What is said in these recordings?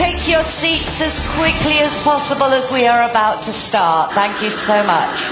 take your seats as quickly as possible as we are about to start. Thank you so much.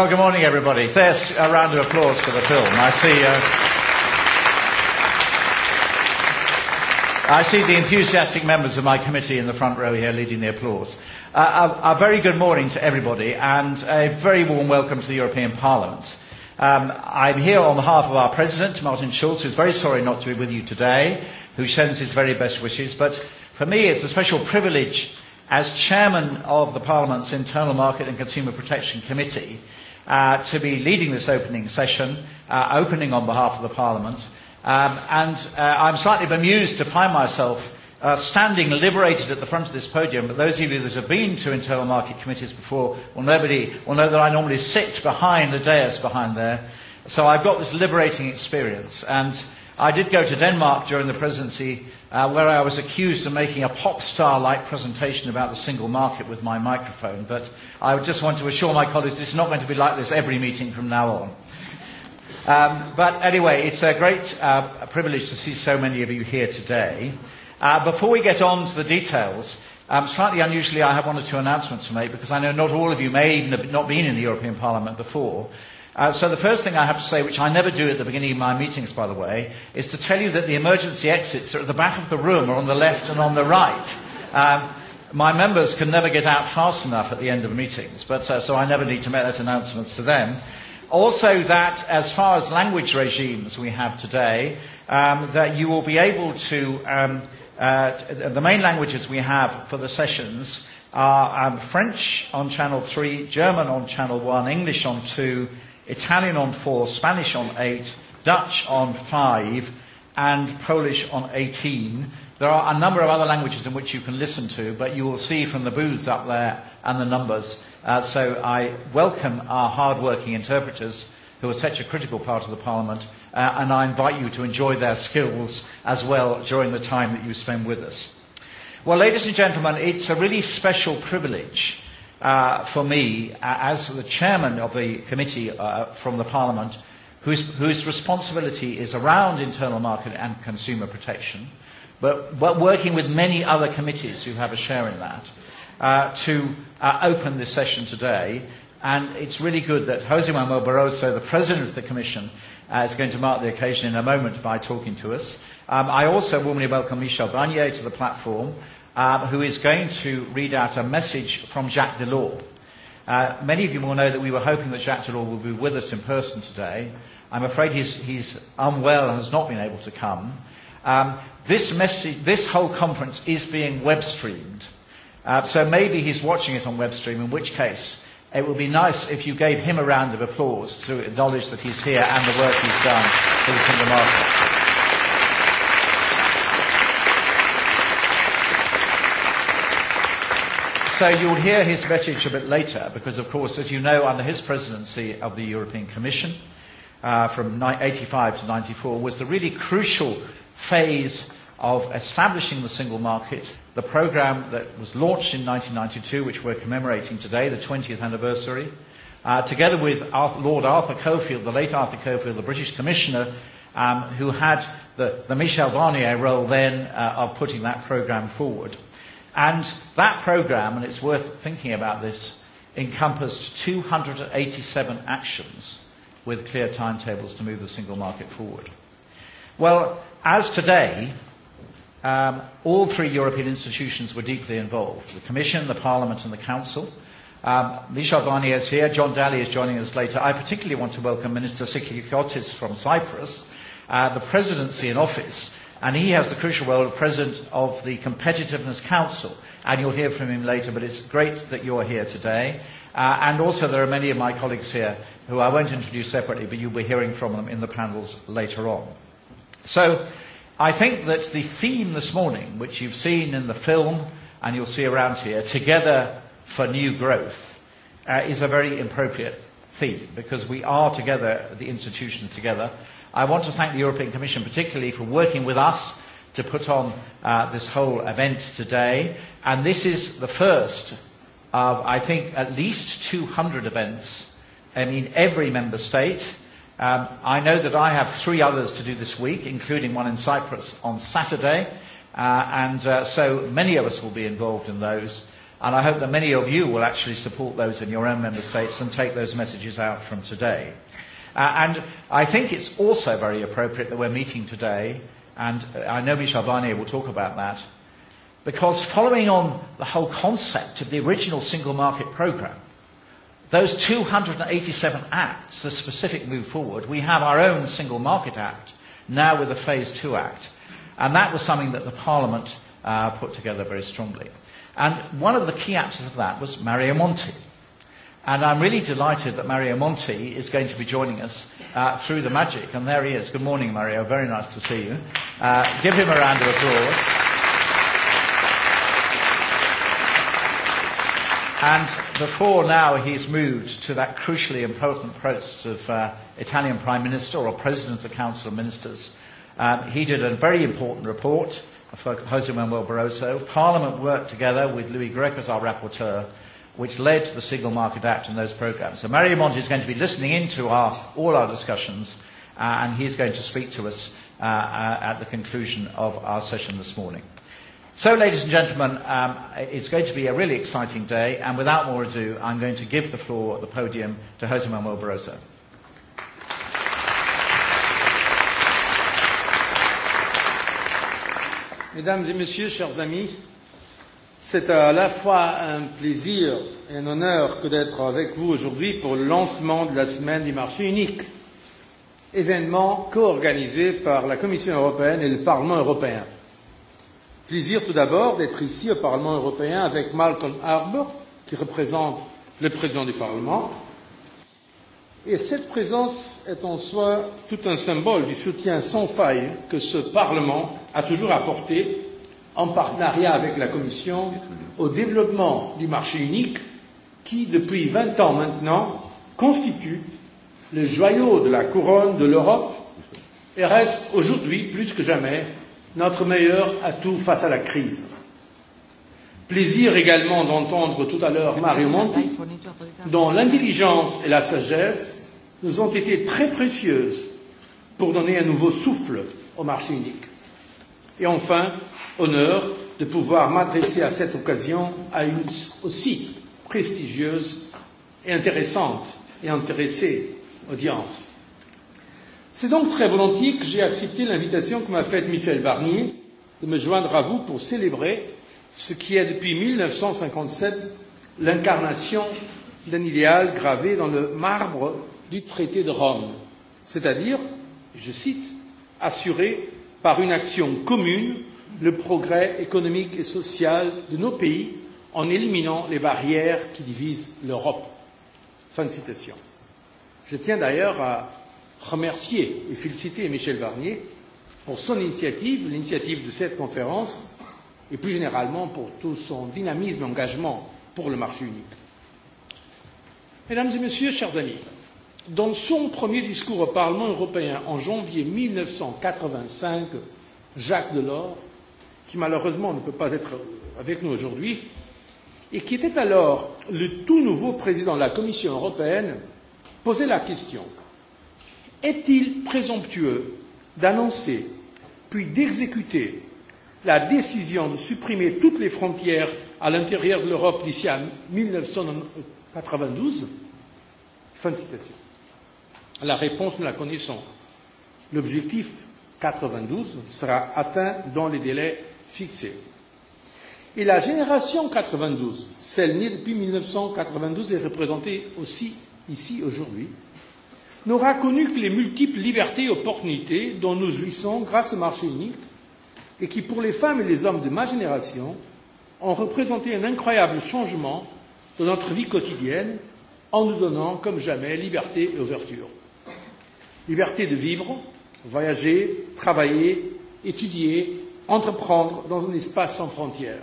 Well, good morning, everybody. Thanks a round of applause for the film. I see. Uh, I see the enthusiastic members of my committee in the front row here leading the applause. Uh, a, a very good morning to everybody and a very warm welcome to the European Parliament. Um, I'm here on behalf of our President, Martin Schulz, who's very sorry not to be with you today, who sends his very best wishes. But for me, it's a special privilege as Chairman of the Parliament's Internal Market and Consumer Protection Committee to be leading this opening session, opening on behalf of the Parliament. And I'm slightly bemused to find myself standing liberated at the front of this podium, but those of you that have been to internal market committees before will, nobody, will know that I normally sit behind the dais behind there. So I've got this liberating experience. And I did go to Denmark during the presidency where I was accused of making a pop star-like presentation about the single market with my microphone, but I just want to assure my colleagues it's not going to be like this every meeting from now on. Um, but anyway, it's a great uh, privilege to see so many of you here today. Uh, before we get on to the details, um, slightly unusually I have one or two announcements to make because I know not all of you may even have not been in the European Parliament before. So the first thing I have to say, which I never do at the beginning of my meetings, by the way, is to tell you that the emergency exits are at the back of the room, are on the left and on the right. My members can never get out fast enough at the end of meetings, but so I never need to make that announcement to them. Also, that as far as language regimes we have today, that you will be able to, the main languages we have for the sessions are French on Channel 3, German on Channel 1, English on 2 Italian on four, Spanish on eight, Dutch on five, and Polish on 18. There are a number of other languages in which you can listen to, but you will see from the booths up there and the numbers. So I welcome our hard-working interpreters, who are such a critical part of the Parliament, and I invite you to enjoy their skills as well during the time that you spend with us. Well, ladies and gentlemen, it's a really special privilege for me, as the chairman of the committee from the Parliament, whose responsibility is around internal market and consumer protection, but working with many other committees who have a share in that, to open this session today. And it's really good that José Manuel Barroso, the President of the Commission, is going to mark the occasion in a moment by talking to us. I also warmly welcome Michel Barnier to the platform, who is going to read out a message from Jacques Delors. Many of you will know that we were hoping that Jacques Delors would be with us in person today. I'm afraid he's, he's unwell and has not been able to come. Um, this, message, this whole conference is being web streamed. Uh, so maybe he's watching it on web stream, in which case it would be nice if you gave him a round of applause to acknowledge that he's here and the work he's done for the single market. So you'll hear his message a bit later because, of course, as you know, under his presidency of the European Commission from 1985 to 94 was the really crucial phase of establishing the single market, the programme that was launched in 1992, which we're commemorating today, the 20th anniversary, together with Lord Arthur Cofield, the late Arthur Cofield, the British Commissioner, who had the Michel Barnier role then of putting that programme forward. And that programme, and it's worth thinking about this, encompassed 287 actions with clear timetables to move the single market forward. Well, as today, um, all three European institutions were deeply involved, the Commission, the Parliament and the Council. Um, Michel Barnier is here, John Daly is joining us later. I particularly want to welcome Minister Sikikotis from Cyprus, the presidency in office, And he has the crucial role of President of the Competitiveness Council. And you'll hear from him later, but it's great that you're here today. And also there are many of my colleagues here who I won't introduce separately, but you'll be hearing from them in the panels later on. So I think that the theme this morning, which you've seen in the film and you'll see around here, Together for New Growth, is a very appropriate theme because we are together, the institutions together, I want to thank the European Commission particularly for working with us to put on this whole event today. And this is the first of, I think, at least 200 events in every member state. I know that I have three others to do this week, including one in Cyprus on Saturday. And so many of us will be involved in those. And I hope that many of you will actually support those in your own member states and take those messages out from today. And I think it's also very appropriate that we're meeting today, and I know Michel Barnier will talk about that, because following on the whole concept of the original single market programme, those 287 acts the specific move forward, we have our own single market act, now with the phase two act. And that was something that the Parliament put together very strongly. And one of the key actors of that was Mario Monti. And I'm really delighted that Mario Monti is going to be joining us through the magic. And there he is. Good morning, Mario. Very nice to see you. Give him a round of applause. And before now, he's moved to that crucially important post of Italian Prime Minister or President of the Council of Ministers. He did a very important report for Jose Manuel Barroso. Parliament worked together with Louis Greco as our rapporteur which led to the Single Market Act and those programs. So Mario Monti is going to be listening into our, all our discussions and he's going to speak to us at the conclusion of our session this morning. So, ladies and gentlemen, um, it's going to be a really exciting day, and without more ado, I'm going to give the floor, the podium, to Jose Manuel Barroso. Mesdames et messieurs, chers amis, C'est à la fois un plaisir et un honneur que d'être avec vous aujourd'hui pour le lancement de la semaine du marché unique, événement co-organisé par la Commission européenne et le Parlement européen. Plaisir tout d'abord d'être ici au Parlement européen avec Malcolm Harbour, qui représente le président du Parlement. Et cette présence est en soi tout un symbole du soutien sans faille que ce Parlement a toujours apporté en partenariat avec la Commission, au développement du marché unique qui, depuis 20 ans maintenant, constitue le joyau de la couronne de l'Europe et reste aujourd'hui, plus que jamais, notre meilleur atout face à la crise. Plaisir également d'entendre tout à l'heure Mario Monti, dont l'intelligence et la sagesse nous ont été très précieuses pour donner un nouveau souffle au marché unique. Et enfin, honneur de pouvoir m'adresser à cette occasion à une aussi prestigieuse et intéressante et intéressée audience. C'est donc très volontiers que j'ai accepté l'invitation que m'a faite Michel Barnier de me joindre à vous pour célébrer ce qui est depuis 1957 l'incarnation d'un idéal gravé dans le marbre du traité de Rome, c'est-à-dire, je cite, assurer par une action commune le progrès économique et social de nos pays en éliminant les barrières qui divisent l'Europe. Fin de citation. Je tiens d'ailleurs à remercier et féliciter Michel Barnier pour son initiative, l'initiative de cette conférence, et plus généralement pour tout son dynamisme et engagement pour le marché unique. Mesdames et Messieurs, chers amis, Dans son premier discours au Parlement européen en janvier 1985, Jacques Delors, qui malheureusement ne peut pas être avec nous aujourd'hui, et qui était alors le tout nouveau président de la Commission européenne, posait la question Est-il présomptueux d'annoncer, puis d'exécuter, la décision de supprimer toutes les frontières à l'intérieur de l'Europe d'ici à 1992 Fin de citation. La réponse, nous la connaissons. L'objectif 92 sera atteint dans les délais fixés. Et la génération 92, celle née depuis 1992 et représentée aussi ici aujourd'hui, n'aura connu que les multiples libertés et opportunités dont nous jouissons grâce au marché unique et qui, pour les femmes et les hommes de ma génération, ont représenté un incroyable changement dans notre vie quotidienne en nous donnant, comme jamais, liberté et ouverture liberté de vivre, voyager, travailler, étudier, entreprendre dans un espace sans frontières,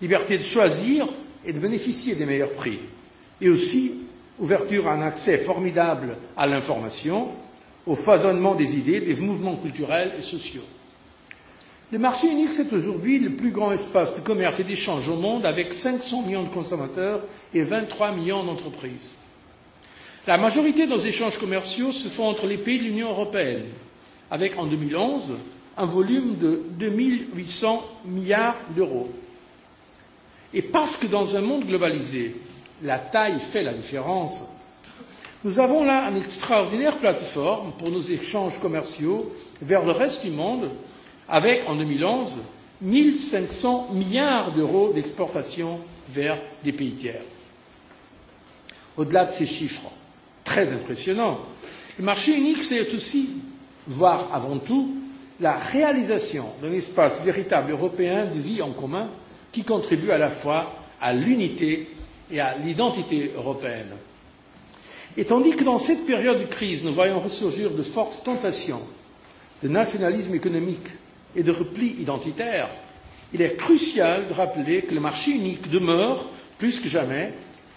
liberté de choisir et de bénéficier des meilleurs prix, et aussi ouverture à un accès formidable à l'information, au foisonnement des idées, des mouvements culturels et sociaux. Le marché unique, c'est aujourd'hui le plus grand espace de commerce et d'échange au monde avec 500 millions de consommateurs et 23 millions d'entreprises. La majorité de nos échanges commerciaux se font entre les pays de l'Union européenne, avec en 2011 un volume de 2 800 milliards d'euros. Et parce que dans un monde globalisé, la taille fait la différence, nous avons là une extraordinaire plateforme pour nos échanges commerciaux vers le reste du monde, avec en 2011 1 500 milliards d'euros d'exportation vers des pays tiers. Au-delà de ces chiffres, très impressionnant. Le marché unique, c'est aussi, voire avant tout, la réalisation d'un espace véritable européen de vie en commun qui contribue à la fois à l'unité et à l'identité européenne. Et tandis que dans cette période de crise, nous voyons ressurgir de fortes tentations de nationalisme économique et de repli identitaire, il est crucial de rappeler que le marché unique demeure, plus que jamais,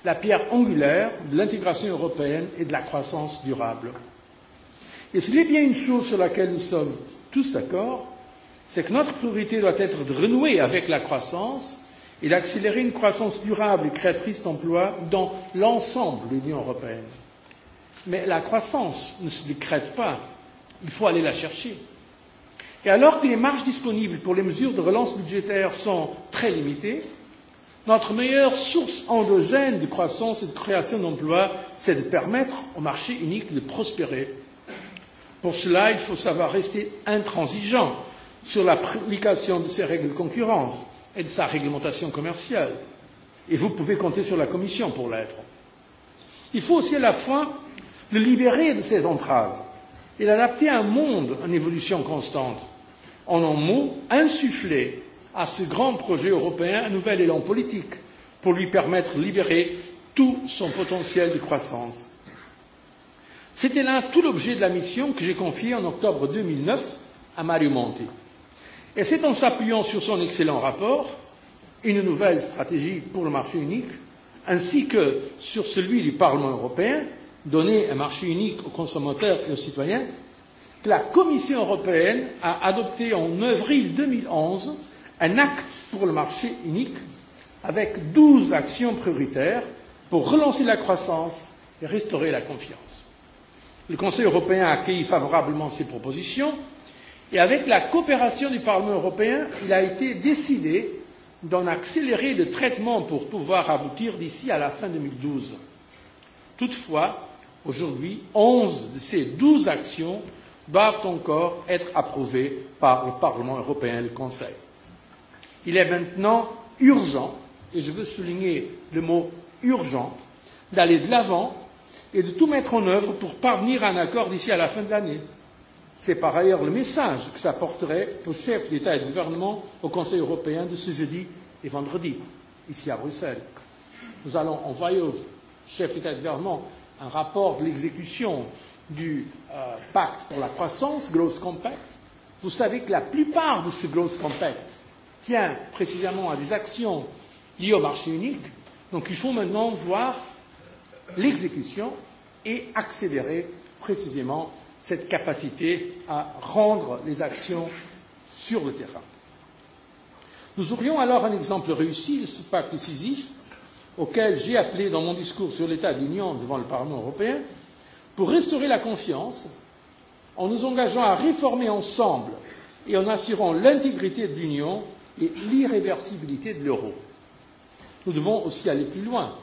la pierre angulaire de l'intégration européenne et de la croissance durable. Et s'il a bien une chose sur laquelle nous sommes tous d'accord, c'est que notre priorité doit être de renouer avec la croissance et d'accélérer une croissance durable et créatrice d'emplois dans l'ensemble de l'Union européenne. Mais la croissance ne se décrète pas, il faut aller la chercher. Et alors que les marges disponibles pour les mesures de relance budgétaire sont très limitées, Notre meilleure source endogène de croissance et de création d'emplois, c'est de permettre au marché unique de prospérer. Pour cela, il faut savoir rester intransigeant sur l'application de ces règles de concurrence et de sa réglementation commerciale. Et vous pouvez compter sur la Commission pour l'être. Il faut aussi à la fois le libérer de ses entraves et l'adapter à un monde en évolution constante. En un mot, insuffler à ce grand projet européen un nouvel élan politique pour lui permettre de libérer tout son potentiel de croissance. C'était là tout l'objet de la mission que j'ai confiée en octobre 2009 à Mario Monti. Et c'est en s'appuyant sur son excellent rapport, une nouvelle stratégie pour le marché unique, ainsi que sur celui du Parlement européen, donner un marché unique aux consommateurs et aux citoyens, que la Commission européenne a adopté en avril 2011 un acte pour le marché unique avec douze actions prioritaires pour relancer la croissance et restaurer la confiance. Le Conseil européen a accueilli favorablement ces propositions et avec la coopération du Parlement européen, il a été décidé d'en accélérer le traitement pour pouvoir aboutir d'ici à la fin 2012. Toutefois, aujourd'hui, onze de ces douze actions doivent encore être approuvées par le Parlement européen et le Conseil. Il est maintenant urgent, et je veux souligner le mot urgent, d'aller de l'avant et de tout mettre en œuvre pour parvenir à un accord d'ici à la fin de l'année. C'est par ailleurs le message que j'apporterai aux chefs d'État et de gouvernement au Conseil européen de ce jeudi et vendredi, ici à Bruxelles. Nous allons envoyer aux chefs d'État et de gouvernement un rapport de l'exécution du pacte pour la croissance, Growth Compact. Vous savez que la plupart de ce Growth Compact tient précisément à des actions liées au marché unique. Donc il faut maintenant voir l'exécution et accélérer précisément cette capacité à rendre les actions sur le terrain. Nous aurions alors un exemple réussi, ce pacte décisif, auquel j'ai appelé dans mon discours sur l'état de l'Union devant le Parlement européen, pour restaurer la confiance en nous engageant à réformer ensemble et en assurant l'intégrité de l'Union et l'irréversibilité de l'euro. Nous devons aussi aller plus loin.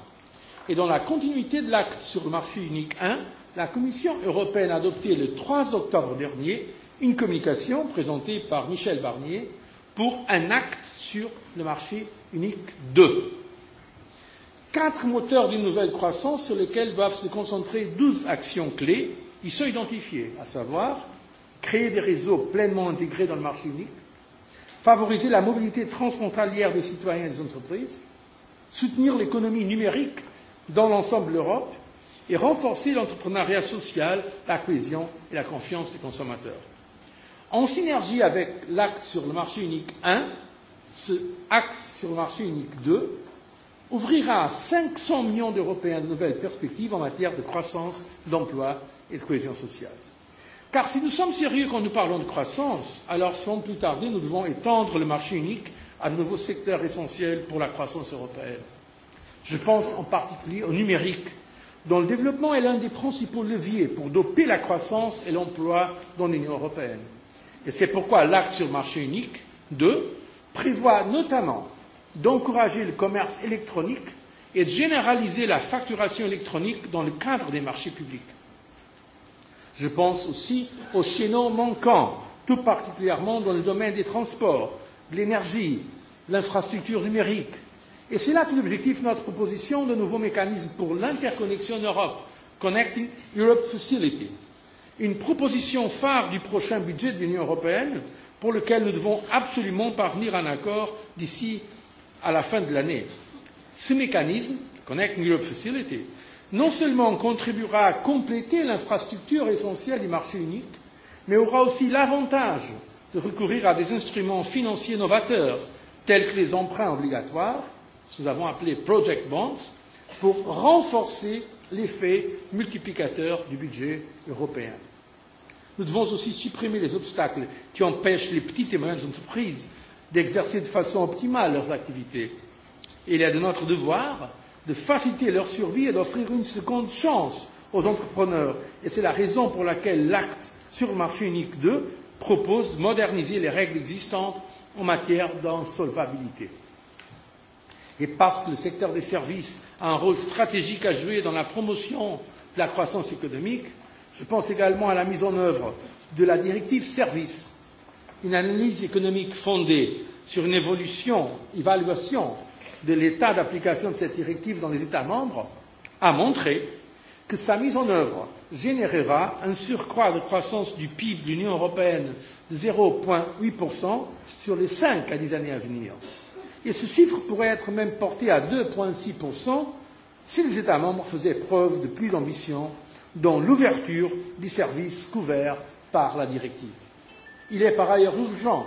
Et dans la continuité de l'acte sur le marché unique 1, la Commission européenne a adopté le 3 octobre dernier une communication présentée par Michel Barnier pour un acte sur le marché unique 2. Quatre moteurs d'une nouvelle croissance sur lesquels doivent se concentrer douze actions clés y sont identifiées, à savoir créer des réseaux pleinement intégrés dans le marché unique, favoriser la mobilité transfrontalière des citoyens et des entreprises, soutenir l'économie numérique dans l'ensemble de l'Europe et renforcer l'entrepreneuriat social, la cohésion et la confiance des consommateurs. En synergie avec l'acte sur le marché unique I, ce acte sur le marché unique 2 ouvrira à 500 millions d'Européens de nouvelles perspectives en matière de croissance, d'emploi et de cohésion sociale. Car si nous sommes sérieux quand nous parlons de croissance, alors sans plus tarder, nous devons étendre le marché unique à de nouveaux secteurs essentiels pour la croissance européenne. Je pense en particulier au numérique, dont le développement est l'un des principaux leviers pour doper la croissance et l'emploi dans l'Union européenne. Et c'est pourquoi l'acte sur le marché unique 2 prévoit notamment d'encourager le commerce électronique et de généraliser la facturation électronique dans le cadre des marchés publics. Je pense aussi aux chaînons manquants, tout particulièrement dans le domaine des transports, de l'énergie, de l'infrastructure numérique. Et c'est là tout l'objectif de notre proposition de nouveau mécanisme pour l'interconnexion Europe Connecting Europe Facility, une proposition phare du prochain budget de l'Union européenne pour lequel nous devons absolument parvenir à un accord d'ici à la fin de l'année. Ce mécanisme, Connecting Europe Facility, non seulement contribuera à compléter l'infrastructure essentielle du marché unique, mais aura aussi l'avantage de recourir à des instruments financiers novateurs tels que les emprunts obligatoires, que nous avons appelés project bonds, pour renforcer l'effet multiplicateur du budget européen. Nous devons aussi supprimer les obstacles qui empêchent les petites et moyennes entreprises d'exercer de façon optimale leurs activités. Il est de notre devoir de faciliter leur survie et d'offrir une seconde chance aux entrepreneurs. Et c'est la raison pour laquelle l'acte sur le marché unique 2 propose de moderniser les règles existantes en matière d'insolvabilité. Et parce que le secteur des services a un rôle stratégique à jouer dans la promotion de la croissance économique, je pense également à la mise en œuvre de la directive services. Une analyse économique fondée sur une évolution, évaluation de l'état d'application de cette directive dans les États membres a montré que sa mise en œuvre générera un surcroît de croissance du PIB de l'Union européenne de 0,8% sur les cinq à dix années à venir. Et ce chiffre pourrait être même porté à 2,6% si les États membres faisaient preuve de plus d'ambition dans l'ouverture des services couverts par la directive. Il est par ailleurs urgent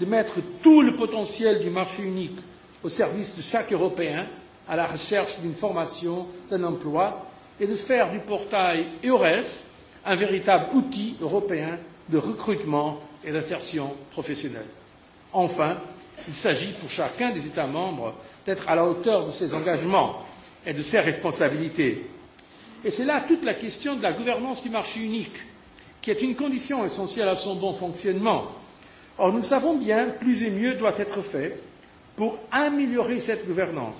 de mettre tout le potentiel du marché unique au service de chaque Européen à la recherche d'une formation, d'un emploi, et de faire du portail EURES un véritable outil européen de recrutement et d'insertion professionnelle. Enfin, il s'agit pour chacun des États membres d'être à la hauteur de ses engagements et de ses responsabilités. Et c'est là toute la question de la gouvernance du marché unique, qui est une condition essentielle à son bon fonctionnement. Or, nous le savons bien, plus et mieux doit être fait pour améliorer cette gouvernance,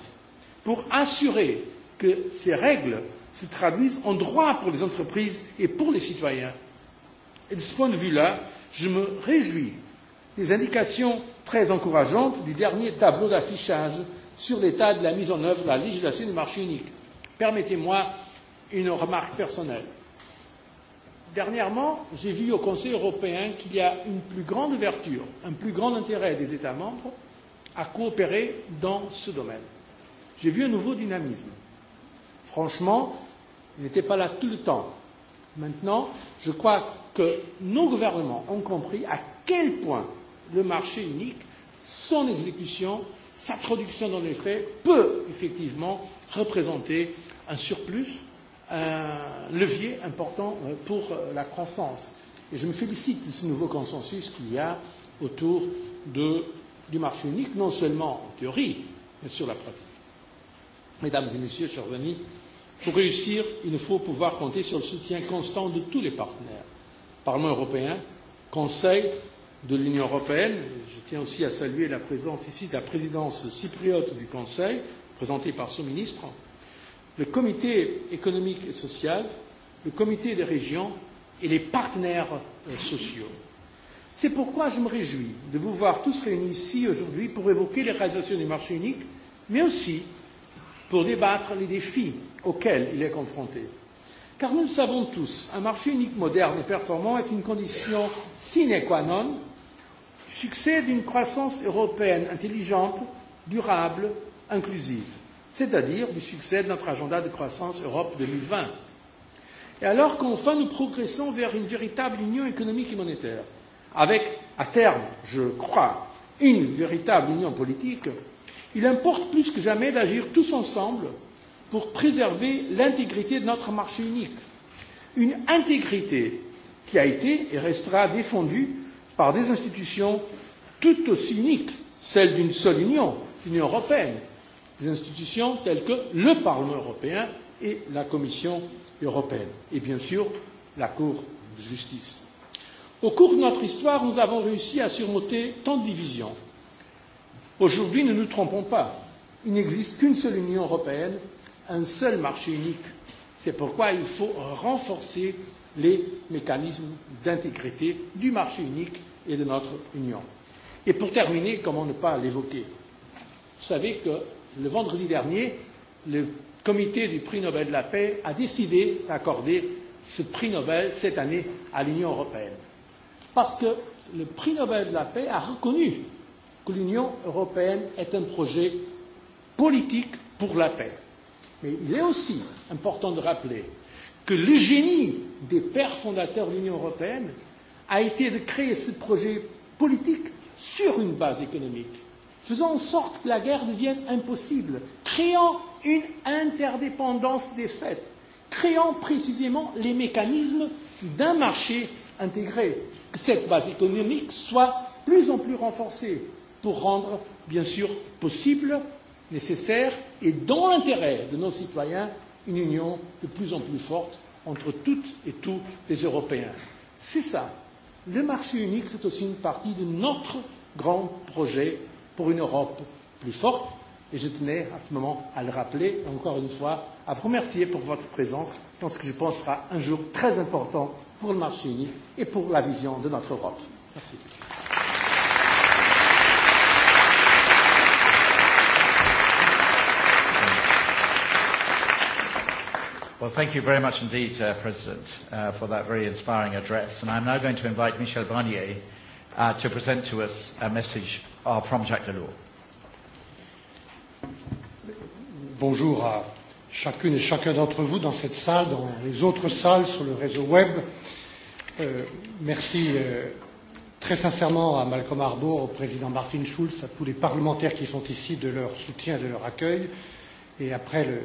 pour assurer que ces règles se traduisent en droit pour les entreprises et pour les citoyens. Et de ce point de vue-là, je me réjouis des indications très encourageantes du dernier tableau d'affichage sur l'état de la mise en œuvre de la législation du marché unique. Permettez-moi une remarque personnelle. Dernièrement, j'ai vu au Conseil européen qu'il y a une plus grande ouverture, un plus grand intérêt des États membres à coopérer dans ce domaine. J'ai vu un nouveau dynamisme. Franchement, il n'était pas là tout le temps. Maintenant, je crois que nos gouvernements ont compris à quel point le marché unique, son exécution, sa traduction dans les faits peut effectivement représenter un surplus, un levier important pour la croissance. Et je me félicite de ce nouveau consensus qu'il y a autour de du marché unique, non seulement en théorie, mais sur la pratique. Mesdames et Messieurs, chers amis, pour réussir, il nous faut pouvoir compter sur le soutien constant de tous les partenaires, Parlement européen, Conseil de l'Union européenne. Je tiens aussi à saluer la présence ici de la présidence cypriote du Conseil, présentée par son ministre, le Comité économique et social, le Comité des régions et les partenaires sociaux. C'est pourquoi je me réjouis de vous voir tous réunis ici aujourd'hui pour évoquer les réalisations du marché unique, mais aussi pour débattre les défis auxquels il est confronté. Car nous le savons tous, un marché unique moderne et performant est une condition sine qua non du succès d'une croissance européenne intelligente, durable, inclusive, c'est-à-dire du succès de notre agenda de croissance Europe 2020. Et alors qu'enfin nous progressons vers une véritable union économique et monétaire, avec, à terme, je crois, une véritable union politique, il importe plus que jamais d'agir tous ensemble pour préserver l'intégrité de notre marché unique. Une intégrité qui a été et restera défendue par des institutions tout aussi uniques, celles d'une seule Union, l'Union européenne, des institutions telles que le Parlement européen et la Commission européenne, et bien sûr la Cour de justice. Au cours de notre histoire, nous avons réussi à surmonter tant de divisions. Aujourd'hui, ne nous trompons pas. Il n'existe qu'une seule Union européenne, un seul marché unique. C'est pourquoi il faut renforcer les mécanismes d'intégrité du marché unique et de notre Union. Et pour terminer, comment ne pas l'évoquer Vous savez que le vendredi dernier, le comité du prix Nobel de la paix a décidé d'accorder ce prix Nobel cette année à l'Union européenne parce que le prix Nobel de la paix a reconnu que l'Union européenne est un projet politique pour la paix. Mais il est aussi important de rappeler que le génie des pères fondateurs de l'Union européenne a été de créer ce projet politique sur une base économique, faisant en sorte que la guerre devienne impossible, créant une interdépendance des faits, créant précisément les mécanismes d'un marché intégré cette base économique soit plus en plus renforcée pour rendre, bien sûr, possible, nécessaire et dans l'intérêt de nos citoyens une union de plus en plus forte entre toutes et tous les Européens. C'est ça. Le marché unique, c'est aussi une partie de notre grand projet pour une Europe plus forte Et je tenais à ce moment à le rappeler encore une fois à vous remercier pour votre présence dans ce que je pense sera un jour très important pour le marché unique et pour la vision de notre Europe. Merci. Well, thank you very much indeed, uh, President, uh, for that very inspiring address. And I'm now going to invite Michel Barnier uh, to present to us a message uh, from Jacques Delors. bonjour à chacune et chacun d'entre vous dans cette salle, dans les autres salles, sur le réseau web. Merci très sincèrement à Malcolm Harbour, au président Martin Schulz, à tous les parlementaires qui sont ici de leur soutien et de leur accueil. Et après le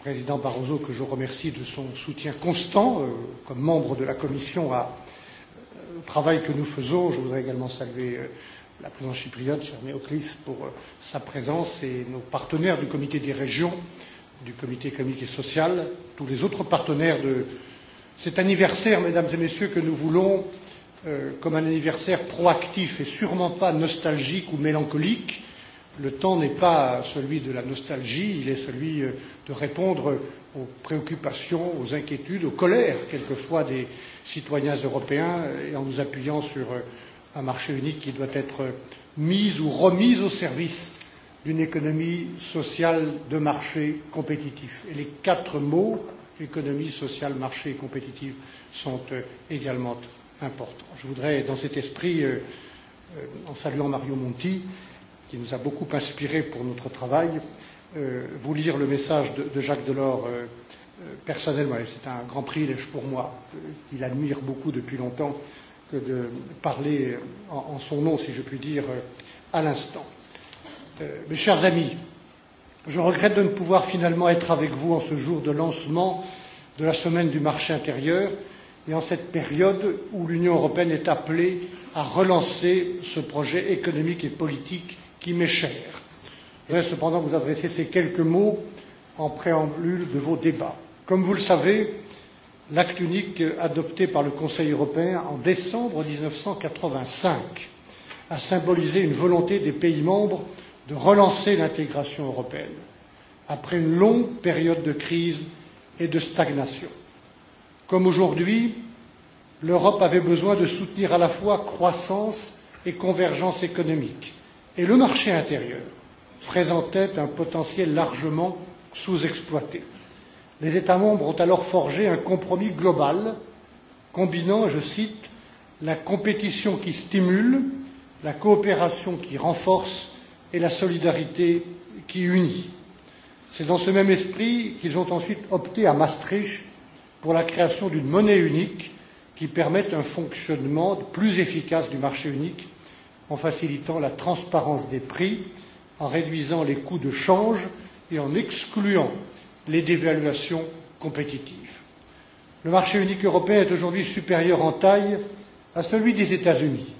président Barroso, que je remercie de son soutien constant comme membre de la Commission au travail que nous faisons, je voudrais également saluer la présidence chypriote, cher Néoclis, pour sa présence et nos partenaires du comité des régions, du comité économique et social, tous les autres partenaires de cet anniversaire, mesdames et messieurs, que nous voulons comme un anniversaire proactif et sûrement pas nostalgique ou mélancolique. Le temps n'est pas celui de la nostalgie, il est celui de répondre aux préoccupations, aux inquiétudes, aux colères quelquefois des citoyens européens et en nous appuyant sur un marché unique qui doit être mise ou remise au service d'une économie sociale de marché compétitif. Et les quatre mots économie sociale, marché et compétitive sont également importants. Je voudrais, dans cet esprit, en saluant Mario Monti, qui nous a beaucoup inspirés pour notre travail, vous lire le message de Jacques Delors personnellement. C'est un grand privilège pour moi, qu'il admire beaucoup depuis longtemps, de parler en son nom, si je puis dire, à l'instant. Mes chers amis, je regrette de ne pouvoir finalement être avec vous en ce jour de lancement de la semaine du marché intérieur et en cette période où l'Union européenne est appelée à relancer ce projet économique et politique qui m'est cher. Je voudrais cependant vous adresser ces quelques mots en préambule de vos débats. Comme vous le savez, l'acte unique adopté par le Conseil européen en décembre mille neuf cent quatre-vingt-cinq, a symbolisé une volonté des pays membres de relancer l'intégration européenne après une longue période de crise et de stagnation. Comme aujourd'hui, l'Europe avait besoin de soutenir à la fois croissance et convergence économique, et le marché intérieur présentait un potentiel largement sous-exploité. Les États membres ont alors forgé un compromis global combinant, je cite, la compétition qui stimule, la coopération qui renforce et la solidarité qui unit. C'est dans ce même esprit qu'ils ont ensuite opté à Maastricht pour la création d'une monnaie unique qui permette un fonctionnement plus efficace du marché unique en facilitant la transparence des prix, en réduisant les coûts de change et en excluant les dévaluations compétitives. Le marché unique européen est aujourd'hui supérieur en taille à celui des États-Unis.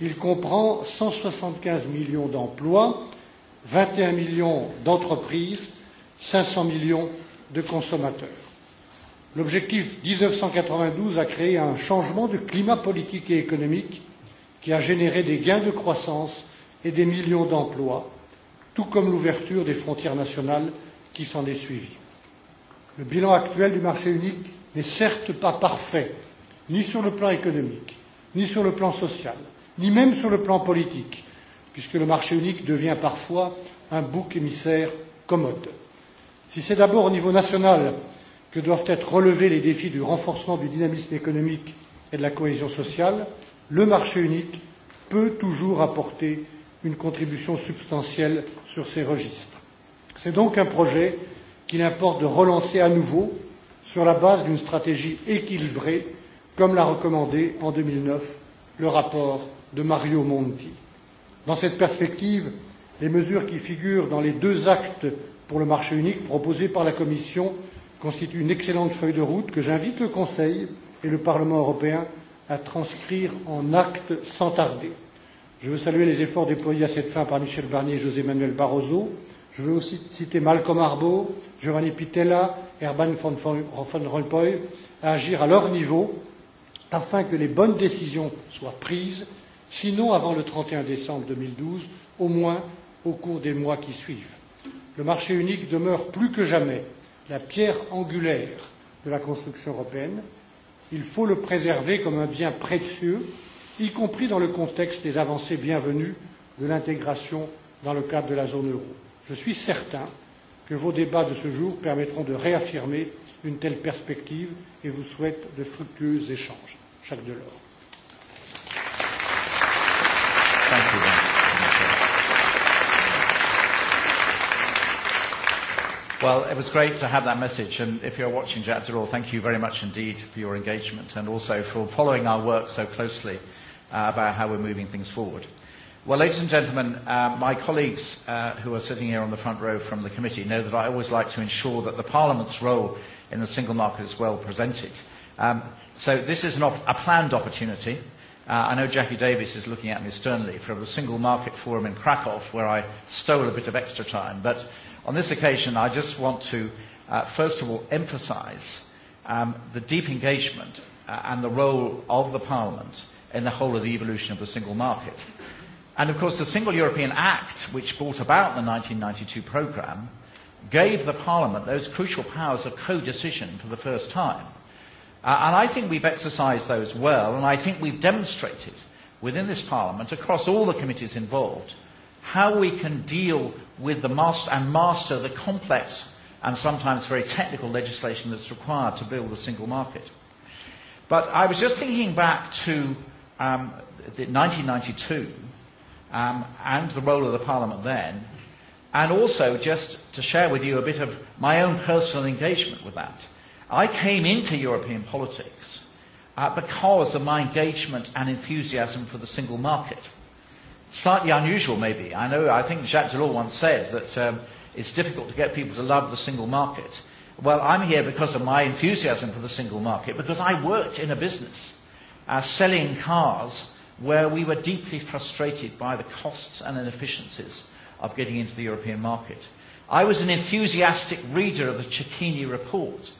Il comprend cent soixante quinze millions d'emplois, vingt un millions d'entreprises, 500 millions de consommateurs. L'objectif mille neuf cent quatre-vingt douze a créé un changement de climat politique et économique qui a généré des gains de croissance et des millions d'emplois, tout comme l'ouverture des frontières nationales qui s'en est suivi. Le bilan actuel du marché unique n'est certes pas parfait, ni sur le plan économique, ni sur le plan social, ni même sur le plan politique, puisque le marché unique devient parfois un bouc émissaire commode. Si c'est d'abord au niveau national que doivent être relevés les défis du renforcement du dynamisme économique et de la cohésion sociale, le marché unique peut toujours apporter une contribution substantielle sur ces registres. C'est donc un projet qu'il importe de relancer à nouveau sur la base d'une stratégie équilibrée, comme l'a recommandé en 2009 le rapport de Mario Monti. Dans cette perspective, les mesures qui figurent dans les deux actes pour le marché unique proposés par la Commission constituent une excellente feuille de route que j'invite le Conseil et le Parlement européen à transcrire en actes sans tarder. Je veux saluer les efforts déployés à cette fin par Michel Barnier et José Manuel Barroso Je veux aussi citer Malcolm Harbour, Giovanni Pitella, Herman Van Rompuy, à agir à leur niveau afin que les bonnes décisions soient prises, sinon avant le 31 décembre 2012, au moins au cours des mois qui suivent. Le marché unique demeure plus que jamais la pierre angulaire de la construction européenne. Il faut le préserver comme un bien précieux, y compris dans le contexte des avancées bienvenues de l'intégration dans le cadre de la zone euro. Je suis certain que vos débats de ce jour permettront de réaffirmer une telle perspective et vous souhaite de fructueux échanges. Jacques Delors. Well, it was great to have that message. And if you're watching Jack Delors, thank you very much indeed for your engagement and also for following our work so closely about how we're moving things forward. Well, ladies and gentlemen, my colleagues who are sitting here on the front row from the committee know that I always like to ensure that the Parliament's role in the single market is well presented. Um So this is not a planned opportunity. I know Jackie Davis is looking at me sternly from the Single Market Forum in Krakow, where I stole a bit of extra time. But on this occasion, I just want to, first of all, emphasise the deep engagement and the role of the Parliament in the whole of the evolution of the single market. And of course, the Single European Act, which brought about the 1992 programme, gave the Parliament those crucial powers of co-decision for the first time. And I think we've exercised those well, and I think we've demonstrated within this Parliament, across all the committees involved, how we can deal with the master and master the complex and sometimes very technical legislation that's required to build the single market. But I was just thinking back to um, 1992 and the role of the Parliament then, and also just to share with you a bit of my own personal engagement with that. I came into European politics because of my engagement and enthusiasm for the single market. Slightly unusual, maybe. I know, I think Jacques Delors once said that it's difficult to get people to love the single market. Well, I'm here because of my enthusiasm for the single market, because I worked in a business selling cars where we were deeply frustrated by the costs and inefficiencies of getting into the European market. I was an enthusiastic reader of the Cecchini report.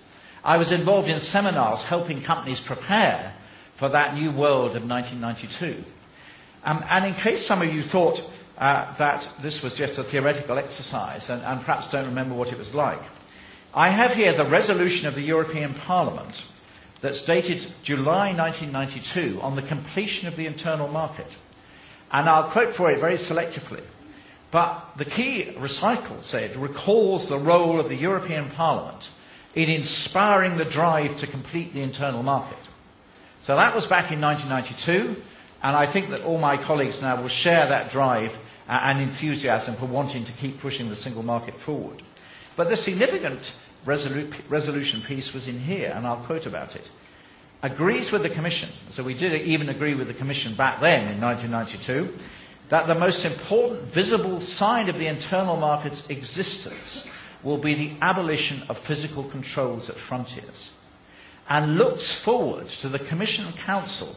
I was involved in seminars helping companies prepare for that new world of 1992. And in case some of you thought that this was just a theoretical exercise and perhaps don't remember what it was like, I have here the resolution of the European Parliament that's dated July 1992 on the completion of the internal market. And I'll quote for it very selectively. But the key recital said recalls the role of the European Parliament in inspiring the drive to complete the internal market. So that was back in 1992, and I think that all my colleagues now will share that drive and enthusiasm for wanting to keep pushing the single market forward. But the significant resolution piece was in here, and I'll quote about it. Agrees with the Commission, so we did even agree with the Commission back then in 1992, that the most important visible sign of the internal market's existence will be the abolition of physical controls at frontiers, and looks forward to the Commission and Council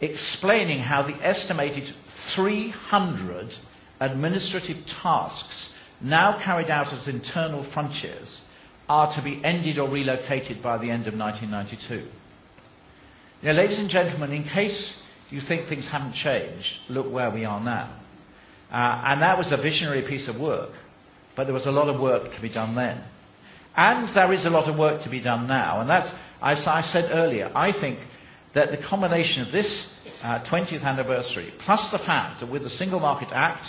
explaining how the estimated 300 administrative tasks now carried out as internal frontiers are to be ended or relocated by the end of 1992. Now, ladies and gentlemen, in case you think things haven't changed, look where we are now. And that was a visionary piece of work, but there was a lot of work to be done then. And there is a lot of work to be done now. And that's, as I said earlier, I think that the combination of this 20th anniversary, plus the fact that with the Single Market Act,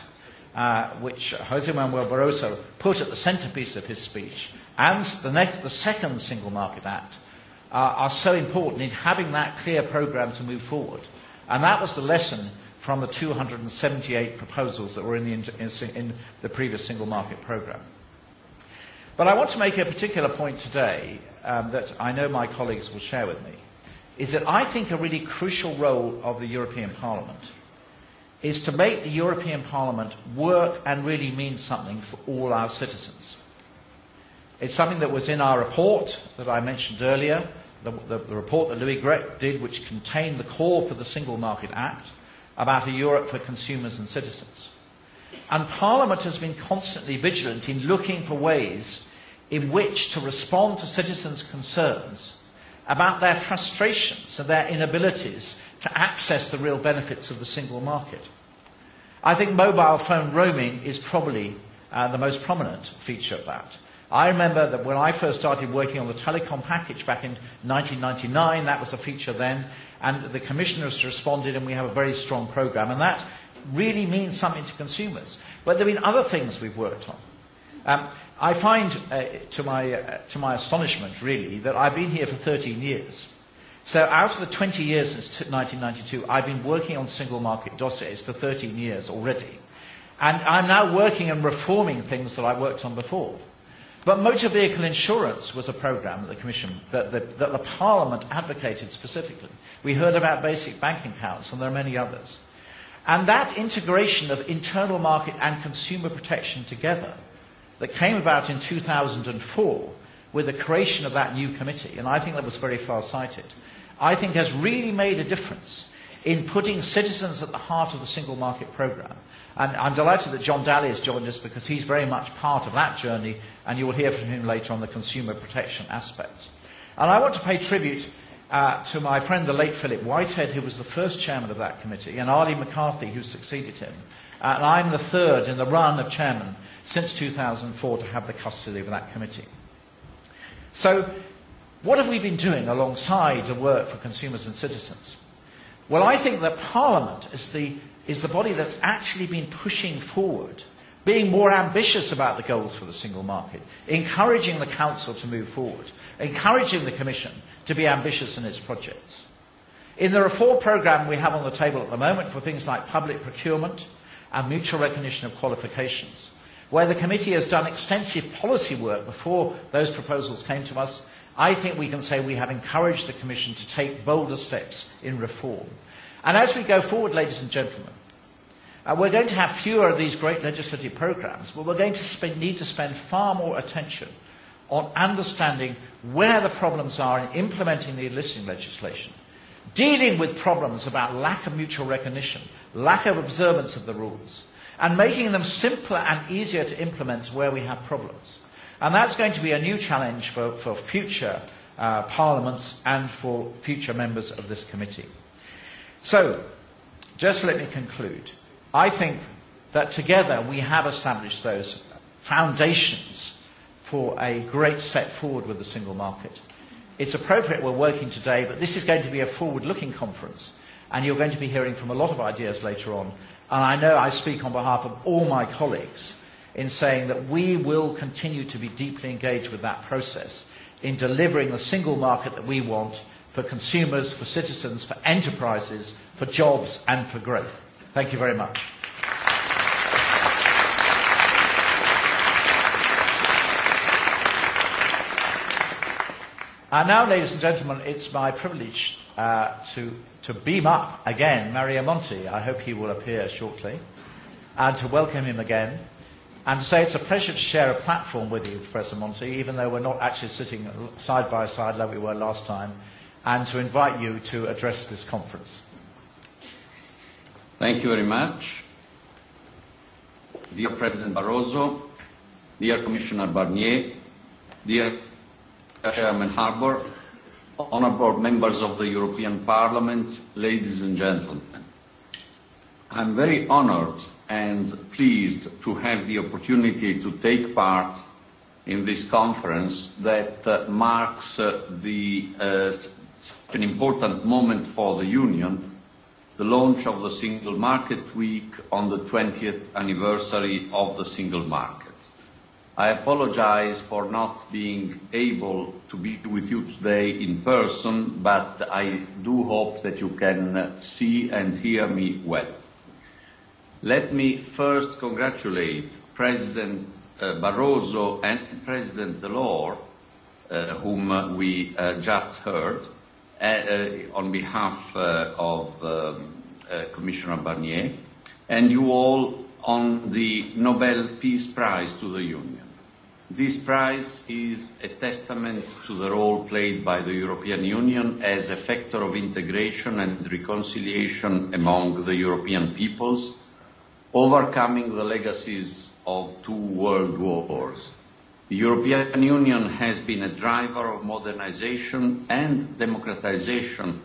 which Jose Manuel Barroso put at the centrepiece of his speech, and the, next, the second Single Market Act are so important in having that clear programme to move forward. And that was the lesson from the 278 proposals that were in the, in the previous Single Market Programme. But I want to make a particular point today um, that I know my colleagues will share with me, is that I think a really crucial role of the European Parliament is to make the European Parliament work and really mean something for all our citizens. It's something that was in our report that I mentioned earlier, the, the, report that Louis Grech did, which contained the call for the Single Market Act about a Europe for consumers and citizens. And Parliament has been constantly vigilant in looking for ways in which to respond to citizens' concerns about their frustrations and their inabilities to access the real benefits of the single market. I think mobile phone roaming is probably the most prominent feature of that. I remember that when I first started working on the telecom package back in 1999, that was a feature then, and the commissioners responded and we have a very strong program. And that really means something to consumers. But there have been other things we've worked on. Um, I find, to, my, to my astonishment really, that I've been here for 13 years. So out of the 20 years since 1992, I've been working on single market dossiers for 13 years already. And I'm now working and reforming things that I worked on before. But motor vehicle insurance was a programme that the Commission, that the, that the Parliament advocated specifically. We heard about basic banking accounts, and there are many others. And that integration of internal market and consumer protection together that came about in 2004 with the creation of that new committee, and I think that was very far-sighted, I think has really made a difference in putting citizens at the heart of the single market programme And I'm delighted that John Daly has joined us because he's very much part of that journey, and you will hear from him later on the consumer protection aspects. And I want to pay tribute to my friend, the late Philip Whitehead, who was the first chairman of that committee, and Arlie McCarthy, who succeeded him. And I'm the third in the run of chairman since 2004 to have the custody of that committee. So, what have we been doing alongside the work for consumers and citizens? Well, I think that Parliament is the is the body that's actually been pushing forward, being more ambitious about the goals for the single market, encouraging the Council to move forward, encouraging the Commission to be ambitious in its projects. In the reform programme we have on the table at the moment for things like public procurement and mutual recognition of qualifications, where the committee has done extensive policy work before those proposals came to us, I think we can say we have encouraged the Commission to take bolder steps in reform And as we go forward, ladies and gentlemen, we're going to have fewer of these great legislative programs, but we're going to need to spend far more attention on understanding where the problems are in implementing the listing legislation, dealing with problems about lack of mutual recognition, lack of observance of the rules, and making them simpler and easier to implement where we have problems. And that's going to be a new challenge for, for future parliaments and for future members of this committee. So, just let me conclude. I think that together we have established those foundations for a great step forward with the single market. It's appropriate we're working today, but this is going to be a forward-looking conference, and you're going to be hearing from a lot of ideas later on. And I know I speak on behalf of all my colleagues in saying that we will continue to be deeply engaged with that process in delivering the single market that we want for consumers, for citizens, for enterprises, for jobs and for growth. Thank you very much. And now, ladies and gentlemen, it's my privilege to to beam up again Mario Monti. I hope he will appear shortly. And to welcome him again. And to say it's a pleasure to share a platform with you, Professor Monti, even though we're not actually sitting side by side like we were last time and to invite you to address this conference. Thank you very much. Dear President Barroso, dear Commissioner Barnier, dear Chairman Harbour, honourable members of the European Parliament, ladies and gentlemen. I'm very honoured and pleased to have the opportunity to take part in this conference that marks the an important moment for the Union, the launch of the Single Market Week on the 20th anniversary of the Single Market. I apologize for not being able to be with you today in person, but I do hope that you can see and hear me well. Let me first congratulate President Barroso and President Delors, whom we just heard, on behalf of Commissioner Barnier, and you all on the Nobel Peace Prize to the Union. This prize is a testament to the role played by the European Union as a factor of integration and reconciliation among the European peoples, overcoming the legacies of two world wars The European Union has been a driver of modernization and democratisation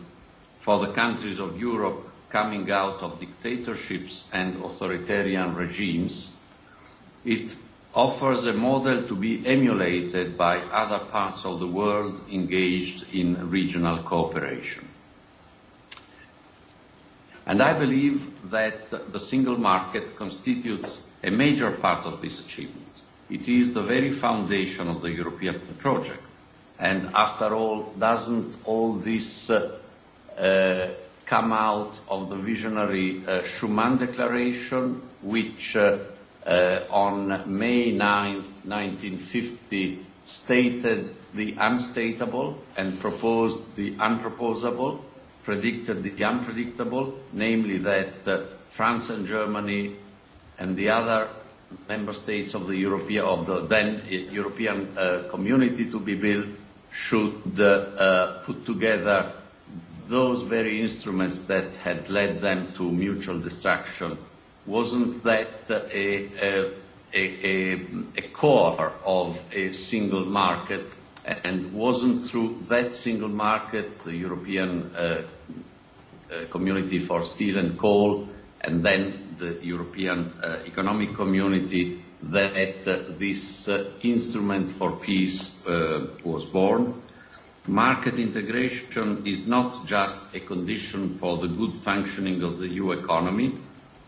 for the countries of Europe coming out of dictatorships and authoritarian regimes. It offers a model to be emulated by other parts of the world engaged in regional cooperation. And I believe that the single market constitutes a major part of this achievement. It is the very foundation of the European project. And after all, doesn't all this come out of the visionary Schuman Declaration, which on May 9, 1950, stated the unstatable and proposed the unproposable, predicted the unpredictable, namely that France and Germany and the other member states of the European, of the then European community to be built should put together those very instruments that had led them to mutual destruction. Wasn't that a, a, a core of a single market and wasn't through that single market, the European community for steel and coal, and then the European Economic Community that this instrument for peace was born. Market integration is not just a condition for the good functioning of the EU economy.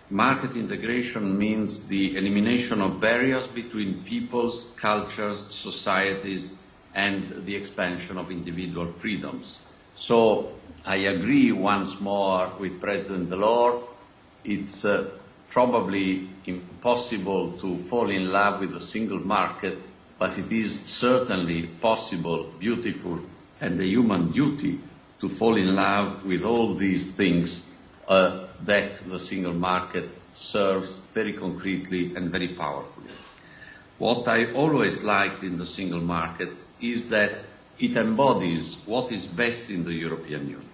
Market integration means the elimination of barriers between peoples, cultures, societies and the expansion of individual freedoms. So I agree once more with President Delors. It's probably impossible to fall in love with a single market, but it is certainly possible, beautiful, and a human duty to fall in love with all these things that the single market serves very concretely and very powerfully. What I always liked in the single market is that it embodies what is best in the European Union.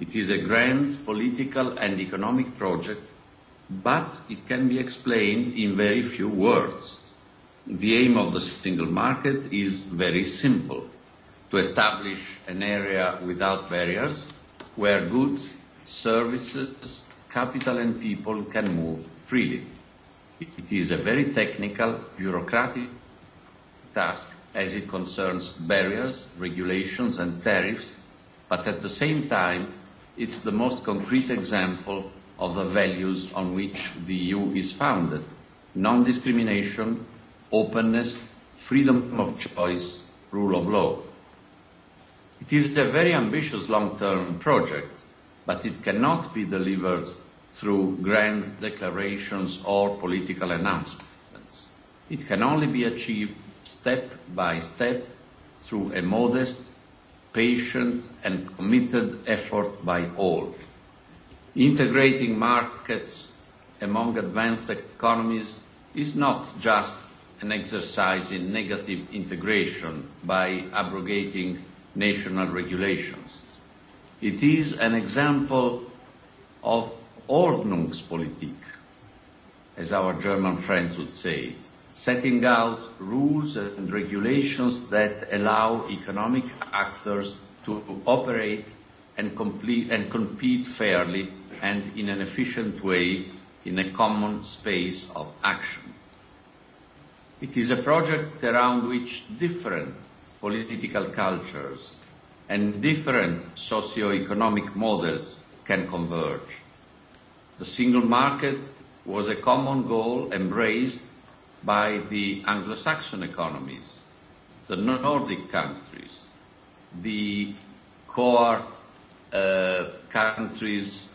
It is a grand political and economic project but it can be explained in very few words. The aim of the single market is very simple, to establish an area without barriers where goods, services, capital and people can move freely. It is a very technical, bureaucratic task as it concerns barriers, regulations and tariffs, but at the same time it's the most concrete example of the values on which the EU is founded non-discrimination, openness, freedom of choice, rule of law. It is a very ambitious long-term project, but it cannot be delivered through grand declarations or political announcements. It can only be achieved step by step through a modest, patient and committed effort by all. Integrating markets among advanced economies is not just an exercise in negative integration by abrogating national regulations. It is an example of Ordnungspolitik, as our German friends would say, setting out rules and regulations that allow economic actors to operate and compete fairly and in an efficient way in a common space of action. It is a project around which different political cultures and different socio-economic models can converge. The single market was a common goal embraced by the Anglo-Saxon economies, the Nordic countries, the core countries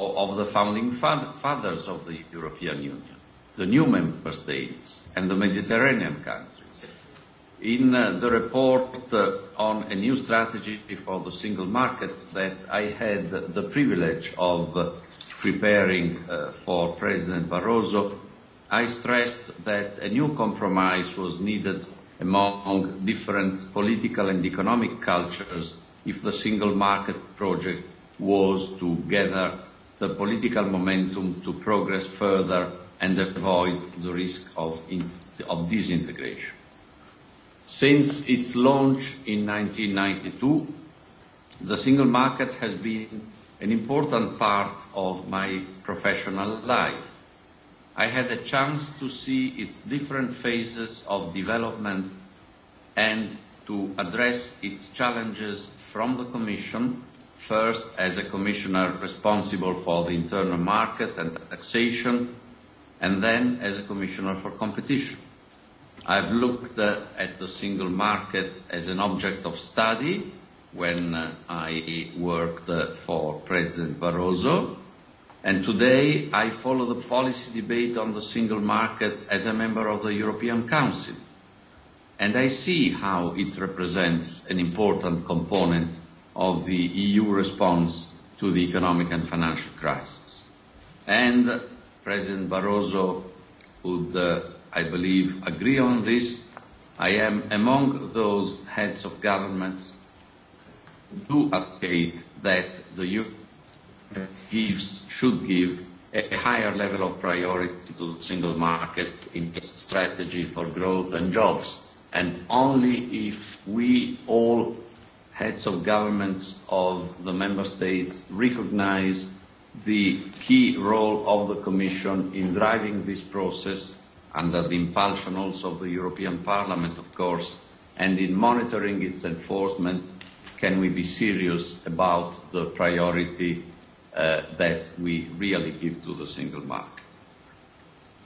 of the founding fathers of the European Union, the new member states and the Mediterranean countries. In the report on a new strategy for the single market that I had the privilege of preparing for President Barroso, I stressed that a new compromise was needed among different political and economic cultures if the single market project was to gather the political momentum to progress further and avoid the risk of disintegration. Since its launch in 1992, the single market has been an important part of my professional life. I had a chance to see its different phases of development and to address its challenges from the Commission, first as a Commissioner responsible for the internal market and taxation, and then as a Commissioner for competition. I've looked at the single market as an object of study when I worked for President Barroso, and today I follow the policy debate on the single market as a member of the European Council and I see how it represents an important component of the EU response to the economic and financial crisis. And President Barroso would, I believe, agree on this. I am among those heads of governments who advocate that the EU should give, a higher level of priority to the single market in its strategy for growth and jobs and only if we all heads of governments of the member states recognize the key role of the Commission in driving this process under the impulsion also of the European Parliament, of course, and in monitoring its enforcement, can we be serious about the priority that we really give to the single market.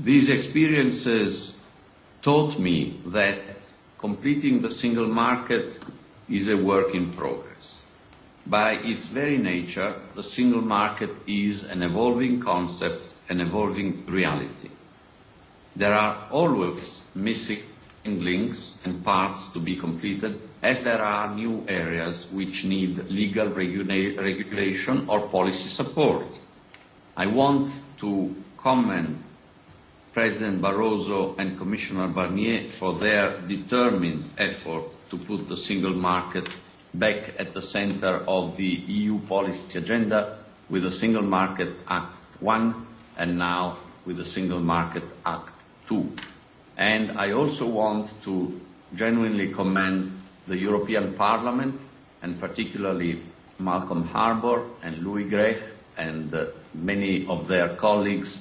These experiences taught me that completing the single market is a work in progress. By its very nature, the single market is an evolving concept, an evolving reality. There are always missing links and parts to be completed, as there are new areas which need legal regulation or policy support. I want to comment President Barroso and Commissioner Barnier for their determined effort to put the single market back at the center of the EU policy agenda with the Single Market Act 1 and now with the Single Market Act 2. And I also want to genuinely commend the European Parliament and particularly Malcolm Harbour and Louis Grech and many of their colleagues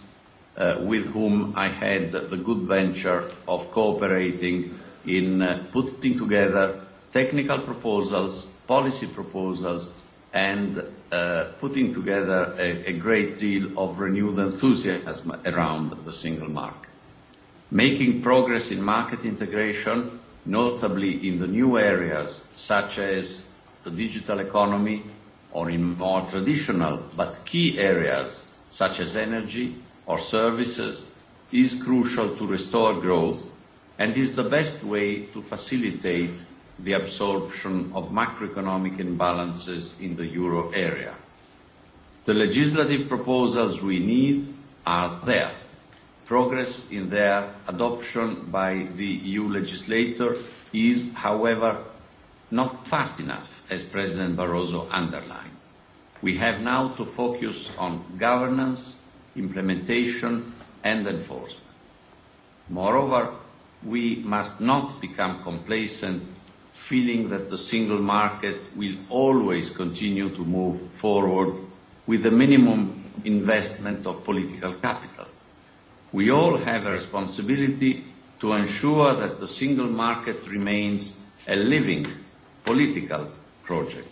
with whom I had the good venture of cooperating in putting together technical proposals, policy proposals, and putting together a great deal of renewed enthusiasm around the single market. Making progress in market integration, notably in the new areas such as the digital economy or in more traditional but key areas such as energy, or services is crucial to restore growth and is the best way to facilitate the absorption of macroeconomic imbalances in the euro area. The legislative proposals we need are there. Progress in their adoption by the EU legislator is, however, not fast enough, as President Barroso underlined. We have now to focus on governance implementation and enforcement. Moreover, we must not become complacent, feeling that the single market will always continue to move forward with the minimum investment of political capital. We all have a responsibility to ensure that the single market remains a living political project.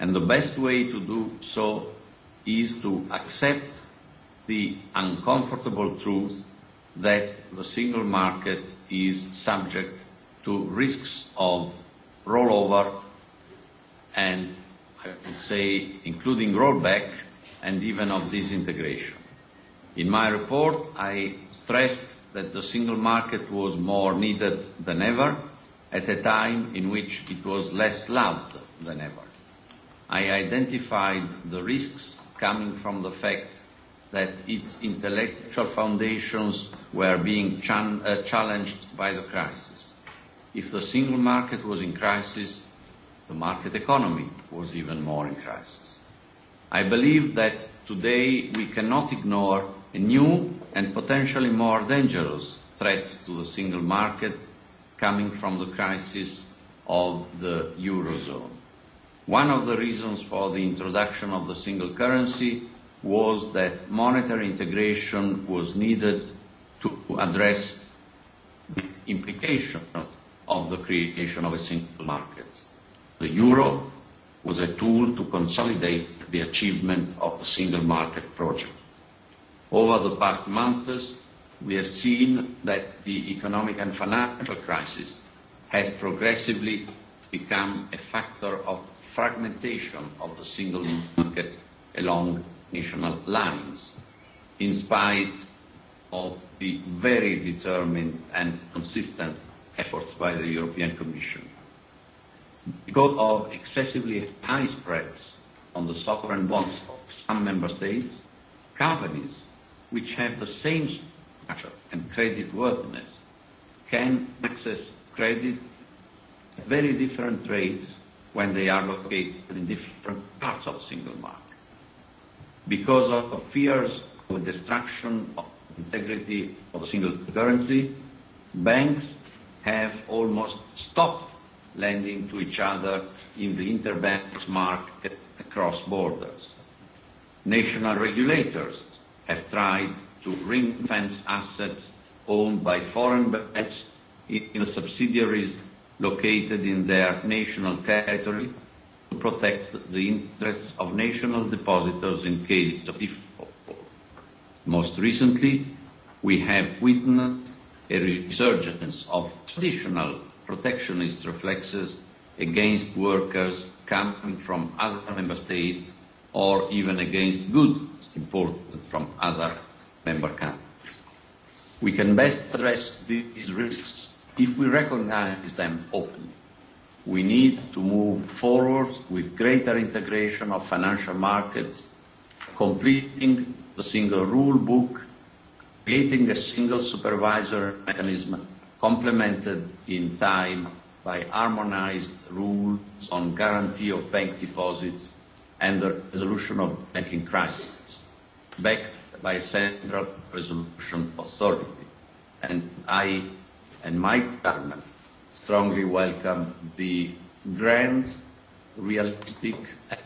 And the best way to do so is to accept the uncomfortable truth that the single market is subject to risks of rollover and, I would say, including rollback and even of disintegration. In my report, I stressed that the single market was more needed than ever at a time in which it was less loved than ever. I identified the risks coming from the fact that its intellectual foundations were being challenged by the crisis. If the single market was in crisis, the market economy was even more in crisis. I believe that today we cannot ignore new and potentially more dangerous threats to the single market coming from the crisis of the Eurozone. One of the reasons for the introduction of the single currency was that monetary integration was needed to address the implications of the creation of a single market. The euro was a tool to consolidate the achievement of the single market project. Over the past months, we have seen that the economic and financial crisis has progressively become a factor of fragmentation of the single market along national lines, in spite of the very determined and consistent efforts by the European Commission. Because of excessively high spreads on the sovereign bonds of some member states, companies which have the same structure and credit worthiness can access credit at very different rates when they are located in different parts of the single market because of fears of destruction of integrity of the single currency, banks have almost stopped lending to each other in the interbank market across borders. National regulators have tried to ring-fence assets owned by foreign banks in subsidiaries located in their national territory To protect the interests of national depositors in case of default. Most recently, we have witnessed a resurgence of traditional protectionist reflexes against workers coming from other member states or even against goods imported from other member countries. We can best address these risks if we recognize them openly we need to move forward with greater integration of financial markets, completing the single rule book, creating a single supervisor mechanism complemented in time by harmonized rules on guarantee of bank deposits and the resolution of banking crises, backed by a central resolution authority. And I and my government strongly welcome the grand, realistic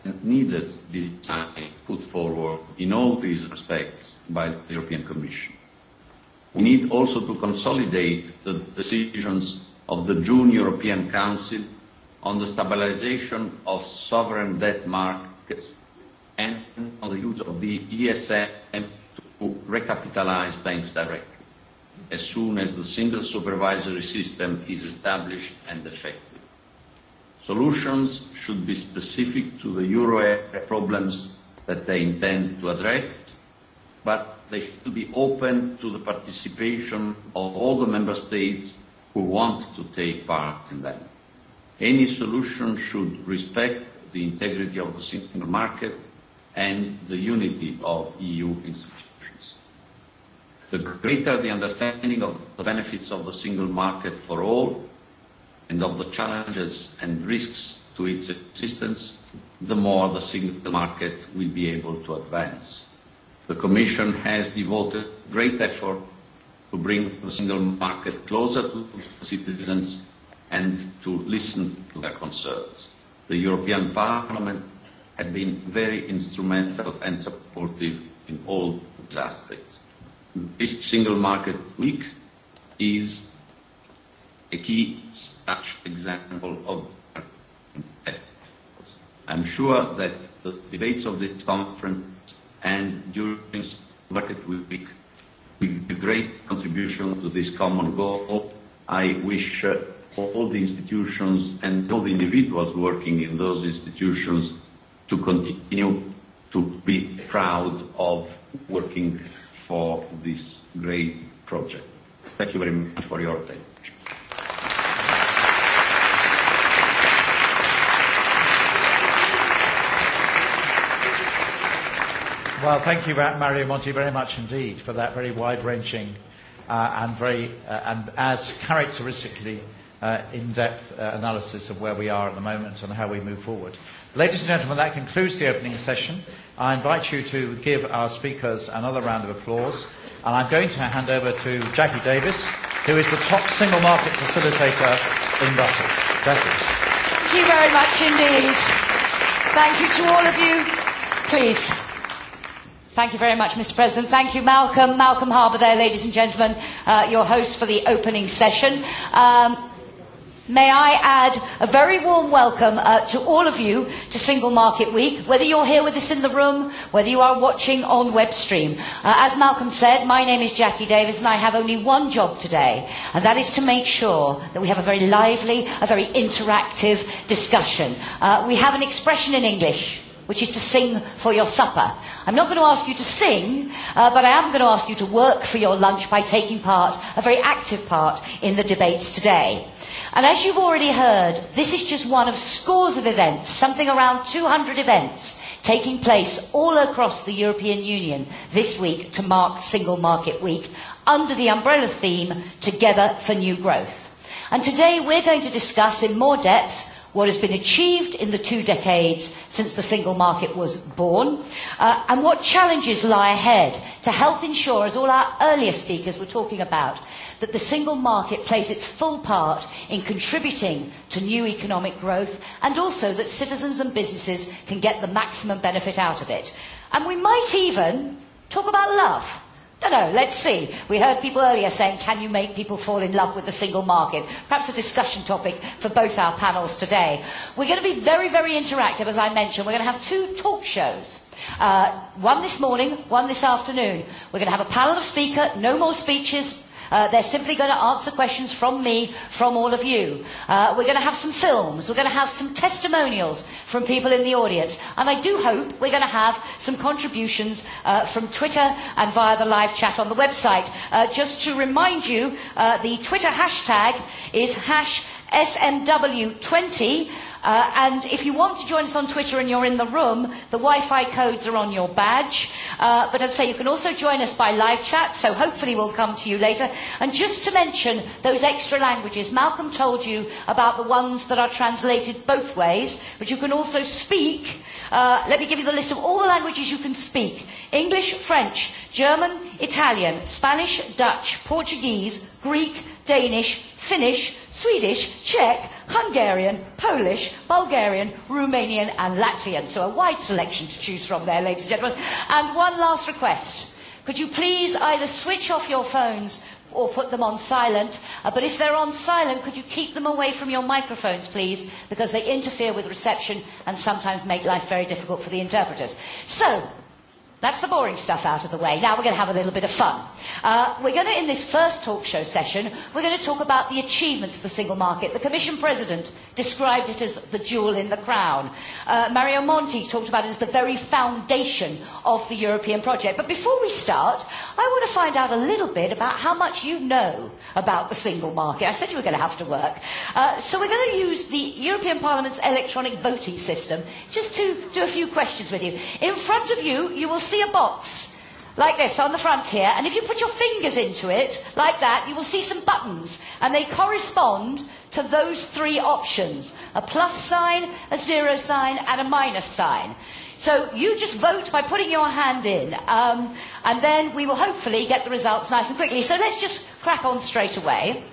and needed design put forward in all these respects by the European Commission. We need also to consolidate the decisions of the June European Council on the stabilization of sovereign debt markets and on the use of the ESM to recapitalize banks directly as soon as the single supervisory system is established and effective. Solutions should be specific to the euro area problems that they intend to address, but they should be open to the participation of all the member states who want to take part in them. Any solution should respect the integrity of the single market and the unity of EU institutions the greater the understanding of the benefits of the single market for all and of the challenges and risks to its existence, the more the single market will be able to advance. The Commission has devoted great effort to bring the single market closer to citizens and to listen to their concerns. The European Parliament has been very instrumental and supportive in all these aspects. This single market week is a key such example of I'm sure that the debates of this conference and during this market week will be a great contribution to this common goal. I wish all the institutions and all the individuals working in those institutions to continue to be proud of working for this great project. Thank you very much for your attention. Well, thank you, Mario Monti, very much indeed for that very wide-ranging and very and as characteristically in-depth analysis of where we are at the moment and how we move forward. Ladies and gentlemen, that concludes the opening session. I invite you to give our speakers another round of applause. And I'm going to hand over to Jackie Davis, who is the top single market facilitator in Brussels. Thank you very much indeed. Thank you to all of you. Please. Thank you very much, Mr. President. Thank you, Malcolm. Malcolm Harbour there, ladies and gentlemen, your host for the opening session. Um, May I add a very warm welcome to all of you to Single Market Week, whether you're here with us in the room, whether you are watching on webstream. stream. As Malcolm said, my name is Jackie Davis and I have only one job today, and that is to make sure that we have a very lively, a very interactive discussion. We have an expression in English which is to sing for your supper. I'm not going to ask you to sing, but I am going to ask you to work for your lunch by taking part, a very active part, in the debates today. And as you've already heard, this is just one of scores of events, something around 200 events, taking place all across the European Union this week to mark Single Market Week under the umbrella theme Together for New Growth. And today we're going to discuss in more depth what has been achieved in the two decades since the single market was born, and what challenges lie ahead to help ensure, as all our earlier speakers were talking about, that the single market plays its full part in contributing to new economic growth and also that citizens and businesses can get the maximum benefit out of it. And we might even talk about love Don't know. Let's see. We heard people earlier saying, can you make people fall in love with the single market? Perhaps a discussion topic for both our panels today. We're going to be very, very interactive, as I mentioned. We're going to have two talk shows. One this morning, one this afternoon. We're going to have a panel of speakers, no more speeches They're simply going to answer questions from me, from all of you. We're going to have some films. We're going to have some testimonials from people in the audience. And I do hope we're going to have some contributions from Twitter and via the live chat on the website. Just to remind you, the Twitter hashtag is hash SMW20 And if you want to join us on Twitter and you're in the room, the Wi-Fi codes are on your badge. But as I say, you can also join us by live chat, so hopefully we'll come to you later. And just to mention those extra languages, Malcolm told you about the ones that are translated both ways, but you can also speak. Let me give you the list of all the languages you can speak. English, French, German, Italian, Spanish, Dutch, Portuguese, Greek, Danish, Finnish, Swedish, Czech, Hungarian, Polish, Bulgarian, Romanian and Latvian. So a wide selection to choose from there, ladies and gentlemen. And one last request. Could you please either switch off your phones or put them on silent? But if they're on silent, could you keep them away from your microphones, please? Because they interfere with reception and sometimes make life very difficult for the interpreters. So, That's the boring stuff out of the way. Now we're going to have a little bit of fun. Uh, we're going to, in this first talk show session, we're going to talk about the achievements of the single market. The Commission President described it as the jewel in the crown. Uh, Mario Monti talked about it as the very foundation of the European project. But before we start, I want to find out a little bit about how much you know about the single market. I said you were going to have to work. Uh, so we're going to use the European Parliament's electronic voting system just to do a few questions with you. In front of you, you will see a box like this on the front here, and if you put your fingers into it like that, you will see some buttons, and they correspond to those three options, a plus sign, a zero sign, and a minus sign. So you just vote by putting your hand in, um, and then we will hopefully get the results nice and quickly. So let's just crack on straight away.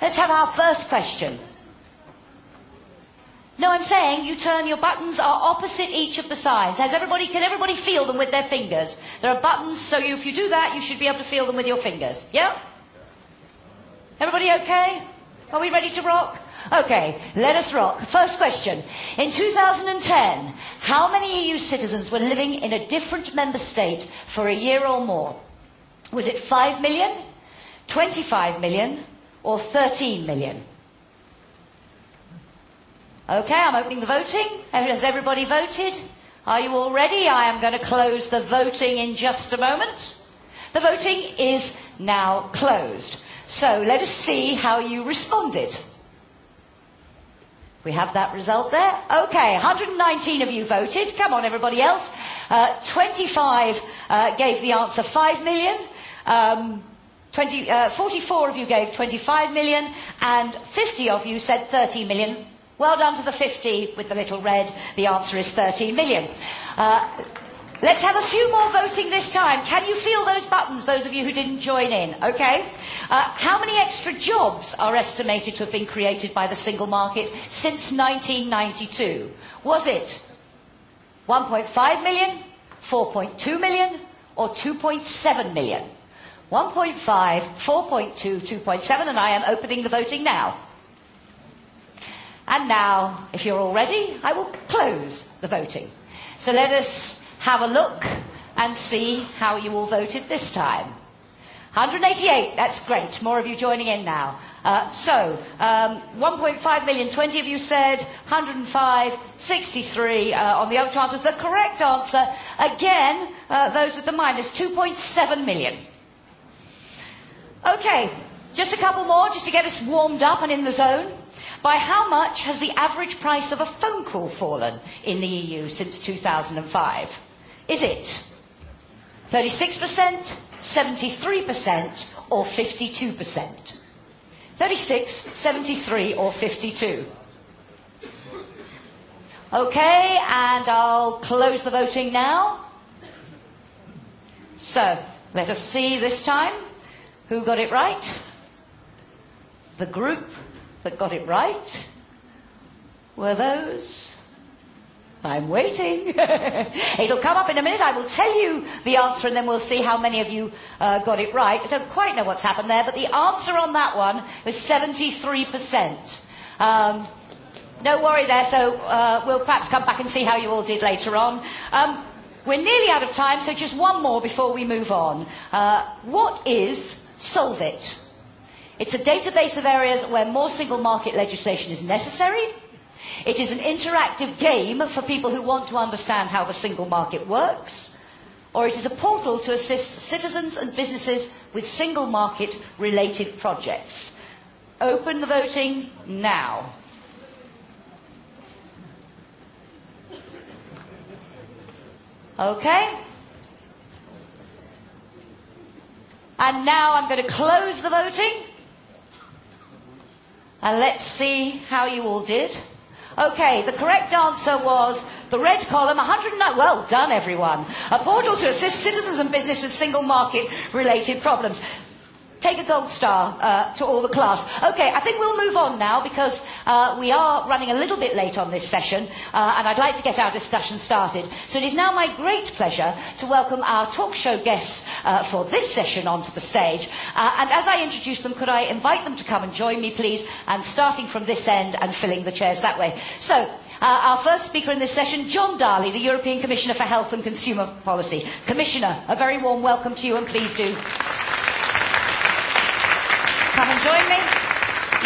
Let's have our first question. No, I'm saying you turn your buttons are opposite each of the sides. Has everybody, can everybody feel them with their fingers? There are buttons, so if you do that, you should be able to feel them with your fingers. Yeah? Everybody okay? Are we ready to rock? Okay, let us rock. First question. In 2010, how many EU citizens were living in a different member state for a year or more? Was it 5 million, 25 million, or 13 million? Okay, I'm opening the voting. Has everybody voted? Are you all ready? I am going to close the voting in just a moment. The voting is now closed. So let us see how you responded. We have that result there. Okay, 119 of you voted. Come on, everybody else. Uh, 25 uh, gave the answer 5 million. Um, 20, uh, 44 of you gave 25 million. And 50 of you said 30 million Well done to the 50 with the little red. The answer is 13 million. Let's have a few more voting this time. Can you feel those buttons, those of you who didn't join in? Okay. How many extra jobs are estimated to have been created by the single market since 1992? Was it 1.5 million, 4.2 million, or 2.7 million? 1.5, 4.2, 2.7, and I am opening the voting now. And now, if you're all ready, I will close the voting. So let us have a look and see how you all voted this time. 188, that's great. More of you joining in now. So, um 1.5 million, 20 of you said, 105, 63 on the other two answers. The correct answer, again, those with the minus, 2.7 million. Okay, just a couple more just to get us warmed up and in the zone. By how much has the average price of a phone call fallen in the EU since 2005? Is it 36%, 73% or 52%? 36, 73 or 52? Okay, and I'll close the voting now. So, let us see this time who got it right. The group that got it right were those. I'm waiting. It'll come up in a minute. I will tell you the answer and then we'll see how many of you uh, got it right. I don't quite know what's happened there, but the answer on that one was 73%. Um, no worry there, so uh, we'll perhaps come back and see how you all did later on. Um, we're nearly out of time, so just one more before we move on. Uh, what is Solvit? It's a database of areas where more single market legislation is necessary. It is an interactive game for people who want to understand how the single market works. Or it is a portal to assist citizens and businesses with single market related projects. Open the voting now. Okay. And now I'm going to close the voting. And let's see how you all did. Okay, the correct answer was the red column, 109. Well done, everyone. A portal to assist citizens and business with single market related problems. Take a gold star to all the class. Okay, I think we'll move on now because we are running a little bit late on this session and I'd like to get our discussion started. So it is now my great pleasure to welcome our talk show guests for this session onto the stage. And as I introduce them, could I invite them to come and join me, please, and starting from this end and filling the chairs that way. So our first speaker in this session, John Darley, the European Commissioner for Health and Consumer Policy. Commissioner, a very warm welcome to you and please do come and join me.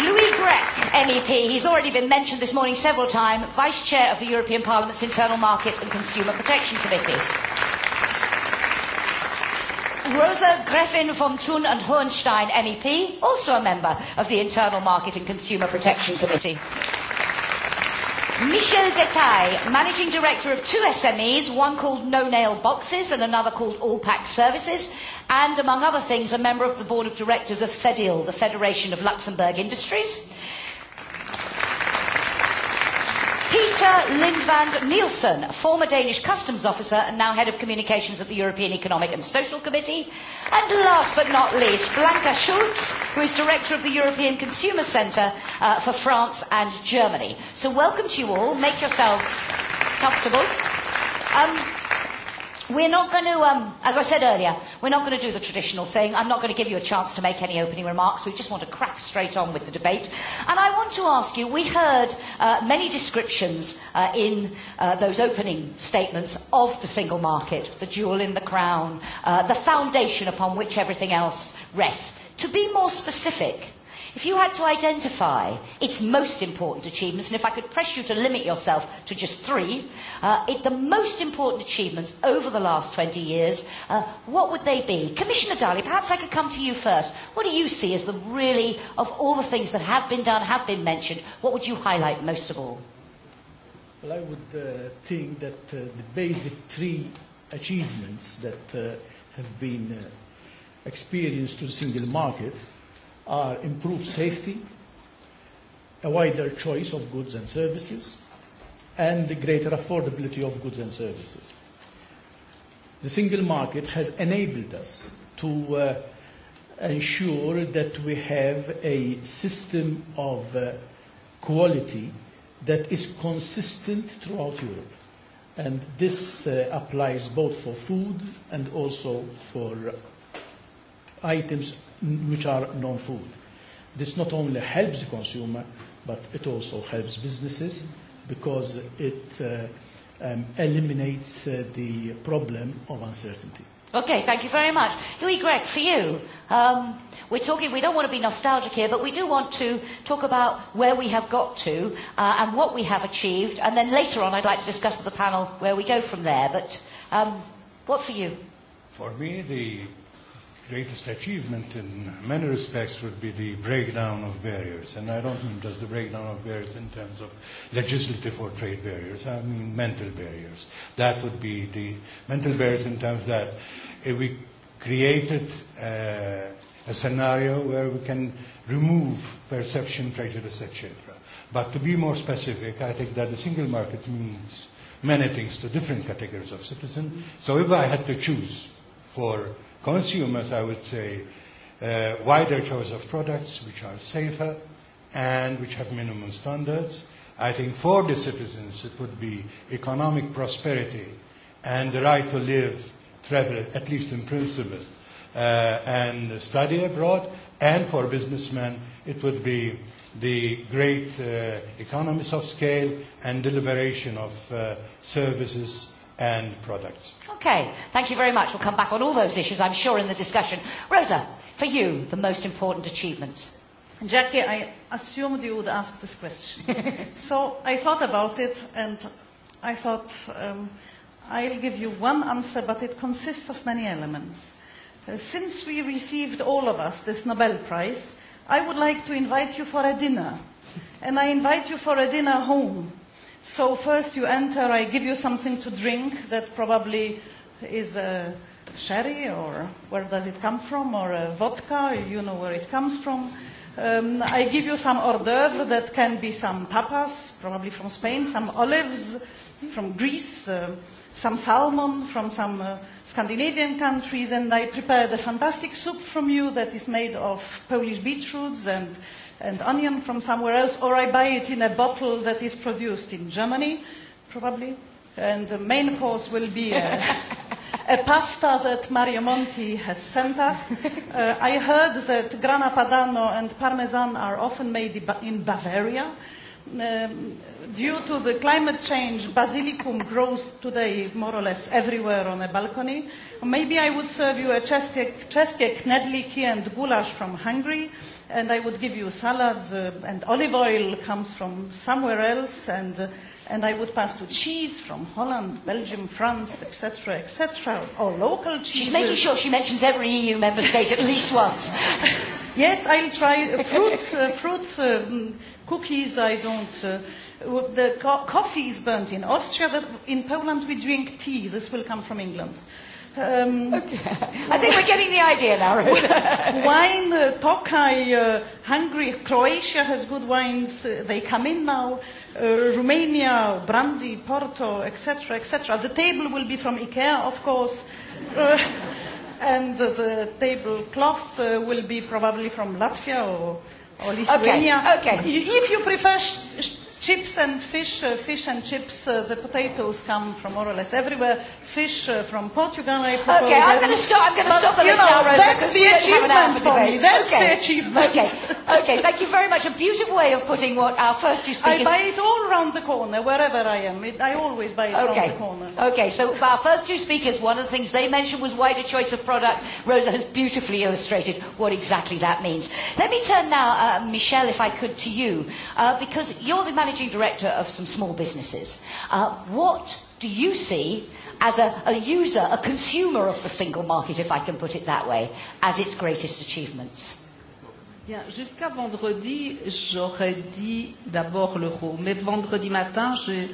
Louis Grech, MEP, he's already been mentioned this morning several times, Vice Chair of the European Parliament's Internal Market and Consumer Protection Committee. Rosa Greffin von Thun and Hohenstein, MEP, also a member of the Internal Market and Consumer Protection Committee. Michel Détaille, Managing Director of two SMEs, one called No Nail Boxes and another called All Pack Services, and among other things, a member of the Board of Directors of FEDIL, the Federation of Luxembourg Industries. Peter Lindvand Nielsen, former Danish customs officer and now head of communications at the European Economic and Social Committee. And last but not least, Blanca Schulz, who is director of the European Consumer Centre for France and Germany. So welcome to you all. Make yourselves comfortable. We're not going to, um, as I said earlier, we're not going to do the traditional thing. I'm not going to give you a chance to make any opening remarks. We just want to crack straight on with the debate. And I want to ask you, we heard many descriptions in those opening statements of the single market, the jewel in the crown, the foundation upon which everything else rests. To be more specific, If you had to identify its most important achievements, and if I could press you to limit yourself to just three, the most important achievements over the last 20 years, what would they be? Commissioner Daly, perhaps I could come to you first. What do you see as the really, of all the things that have been done, have been mentioned, what would you highlight most of all? Well, I would think that the basic three achievements that have been experienced to the single market are improved safety, a wider choice of goods and services, and the greater affordability of goods and services. The single market has enabled us to ensure that we have a system of quality that is consistent throughout Europe. And this applies both for food and also for items which are non-food. This not only helps the consumer, but it also helps businesses because it um eliminates the problem of uncertainty. Okay, thank you very much. Louis Gregg, for you, um, we're talking, we don't want to be nostalgic here, but we do want to talk about where we have got to uh, and what we have achieved, and then later on I'd like to discuss with the panel where we go from there. But um, what for you? For me, the greatest achievement in many respects would be the breakdown of barriers. And I don't mean just the breakdown of barriers in terms of legislative or trade barriers. I mean mental barriers. That would be the mental barriers in terms that if we created a scenario where we can remove perception, prejudice, etc. But to be more specific, I think that the single market means many things to different categories of citizens. So if I had to choose for consumers, I would say, wider choice of products which are safer and which have minimum standards. I think for the citizens it would be economic prosperity and the right to live, travel, at least in principle, and study abroad. And for businessmen it would be the great economies of scale and deliberation of services and products. Okay, thank you very much. We'll come back on all those issues, I'm sure, in the discussion. Rosa, for you, the most important achievements. Jackie, I assumed you would ask this question. so I thought about it, and I thought um, I'll give you one answer, but it consists of many elements. Since we received, all of us, this Nobel Prize, I would like to invite you for a dinner. And I invite you for a dinner home. So first you enter, I give you something to drink that probably is a sherry or where does it come from or vodka, you know where it comes from. I give you some hors d'oeuvre that can be some tapas, probably from Spain, some olives from Greece, some salmon from some Scandinavian countries, and I prepare the fantastic soup from you that is made of Polish beetroots and, and onion from somewhere else, or I buy it in a bottle that is produced in Germany, probably And the main course will be a pasta that Mario Monti has sent us. I heard that Grana Padano and Parmesan are often made in Bavaria. Due to the climate change, basilicum grows today more or less everywhere on a balcony. Maybe I would serve you a czeskie knedliki and goulash from Hungary, and I would give you salads, and olive oil comes from somewhere else, and and I would pass to cheese from Holland, Belgium, France, etc., etc., or local cheese. She's making sure she mentions every EU member state at least once. yes, I'll try fruit, fruit cookies. I don't. The coffee is burnt in Austria. In Poland, we drink tea. This will come from England. Um I think we're getting the idea now. wine, uh, Tokaj, Hungary, Croatia has good wines. they come in now. Romania, brandy, Porto, etc., etc. The table will be from IKEA, of course, and the table tablecloth will be probably from Latvia or, or Lithuania. Okay. If you prefer Chips and fish, fish and chips, the potatoes come from more or less everywhere. Fish from Portugal, I Okay, I'm going to stop. I'm going to stop you this now, Rosa, that's the achievement for me. That's the achievement. Okay, okay. Thank you very much. A beautiful way of putting what our first two speakers. I buy it all around the corner, wherever I am. I always buy it okay. the corner. Okay, so our first two speakers, one of the things they mentioned was wider choice of product. Rosa has beautifully illustrated what exactly that means. Let me turn now, Michelle, if I could, to you, because you're the manager managing director of some small businesses. Uh, What do you see as a a user, a consumer of the single market, if I can put it that way, as its greatest achievements? Jusqu'à vendredi, j'aurais dit d'abord l'euro. Mais vendredi matin, je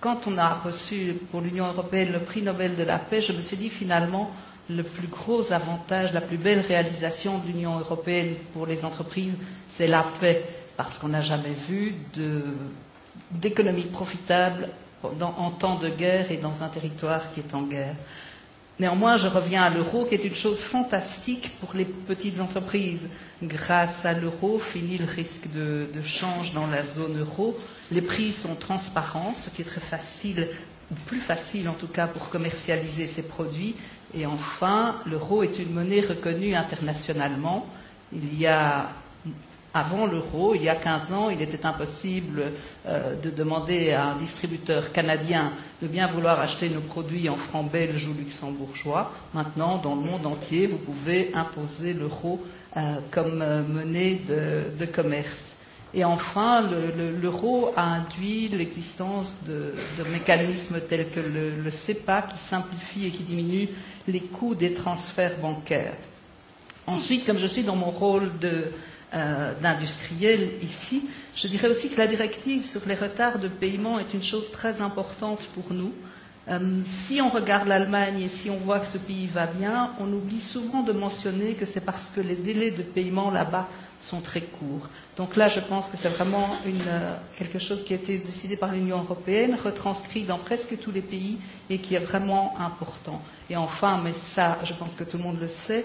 quand on a reçu pour l'Union européenne le prix Nobel de la paix, je me suis dit finalement le plus gros avantage, la plus belle réalisation de l'Union européenne pour les entreprises, c'est la paix parce qu'on n'a jamais vu d'économie profitable en temps de guerre et dans un territoire qui est en guerre. Néanmoins, je reviens à l'euro, qui est une chose fantastique pour les petites entreprises. Grâce à l'euro, fini le risque de change dans la zone euro. Les prix sont transparents, ce qui est très facile, ou plus facile en tout cas, pour commercialiser ces produits. Et enfin, l'euro est une monnaie reconnue internationalement. Il y a Avant l'euro, il y a 15 ans, il était impossible de demander à un distributeur canadien de bien vouloir acheter nos produits en francs belges ou luxembourgeois. Maintenant, dans le monde entier, vous pouvez imposer l'euro comme monnaie de, de commerce. Et enfin, l'euro a induit l'existence de, de mécanismes tels que le, le CEPA qui simplifie et qui diminue les coûts des transferts bancaires. Ensuite, comme je suis dans mon rôle de d'industriels ici. Je dirais aussi que la directive sur les retards de paiement est une chose très importante pour nous. Si on regarde l'Allemagne et si on voit que ce pays va bien, on oublie souvent de mentionner que c'est parce que les délais de paiement là-bas sont très courts. Donc là, je pense que c'est vraiment quelque chose qui a été décidé par l'Union européenne, retranscrit dans presque tous les pays et qui est vraiment important. Et enfin, mais ça, je pense que tout le monde le sait,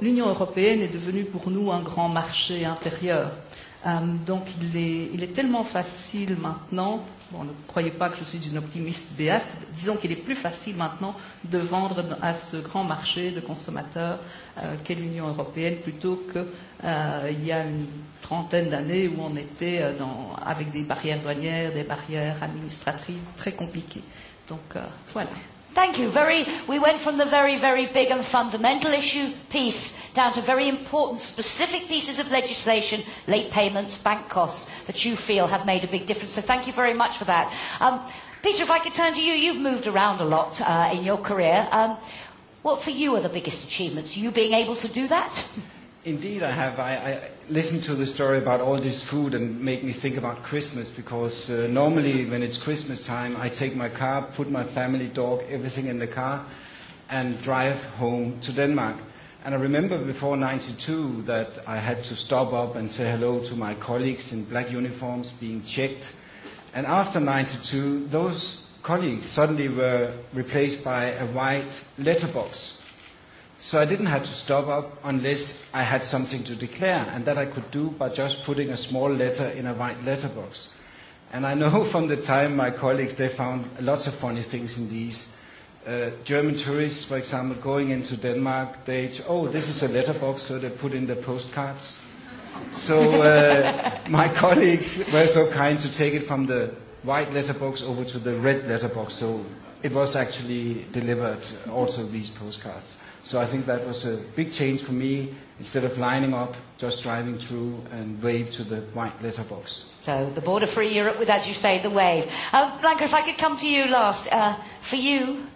l'Union européenne est devenue pour nous un grand marché intérieur. Donc il est, il est tellement facile maintenant, bon, ne croyez pas que je suis une optimiste béate, disons qu'il est plus facile maintenant de vendre à ce grand marché de consommateurs qu'est l'Union européenne plutôt qu'il y a une trentaine d'années où on était dans, avec des barrières douanières, des barrières administratives très compliquées. Donc voilà. Thank you. Very, we went from the very, very big and fundamental issue piece down to very important specific pieces of legislation, late payments, bank costs, that you feel have made a big difference. So thank you very much for that. Um, Peter, if I could turn to you, you've moved around a lot uh, in your career. Um, what for you are the biggest achievements? You being able to do that? Indeed, I have. I, I listened to the story about all this food and make me think about Christmas because uh, normally when it's Christmas time, I take my car, put my family dog, everything in the car, and drive home to Denmark. And I remember before 92 that I had to stop up and say hello to my colleagues in black uniforms being checked. And after 92, those colleagues suddenly were replaced by a white letterbox So I didn't have to stop up unless I had something to declare, and that I could do by just putting a small letter in a white letterbox. And I know from the time my colleagues, they found lots of funny things in these. German tourists, for example, going into Denmark, they, oh, this is a letterbox, so they put in the postcards. So my colleagues were so kind to take it from the white letterbox over to the red letterbox, so it was actually delivered, also these postcards. So I think that was a big change for me. Instead of lining up, just driving through and wave to the white letterbox. So the border free Europe with, as you say, the wave. Uh, Blanca, if I could come to you last. Uh, for you,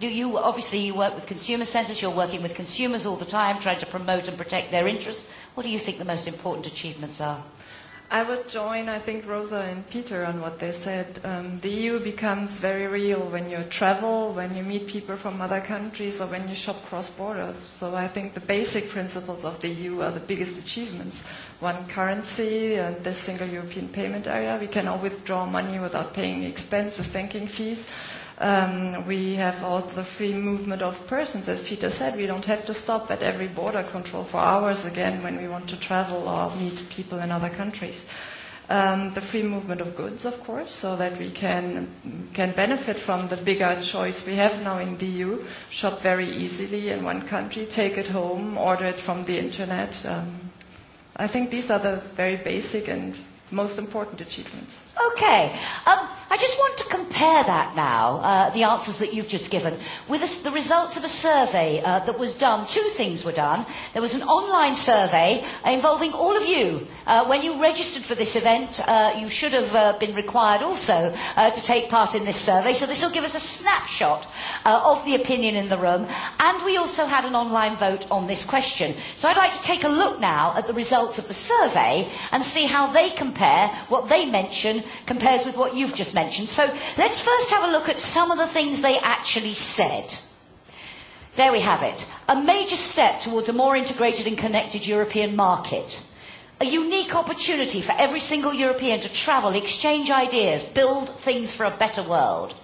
do you obviously you work with consumer centres, you're working with consumers all the time, trying to promote and protect their interests. What do you think the most important achievements are? I would join, I think, Rosa and Peter on what they said. Um, the EU becomes very real when you travel, when you meet people from other countries, or when you shop cross borders. So I think the basic principles of the EU are the biggest achievements. One currency and the single European payment area. We can all withdraw money without paying expensive banking fees. We have also the free movement of persons. As Peter said, we don't have to stop at every border control for hours again when we want to travel or meet people in other countries. The free movement of goods, of course, so that we can can benefit from the bigger choice we have now in the EU. Shop very easily in one country, take it home, order it from the internet. I think these are the very basic and most important achievements. Okay. Um, I just want to compare that now, uh, the answers that you've just given, with the results of a survey uh, that was done. Two things were done. There was an online survey involving all of you. Uh, when you registered for this event, uh, you should have uh, been required also uh, to take part in this survey. So this will give us a snapshot uh, of the opinion in the room. And we also had an online vote on this question. So I'd like to take a look now at the results of the survey and see how they compare what they mention compares with what you've just mentioned. So let's first have a look at some of the things they actually said. There we have it. A major step towards a more integrated and connected European market. A unique opportunity for every single European to travel, exchange ideas, build things for a better world.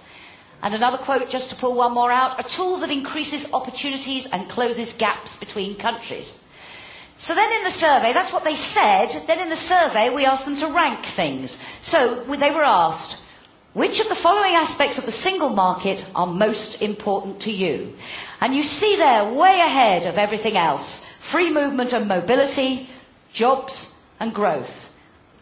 And another quote, just to pull one more out, a tool that increases opportunities and closes gaps between countries. So then in the survey, that's what they said. Then in the survey, we asked them to rank things. So they were asked, which of the following aspects of the single market are most important to you? And you see there, way ahead of everything else, free movement and mobility, jobs and growth.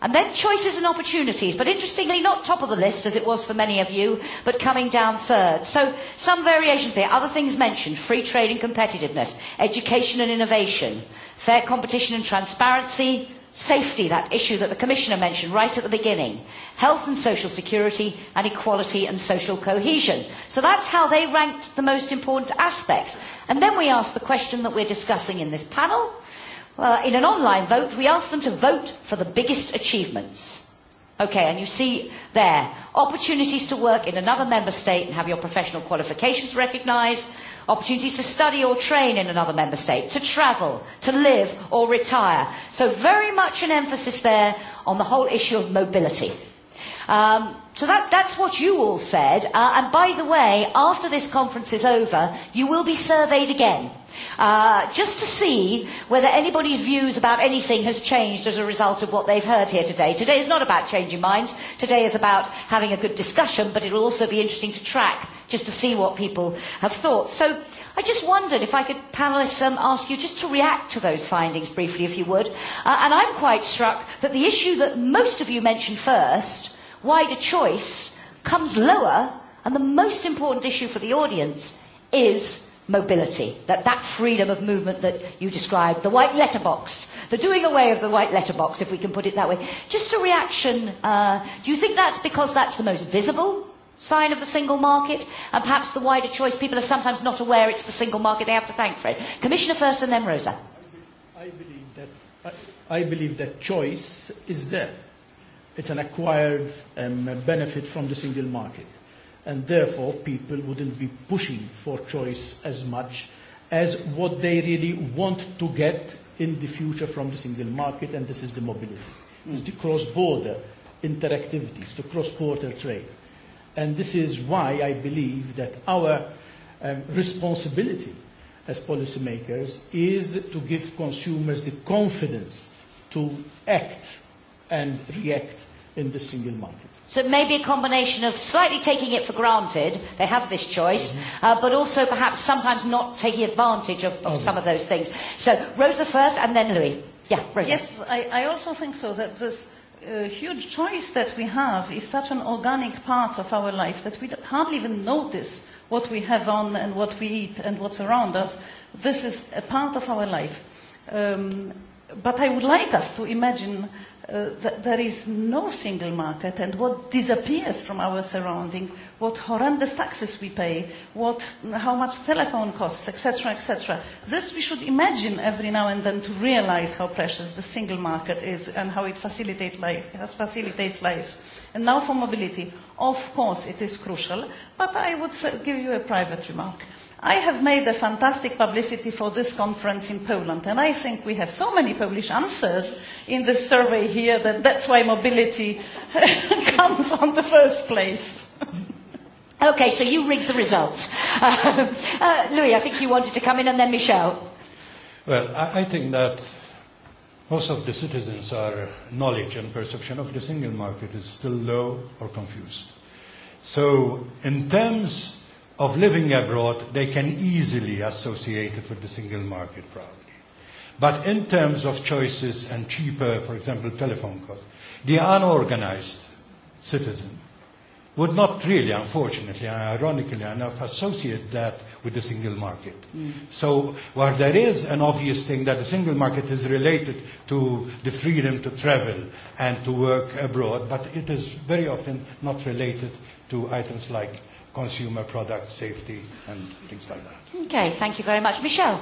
And then choices and opportunities, but interestingly not top of the list as it was for many of you, but coming down third. So some variation there. Other things mentioned, free trade and competitiveness, education and innovation, fair competition and transparency, safety, that issue that the Commissioner mentioned right at the beginning, health and social security, and equality and social cohesion. So that's how they ranked the most important aspects. And then we asked the question that we're discussing in this panel in an online vote, we ask them to vote for the biggest achievements. Okay, and you see there, opportunities to work in another member state and have your professional qualifications recognised, opportunities to study or train in another member state, to travel, to live or retire. So very much an emphasis there on the whole issue of mobility. Um, so that, that's what you all said. and by the way, after this conference is over, you will be surveyed again. Uh, just to see whether anybody's views about anything has changed as a result of what they've heard here today. Today is not about changing minds. Today is about having a good discussion, but it will also be interesting to track just to see what people have thought. So I just wondered if I could, panelists, um, ask you just to react to those findings briefly, if you would. Uh, and I'm quite struck that the issue that most of you mentioned first wider choice comes lower and the most important issue for the audience is mobility, that that freedom of movement that you described, the white letterbox, the doing away of the white letterbox, if we can put it that way. Just a reaction, uh, do you think that's because that's the most visible sign of the single market and perhaps the wider choice? People are sometimes not aware it's the single market. They have to thank for it. Commissioner first and then Rosa. I believe that, I, I believe that choice is there It's an acquired benefit from the single market. And therefore, people wouldn't be pushing for choice as much as what they really want to get in the future from the single market, and this is the mobility. It's the cross-border interactivities, the cross-border trade. And this is why I believe that our responsibility as policymakers is to give consumers the confidence to act and react in the single market. So it may be a combination of slightly taking it for granted, they have this choice, but also perhaps sometimes not taking advantage of some of those things. So Rosa first and then Louis. Yeah, Rosa. Yes, I also think so, that this huge choice that we have is such an organic part of our life that we hardly even notice what we have on and what we eat and what's around us. This is a part of our life. But I would like us to imagine there is no single market and what disappears from our surrounding, what horrendous taxes we pay, what, how much telephone costs, etc., etc. This we should imagine every now and then to realize how precious the single market is and how it facilitates life. Has facilitates life. And now for mobility, of course it is crucial, but I would give you a private remark. I have made a fantastic publicity for this conference in Poland, and I think we have so many Polish answers in this survey here that that's why mobility comes on the first place. Okay, so you read the results. Louis, I think you wanted to come in, and then Michel. Well, I think that most of the citizens' are knowledge and perception of the single market is still low or confused. So in terms of living abroad, they can easily associate it with the single market probably. But in terms of choices and cheaper, for example, telephone calls, the unorganized citizen would not really, unfortunately, and ironically enough, associate that with the single market. So while there is an obvious thing that the single market is related to the freedom to travel and to work abroad, but it is very often not related to items like consumer product safety and things like that. Okay, thank you very much. Michelle.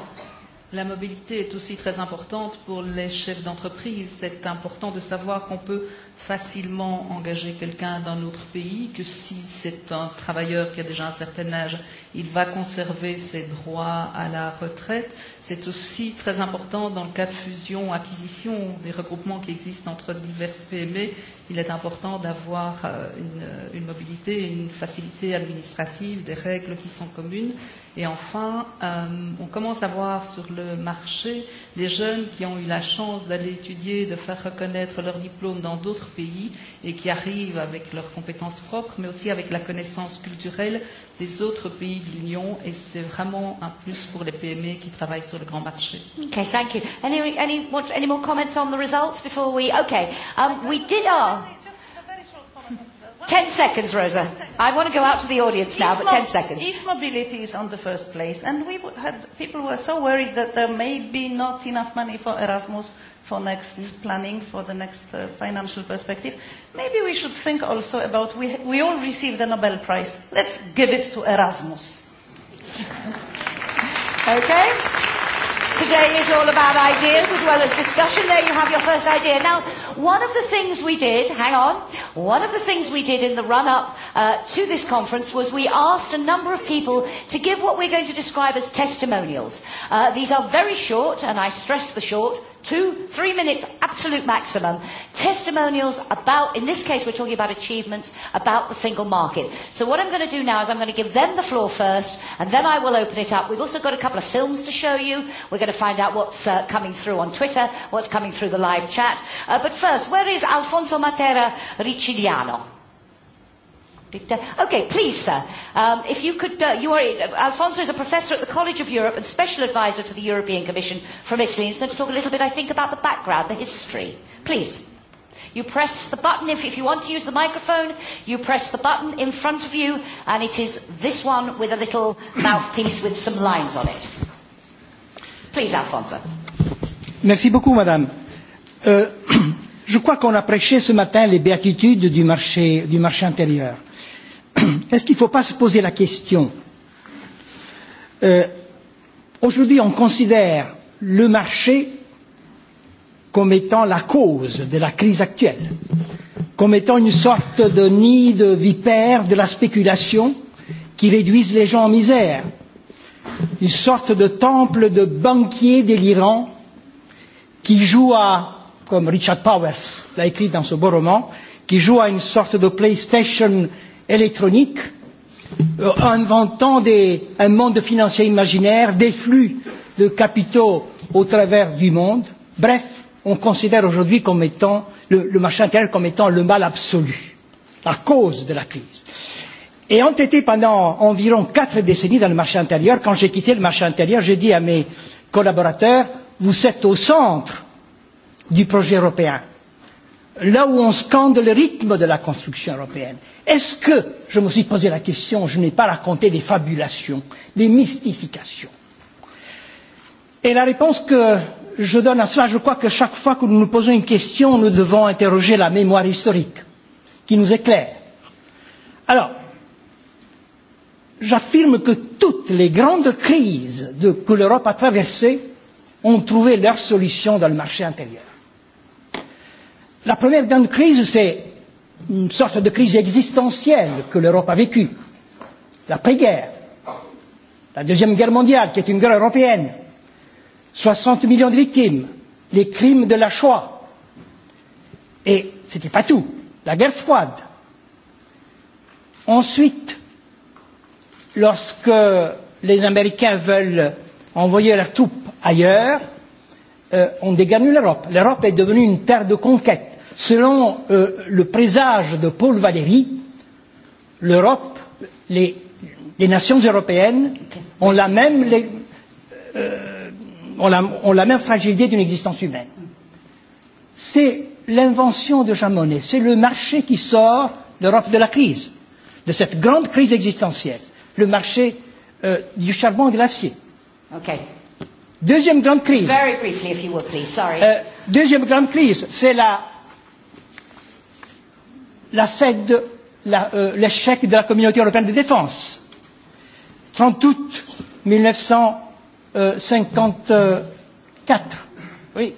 La mobilité est aussi très importante pour les chefs d'entreprise. C'est important de savoir qu'on peut facilement engager quelqu'un dans autre pays, que si c'est un travailleur qui a déjà un certain âge, il va conserver ses droits à la retraite. C'est aussi très important dans le cas de fusion, acquisition, des regroupements qui existent entre diverses PME. Il est important d'avoir une, une mobilité, une facilité administrative, des règles qui sont communes Et enfin, on commence à voir sur le marché des jeunes qui ont eu la chance d'aller étudier, de faire reconnaître leur diplôme dans d'autres pays et qui arrivent avec leurs compétences propres, mais aussi avec la connaissance culturelle des autres pays de l'Union. Et c'est vraiment un plus pour les PME qui travaillent sur le grand marché. Okay, thank you. Any, any, any more comments on the results before we... Okay, um, we did our... Ten seconds, Rosa. I want to go out to the audience now, but ten seconds. If mobility is on the first place, and we had people were so worried that there may be not enough money for Erasmus for next planning, for the next financial perspective, maybe we should think also about we, we all received the Nobel Prize. Let's give it to Erasmus. okay today is all about ideas as well as discussion. There you have your first idea. Now, one of the things we did, hang on, one of the things we did in the run-up to this conference was we asked a number of people to give what we're going to describe as testimonials. These are very short, and I stress the short two, three minutes, absolute maximum, testimonials about, in this case we're talking about achievements, about the single market. So what I'm going to do now is I'm going to give them the floor first, and then I will open it up. We've also got a couple of films to show you. We're going to find out what's coming through on Twitter, what's coming through the live chat. But first, where is Alfonso Matera Ricciliano? Okay, please, sir. Um, if you could, uh, you are, Alfonso is a professor at the College of Europe and special advisor to the European Commission from Italy. He's going to talk a little bit, I think, about the background, the history. Please. You press the button if, if you want to use the microphone. You press the button in front of you, and it is this one with a little mouthpiece with some lines on it. Please, Alfonso. Merci beaucoup, Madame. Euh, je crois qu'on a prêché ce matin les béatitudes du marché, du marché intérieur Est-ce qu'il ne faut pas se poser la question Aujourd'hui, on considère le marché comme étant la cause de la crise actuelle, comme étant une sorte de nid de vipère de la spéculation qui réduisent les gens en misère, une sorte de temple de banquiers délirants qui joue à, comme Richard Powers l'a écrit dans ce beau roman, qui joue à une sorte de PlayStation électronique, inventant un monde financier imaginaire, des flux de capitaux au travers du monde. Bref, on considère aujourd'hui comme étant le marché intérieur comme étant le mal absolu, la cause de la crise. Et ont été pendant environ quatre décennies dans le marché intérieur. Quand j'ai quitté le marché intérieur, j'ai dit à mes collaborateurs, vous êtes au centre du projet européen, là où on scande le rythme de la construction européenne, Est-ce que, je me suis posé la question, je n'ai pas raconté des fabulations, des mystifications Et la réponse que je donne à cela, je crois que chaque fois que nous nous posons une question, nous devons interroger la mémoire historique, qui nous éclaire. Alors, j'affirme que toutes les grandes crises que l'Europe a traversées ont trouvé leur solution dans le marché intérieur. La première grande crise, c'est une sorte de crise existentielle que l'Europe a vécue. L'après-guerre, la Deuxième Guerre mondiale, qui est une guerre européenne, 60 millions de victimes, les crimes de la Shoah. Et ce n'était pas tout. La guerre froide. Ensuite, lorsque les Américains veulent envoyer leurs troupes ailleurs, on dégagne l'Europe. L'Europe est devenue une terre de conquête Selon le présage de Paul Valéry, l'Europe, les nations européennes ont la même fragilité d'une existence humaine. C'est l'invention de Jean Monnet, c'est le marché qui sort l'Europe de la crise, de cette grande crise existentielle, le marché du charbon et de l'acier. Deuxième grande crise. Deuxième grande crise, c'est la l'échec de la communauté européenne de défense. 30 août 1954. Oui.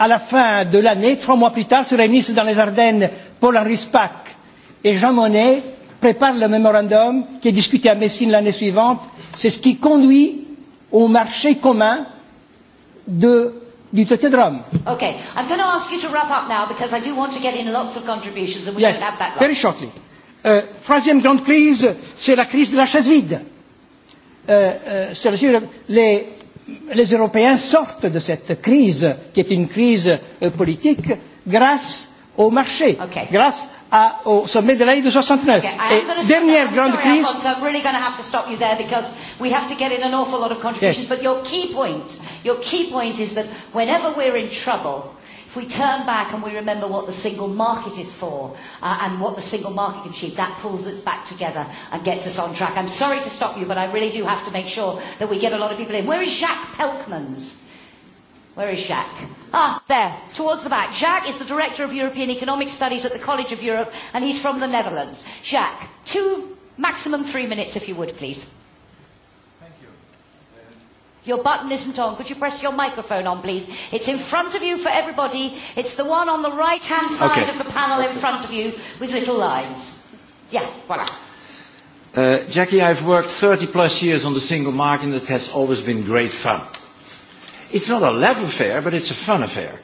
À la fin de l'année, trois mois plus tard, se réunissent dans les Ardennes Paul-Henri Spack et Jean Monnet préparent le mémorandum qui est discuté à Messine l'année suivante. C'est ce qui conduit au marché commun de du tetradrame. Okay, I'm going to ask you to wrap up now because I do want to get in lots of contributions and we yes, have that. Long. Very shortly. Euh, troisième grande crise, c'est la crise de la chaise vide. Euh, euh, les, les Européens sortent de cette crise, qui est une crise euh, politique, grâce au marché, okay. grâce au sommet de l'année de 69. Et dernière grande crise. I'm really going to have to stop you there because we have to get in an awful lot of contributions. But your key point, your key point is that whenever we're in trouble, if we turn back and we remember what the single market is for and what the single market can achieve, that pulls us back together and gets us on track. I'm sorry to stop you, but I really do have to make sure that we get a lot of people in. Where is Jacques Pelkmans? Where is Jacques? Ah, there, towards the back. Jacques is the Director of European Economic Studies at the College of Europe, and he's from the Netherlands. Jacques, two, maximum three minutes, if you would, please. Thank you. Your button isn't on. Could you press your microphone on, please? It's in front of you for everybody. It's the one on the right-hand side of the panel in front of you with little lines. Yeah, voilà. Jackie, I've worked 30 plus years on the single market and it has always been great fun. It's not a love affair, but it's a fun affair.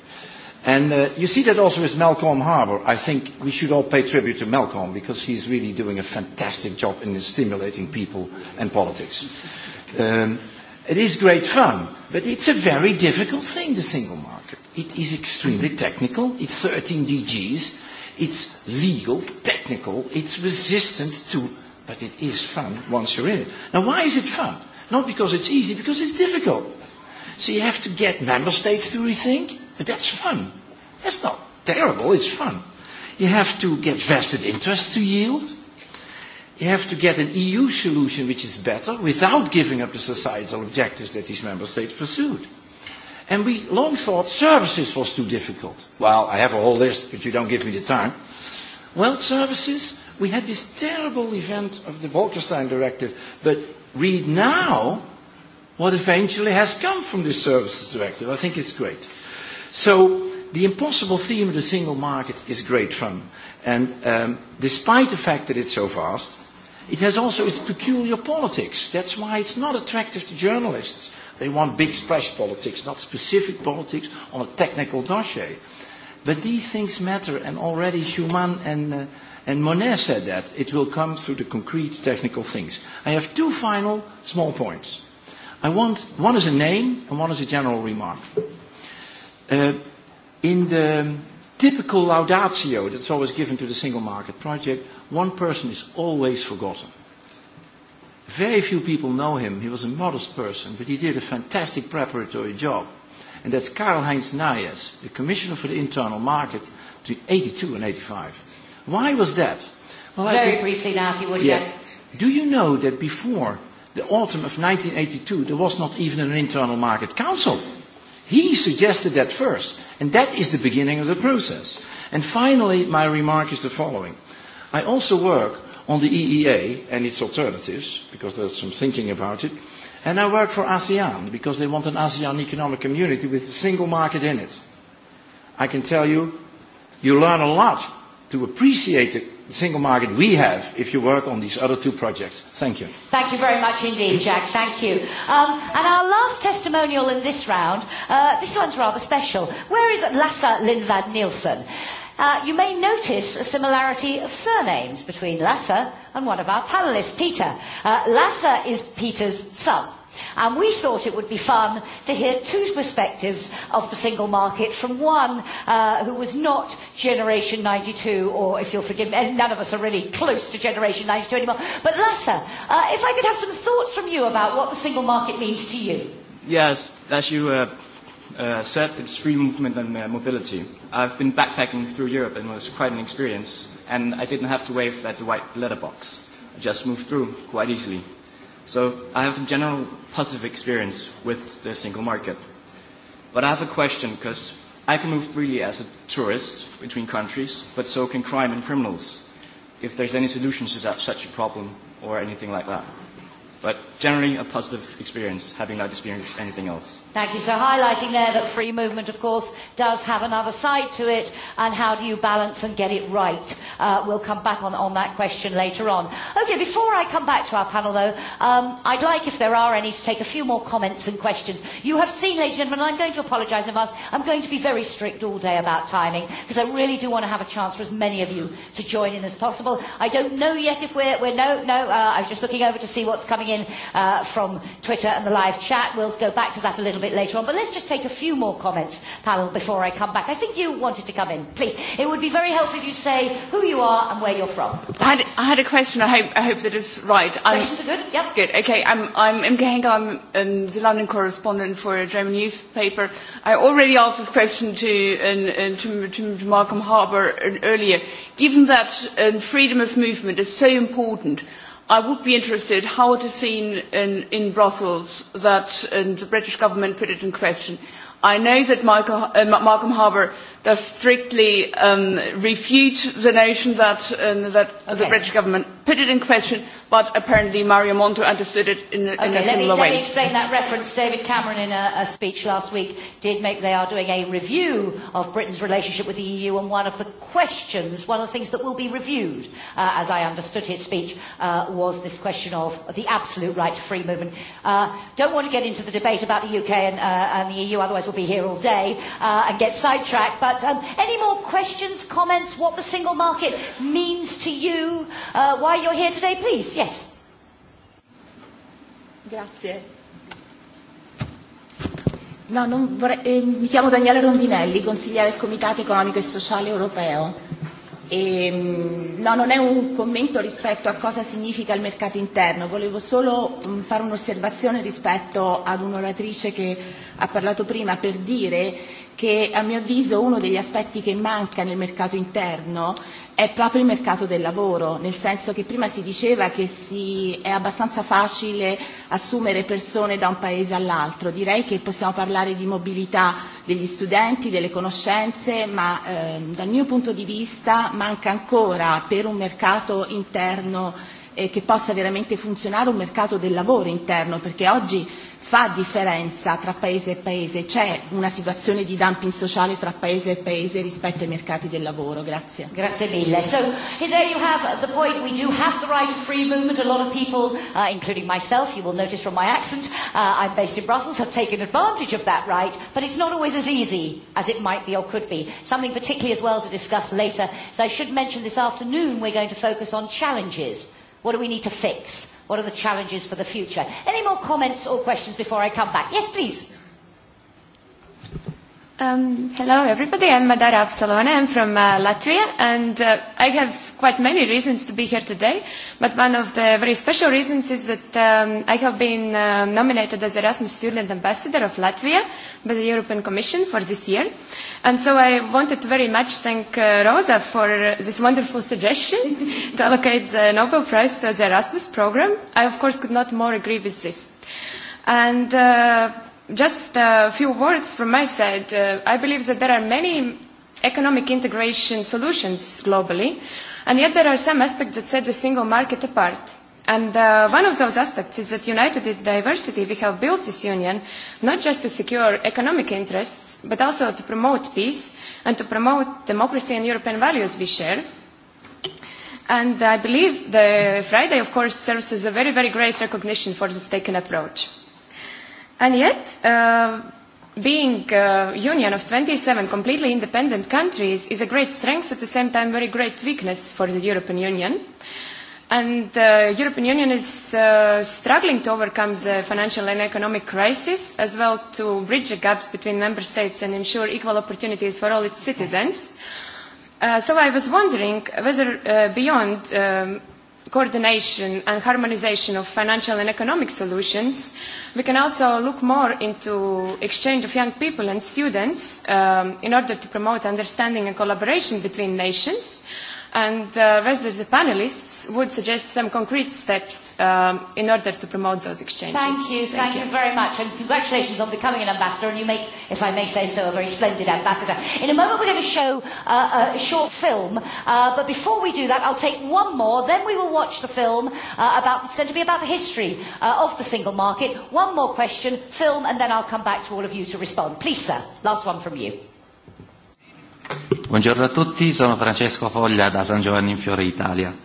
And you see that also with Malcolm Harbour. I think we should all pay tribute to Malcolm because he's really doing a fantastic job in stimulating people and politics. It is great fun, but it's a very difficult thing, the single market. It is extremely technical. It's 13 DGs. It's legal, technical. It's resistant to, but it is fun once you're in it. Now, why is it fun? Not because it's easy, because it's difficult. So you have to get member states to rethink, but that's fun. That's not terrible, it's fun. You have to get vested interests to yield. You have to get an EU solution which is better without giving up the societal objectives that these member states pursued. And we long thought services was too difficult. Well, I have a whole list, but you don't give me the time. Well, services, we had this terrible event of the Bolkestein Directive, but read now what eventually has come from this Services Directive. I think it's great. So the impossible theme of the single market is great fun. And despite the fact that it's so vast, it has also its peculiar politics. That's why it's not attractive to journalists. They want big splash politics, not specific politics on a technical dossier. But these things matter, and already Schumann and, and Monet said that. It will come through the concrete technical things. I have two final small points. I want one is a name and one is a general remark. In the typical laudatio that's always given to the single market project, one person is always forgotten. Very few people know him. He was a modest person, but he did a fantastic preparatory job. And that's Karl-Heinz Nayes, the Commissioner for the Internal Market between 82 and 85. Why was that? Well, Very briefly now, if you would, yes. Do you know that before the autumn of 1982, there was not even an internal market council. He suggested that first, and that is the beginning of the process. And finally, my remark is the following. I also work on the EEA and its alternatives, because there's some thinking about it, and I work for ASEAN, because they want an ASEAN economic community with a single market in it. I can tell you, you learn a lot to appreciate the single market we have if you work on these other two projects. Thank you. Thank you very much indeed, Jack. Thank you. Um, and our last testimonial in this round, uh, this one's rather special. Where is Lassa Lindvad Nielsen? Uh, you may notice a similarity of surnames between Lassa and one of our panelists, Peter. Uh, Lassa is Peter's son. And we thought it would be fun to hear two perspectives of the single market from one who was not Generation 92, or if you'll forgive me, none of us are really close to Generation 92 anymore. But Lassa, if I could have some thoughts from you about what the single market means to you. Yes, as you said, it's free movement and mobility. I've been backpacking through Europe and it was quite an experience, and I didn't have to wave at the white letterbox. I just moved through quite easily. So I have a general positive experience with the single market. But I have a question, because I can move freely as a tourist between countries, but so can crime and criminals, if there's any solutions to that, such a problem or anything like that. But generally a positive experience, having not experienced anything else. Thank you. So highlighting there that free movement, of course, does have another side to it, and how do you balance and get it right? Uh, we'll come back on, on that question later on. Okay, before I come back to our panel, though, um, I'd like, if there are any, to take a few more comments and questions. You have seen, ladies and gentlemen, I'm going to apologise in advance. I'm going to be very strict all day about timing, because I really do want to have a chance for as many of you to join in as possible. I don't know yet if we're, we're no, no, uh, I'm just looking over to see what's coming in uh, from Twitter and the live chat. We'll go back to that a little bit later on. But let's just take a few more comments, panel, before I come back. I think you wanted to come in. Please, it would be very helpful if you say who you are and where you're from. I had I had a question. I hope I hope that is right. Questions are good? Yep. Good. Okay. I'm I'm Imke Henke, I'm the London correspondent for a German newspaper. I already asked this question to to to Malcolm Harbour earlier. Given that freedom of movement is so important. I would be interested how it is seen in Brussels that the British government put it in question. I know that Malcolm Harbour does strictly refute the notion that the British government put it in question, but apparently Mario Monti understood it in a similar way. Let me explain that reference. David Cameron, in a speech last week, did make they are doing a review of Britain's relationship with the EU, and one of the questions, one of the things that will be reviewed, as I understood his speech, was this question of the absolute right to free movement. Don't want to get into the debate about the UK and the EU, otherwise we'll be here all day and get sidetracked, but But any more questions, comments, what the single market means to you, uh, why you're here today, please? Yes. Grazie. No, non vorrei, mi chiamo Daniele Rondinelli, consigliere del Comitato Economico e Sociale Europeo. E, no, non è un commento rispetto a cosa significa il mercato interno, volevo solo fare un'osservazione rispetto ad un'oratrice che ha parlato prima per dire che a mio avviso uno degli aspetti che manca nel mercato interno è proprio il mercato del lavoro, nel senso che prima si diceva che si è abbastanza facile assumere persone da un paese all'altro. Direi che possiamo parlare di mobilità degli studenti, delle conoscenze, ma dal mio punto di vista manca ancora per un mercato interno che possa veramente funzionare un mercato del lavoro interno, perché oggi fa differenza tra paese e paese? C'è una situazione di dumping sociale tra paese e paese rispetto ai mercati del lavoro? Grazie. Grazie mille. So there you have the point. We do have the right of free movement. A lot of people, uh, including myself, you will notice from my accent, uh, I'm based in Brussels, have taken advantage of that right, but it's not always as easy as it might be or could be. Something particularly as well to discuss later. So I should mention this afternoon we're going to focus on challenges. What do we need to fix? What are the challenges for the future? Any more comments or questions before I come back? Yes, please. Hello everybody, I'm Madara Avsalona, I'm from Latvia and I have quite many reasons to be here today, but one of the very special reasons is that I have been nominated as Erasmus Student Ambassador of Latvia by the European Commission for this year. And so I wanted to very much thank Rosa for this wonderful suggestion to allocate the Nobel Prize to the Erasmus program. I of course could not more agree with this. And Just a few words from my side. I believe that there are many economic integration solutions globally, and yet there are some aspects that set the single market apart. And one of those aspects is that united in diversity we have built this union not just to secure economic interests, but also to promote peace and to promote democracy and European values we share. And I believe the Friday, of course, serves as a very, very great recognition for this taken approach. And yet, being a union of 27 completely independent countries is a great strength, at the same time very great weakness for the European Union. And the European Union is struggling to overcome the financial and economic crisis, as well to bridge the gaps between member states and ensure equal opportunities for all its citizens. So I was wondering whether beyond coordination and harmonisation of financial and economic solutions. We can also look more into exchange of young people and students in order to promote understanding and collaboration between nations and whether the panelists would suggest some concrete steps in order to promote those exchanges. Thank you, thank you very much, and congratulations on becoming an ambassador, and you make, if I may say so, a very splendid ambassador. In a moment we're going to show a short film, but before we do that I'll take one more, then we will watch the film about, it's going to be about the history of the single market. One more question, film, and then I'll come back to all of you to respond. Please, sir, last one from you. Buongiorno a tutti, sono Francesco Foglia da San Giovanni in Fiore Italia.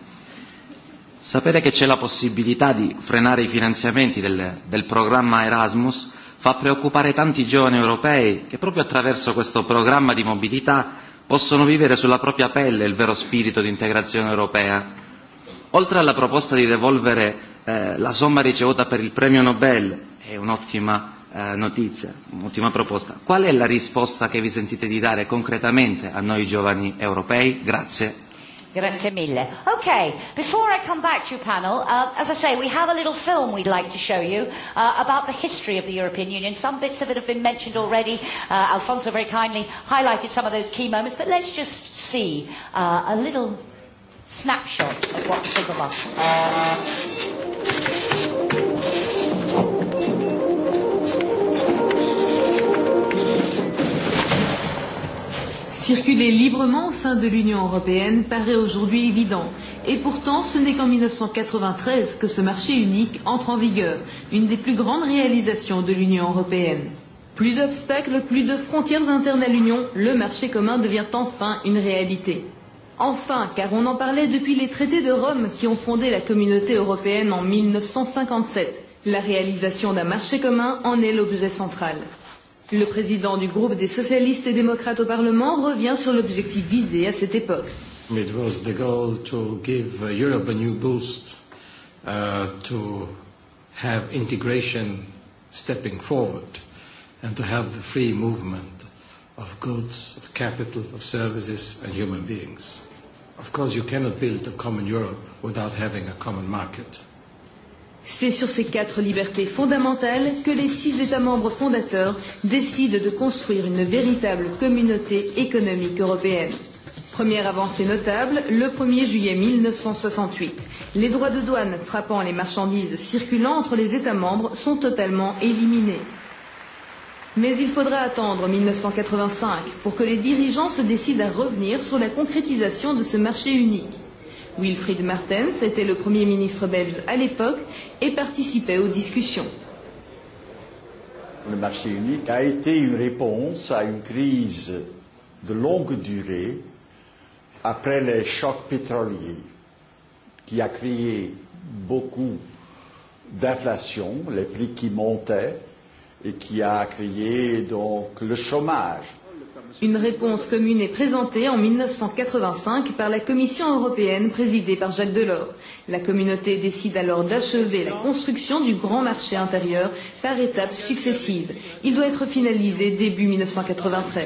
Sapere che c'è la possibilità di frenare i finanziamenti del, programma Erasmus fa preoccupare tanti giovani europei che proprio attraverso questo programma di mobilità possono vivere sulla propria pelle il vero spirito di integrazione europea. Oltre alla proposta di devolvere la somma ricevuta per il premio Nobel, è un'ottima notizia, un'ultima proposta. Qual è la risposta che vi sentite di dare concretamente a noi giovani europei? Grazie. Grazie mille. Okay, before I come back to your panel, uh, as I say, we have a little film we'd like to show you uh, about the history of the European Union. Some bits of it have been mentioned already. Uh, Alfonso very kindly highlighted some of those key moments, but let's just see uh, a little snapshot of what the single circuler librement au sein de l'Union européenne paraît aujourd'hui évident. Et pourtant, ce n'est qu'en 1993 que ce marché unique entre en vigueur, une des plus grandes réalisations de l'Union européenne. Plus d'obstacles, plus de frontières internes à l'Union, le marché commun devient enfin une réalité. Enfin, car on en parlait depuis les traités de Rome qui ont fondé la communauté européenne en 1957, la réalisation d'un marché commun en est l'objet central. Le président du groupe des socialistes et démocrates au Parlement revient sur l'objectif visé à cette époque. It was the goal to give Europe a new boost, uh, to have integration stepping forward, and to have the free movement of goods, of capital, of services, and human beings. Of course, you cannot build a common Europe without having a common market C'est sur ces quatre libertés fondamentales que les six États membres fondateurs décident de construire une véritable communauté économique européenne. Première avancée notable, le 1er juillet 1968. Les droits de douane frappant les marchandises circulant entre les États membres sont totalement éliminés. Mais il faudra attendre 1985 pour que les dirigeants se décident à revenir sur la concrétisation de ce marché unique. Wilfried Martens était le Premier ministre belge à l'époque et participait aux discussions. Le marché unique a été une réponse à une crise de longue durée après les chocs pétroliers qui a créé beaucoup d'inflation, les prix qui montaient et qui a créé donc le chômage Une réponse commune est présentée en 1985 par la Commission européenne présidée par Jacques Delors. La communauté décide alors d'achever la construction du grand marché intérieur par étapes successives. Il doit être finalisé début 1993.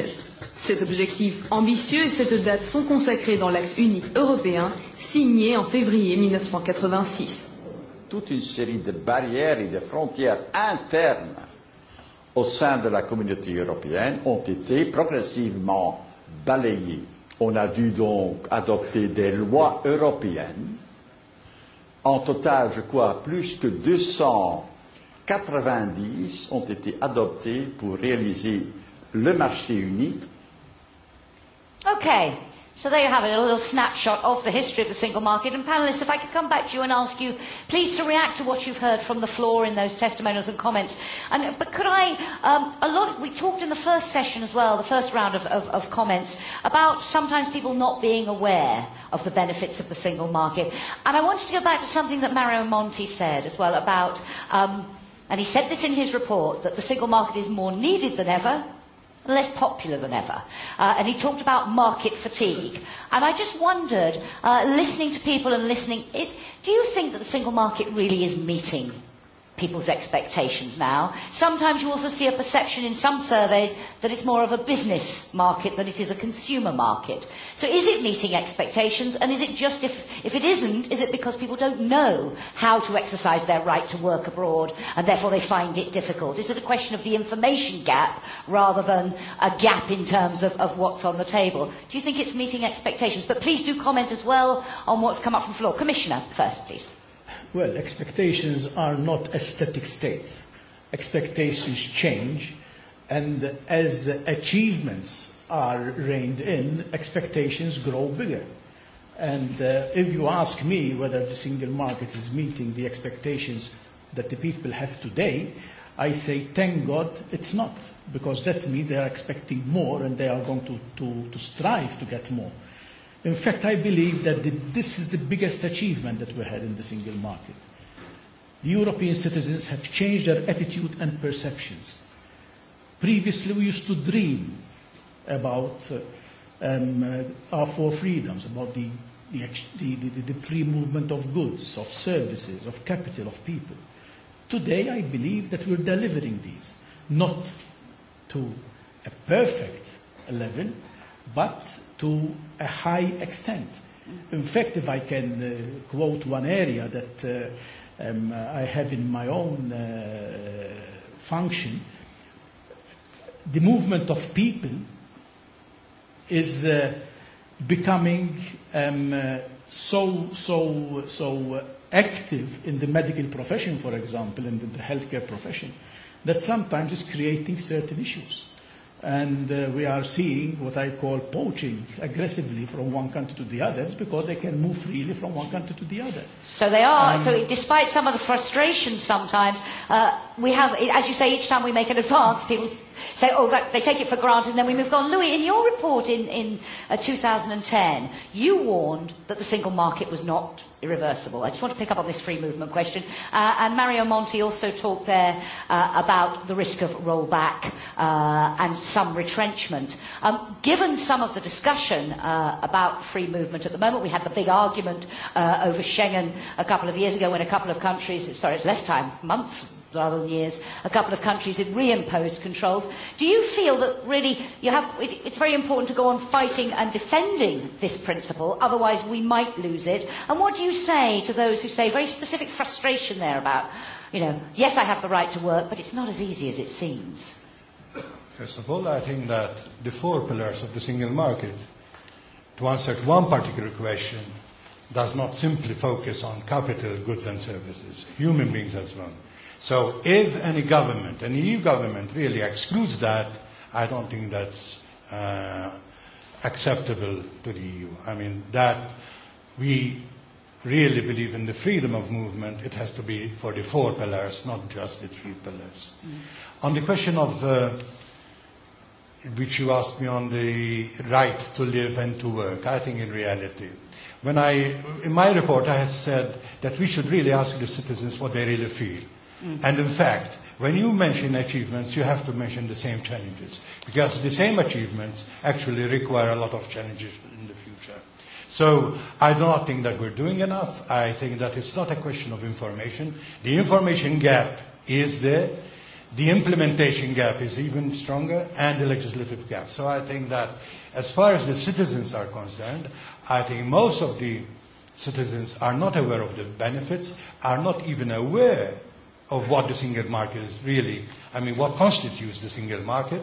Cet objectif ambitieux et cette date sont consacrés dans l'acte unique européen signé en février 1986. Toute une série de barrières et de frontières internes au sein de la communauté européenne ont été progressivement balayés. On a dû donc adopter des lois européennes. En total, je crois, plus que 290 ont été adoptées pour réaliser le marché unique. Okay, So there you have it, a little snapshot of the history of the single market. And panelists, if I could come back to you and ask you, please, to react to what you've heard from the floor in those testimonials and comments. And, but could I, um, a lot, we talked in the first session as well, the first round of, of, of comments, about sometimes people not being aware of the benefits of the single market. And I wanted to go back to something that Mario Monti said as well about, um, and he said this in his report, that the single market is more needed than ever, less popular than ever. And he talked about market fatigue. And I just wondered, listening to people and listening, do you think that the single market really is meeting people's expectations now. Sometimes you also see a perception in some surveys that it's more of a business market than it is a consumer market. So is it meeting expectations and is it just if, if it isn't, is it because people don't know how to exercise their right to work abroad and therefore they find it difficult? Is it a question of the information gap rather than a gap in terms of, of what's on the table? Do you think it's meeting expectations? But please do comment as well on what's come up from the floor. Commissioner, first, please. Well, expectations are not a static state. Expectations change, and as achievements are reined in, expectations grow bigger. And if you ask me whether the single market is meeting the expectations that the people have today, I say, thank God it's not, because that means they are expecting more and they are going to, to, to strive to get more. In fact, I believe that this is the biggest achievement that we had in the single market. The European citizens have changed their attitude and perceptions. Previously, we used to dream about our four freedoms, about the the free movement of goods, of services, of capital, of people. Today, I believe that we're delivering these, not to a perfect level, but to a high extent. In fact, if I can quote one area that I have in my own function, the movement of people is becoming so so so active in the medical profession, for example, and in the healthcare profession, that sometimes is creating certain issues. And we are seeing what I call poaching aggressively from one country to the other because they can move freely from one country to the other. So they are. So despite some of the frustrations sometimes, we have, as you say, each time we make an advance, people say, oh, they take it for granted and then we move on. Louis, in your report in, in 2010, you warned that the single market was not irreversible. I just want to pick up on this free movement question. Uh, and Mario Monti also talked there uh, about the risk of rollback uh, and some retrenchment. Um, given some of the discussion uh, about free movement at the moment, we had the big argument uh, over Schengen a couple of years ago when a couple of countries, sorry, it's less time, months rather years, a couple of countries have reimposed controls. Do you feel that really you have, it's very important to go on fighting and defending this principle, otherwise we might lose it? And what do you say to those who say very specific frustration there about, you know, yes, I have the right to work, but it's not as easy as it seems? First of all, I think that the four pillars of the single market, to answer one particular question, does not simply focus on capital, goods and services, human beings as well. So if any government, any EU government, really excludes that, I don't think that's uh, acceptable to the EU. I mean, that we really believe in the freedom of movement, it has to be for the four pillars, not just the three pillars. On the question of uh, which you asked me on the right to live and to work, I think in reality, when I, in my report, I had said that we should really ask the citizens what they really feel. And in fact, when you mention achievements, you have to mention the same challenges, because the same achievements actually require a lot of challenges in the future. So I do not think that we're doing enough. I think that it's not a question of information. The information gap is there. The implementation gap is even stronger, and the legislative gap. So I think that as far as the citizens are concerned, I think most of the citizens are not aware of the benefits, are not even aware of what the single market is really, I mean, what constitutes the single market.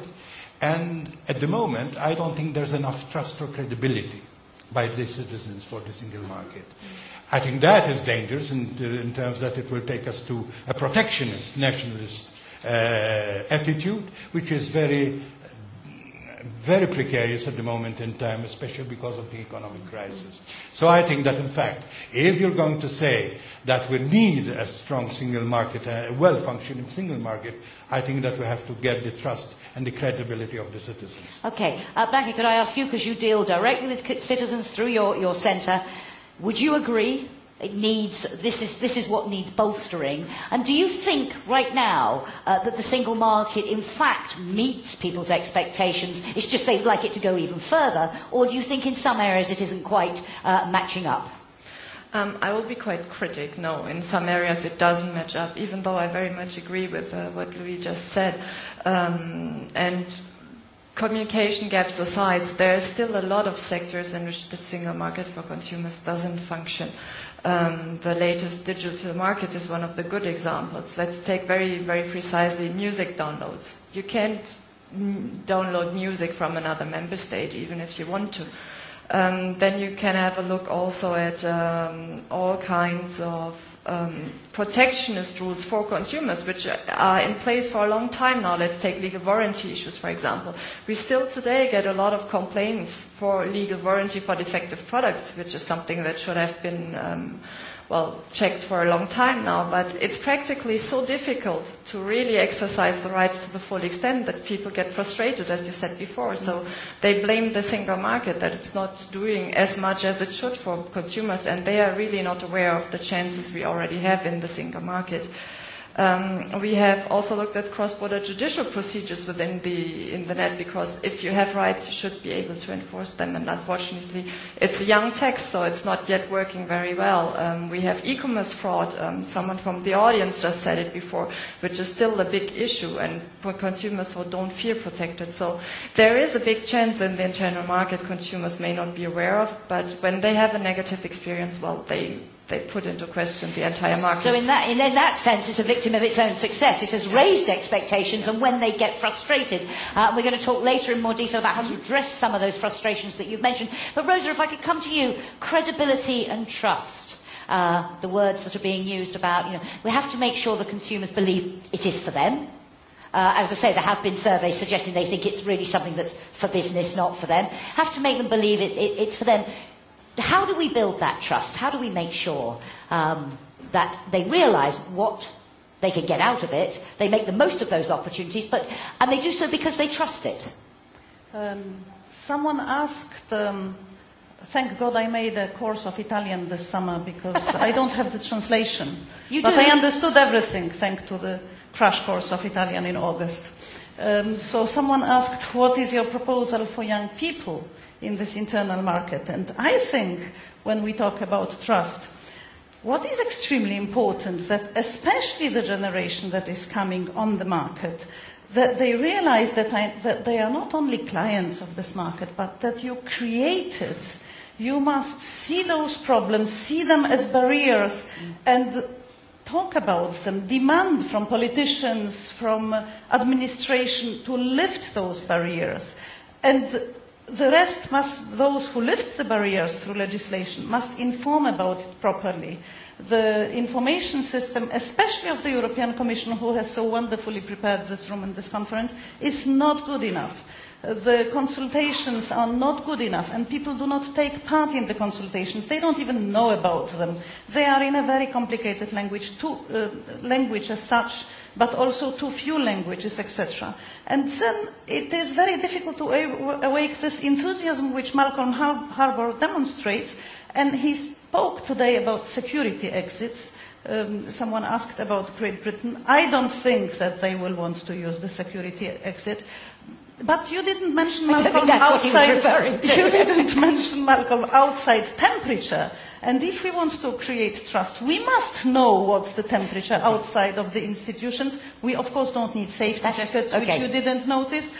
And at the moment, I don't think there's enough trust or credibility by the citizens for the single market. I think that is dangerous in, in terms that it will take us to a protectionist, nationalist attitude, which is very very precarious at the moment in time, especially because of the economic crisis. So I think that, in fact, if you're going to say that we need a strong single market, a well-functioning single market, I think that we have to get the trust and the credibility of the citizens. Okay. Uh, could I ask you, because you deal directly with citizens through your, your centre, would you agree needs this is this is what needs bolstering and do you think right now that the single market in fact meets people's expectations it's just they'd like it to go even further or do you think in some areas it isn't quite matching up um i will be quite critic no in some areas it doesn't match up even though i very much agree with what louis just said um and Communication gaps aside, there are still a lot of sectors in which the single market for consumers doesn't function. The latest digital market is one of the good examples. Let's take very, very precisely music downloads. You can't download music from another member state, even if you want to. Then you can have a look also at all kinds of protectionist rules for consumers, which are in place for a long time now. Let's take legal warranty issues, for example. We still today get a lot of complaints for legal warranty for defective products, which is something that should have been well, checked for a long time now, but it's practically so difficult to really exercise the rights to the full extent that people get frustrated, as you said before. So they blame the single market that it's not doing as much as it should for consumers, and they are really not aware of the chances we already have in the single market. We have also looked at cross-border judicial procedures within the in the net because if you have rights, you should be able to enforce them. And unfortunately, it's a young text, so it's not yet working very well. We have e-commerce fraud. Someone from the audience just said it before, which is still a big issue, and for consumers who don't feel protected. So there is a big chance in the internal market consumers may not be aware of, but when they have a negative experience, well, they they put into question the entire market. So in that, in, that sense, it's a victim of its own success. It has raised expectations, and when they get frustrated, uh, we're going to talk later in more detail about how to address some of those frustrations that you've mentioned. But Rosa, if I could come to you, credibility and trust. Uh, the words that are being used about, you know, we have to make sure the consumers believe it is for them, As I say, there have been surveys suggesting they think it's really something that's for business, not for them. Have to make them believe it, it's for them how do we build that trust? How do we make sure um, that they realize what they can get out of it, they make the most of those opportunities, but, and they do so because they trust it? Um, someone asked, um, thank God I made a course of Italian this summer because I don't have the translation. You but I understood everything thanks to the crash course of Italian in August. Um, so someone asked, what is your proposal for young people? in this internal market. And I think when we talk about trust, what is extremely important that especially the generation that is coming on the market, that they realize that, I, that they are not only clients of this market, but that you create it. You must see those problems, see them as barriers, and talk about them, demand from politicians, from administration to lift those barriers. And the rest must, those who lift the barriers through legislation must inform about it properly. The information system, especially of the European Commission, who has so wonderfully prepared this room and this conference, is not good enough the consultations are not good enough and people do not take part in the consultations. They don't even know about them. They are in a very complicated language, too, language as such, but also too few languages, etc. And then it is very difficult to awake this enthusiasm which Malcolm Harbour demonstrates, and he spoke today about security exits. Someone asked about Great Britain. I don't think that they will want to use the security exit But you didn't mention Malcolm outside. You didn't mention Malcolm outside temperature. And if we want to create trust, we must know what's the temperature outside of the institutions. We of course don't need safety jackets, which you didn't notice.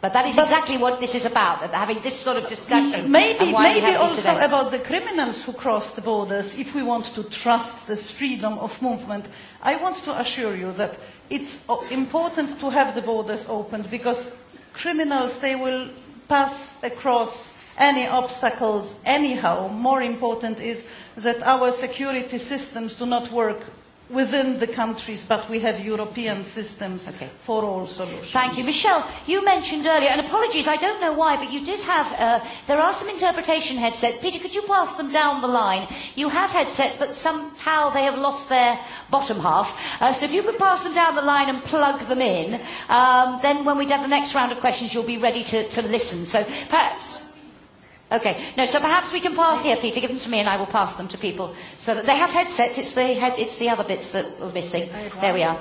But that is exactly what this is about, having this sort of discussion. Maybe, maybe also about the criminals who cross the borders. If we want to trust this freedom of movement, I want to assure you that it's important to have the borders opened because criminals, they will pass across any obstacles anyhow. More important is that our security systems do not work within the countries, but we have European systems for all solutions. Thank you. Michelle, you mentioned earlier, and apologies, I don't know why, but you did have, there are some interpretation headsets. Peter, could you pass them down the line? You have headsets, but somehow they have lost their bottom half. So if you could pass them down the line and plug them in, then when we do the next round of questions, you'll be ready to to listen. So perhaps. Okay. No, so perhaps we can pass here, Peter. Give them to me, and I will pass them to people. So that they have headsets. It's the head, it's the other bits that are missing. There we are.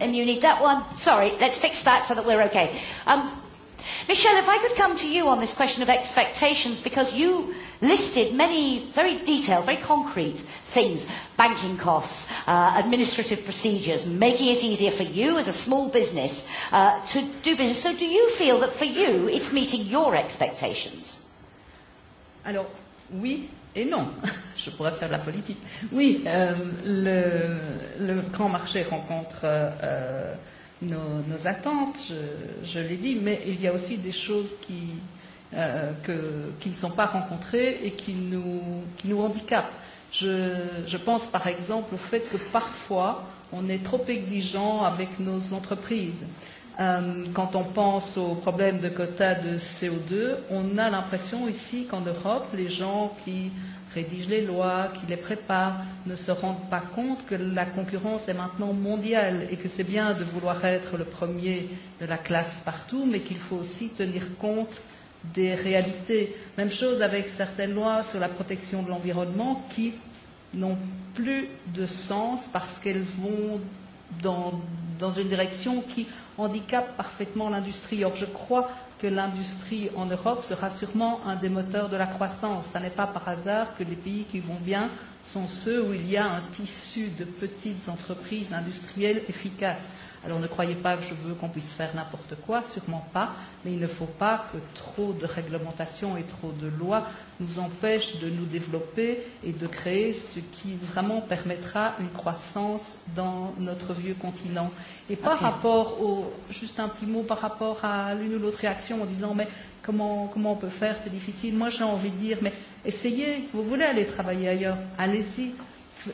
And you need that one. Sorry. Let's fix that so that we're okay. Um, Michelle, if I could come to you on this question of expectations, because you listed many very detailed, very concrete things, banking costs, administrative procedures, making it easier for you as a small business to do business. So do you feel that for you it's meeting your expectations? Alors, oui et non. Je pourrais faire la politique. Oui, le, le grand marché rencontre nos, nos attentes, je, je l'ai dit, mais il y a aussi des choses qui, que, qui ne sont pas rencontrées et qui nous, qui nous handicapent. Je, je pense par exemple au fait que parfois on est trop exigeant avec nos entreprises Quand on pense au problème de quotas de CO2, on a l'impression ici qu'en Europe, les gens qui rédigent les lois, qui les préparent, ne se rendent pas compte que la concurrence est maintenant mondiale et que c'est bien de vouloir être le premier de la classe partout, mais qu'il faut aussi tenir compte des réalités. Même chose avec certaines lois sur la protection de l'environnement qui n'ont plus de sens parce qu'elles vont dans, dans une direction qui, handicape parfaitement l'industrie. Or, je crois que l'industrie en Europe sera sûrement un des moteurs de la croissance. Ce n'est pas par hasard que les pays qui vont bien sont ceux où il y a un tissu de petites entreprises industrielles efficaces. Alors ne croyez pas que je veux qu'on puisse faire n'importe quoi, sûrement pas, mais il ne faut pas que trop de réglementation et trop de lois nous empêchent de nous développer et de créer ce qui vraiment permettra une croissance dans notre vieux continent. Et par rapport au, juste un petit mot par rapport à l'une ou l'autre réaction en disant mais comment, comment on peut faire, c'est difficile. Moi j'ai envie de dire mais essayez, vous voulez aller travailler ailleurs, allez-y,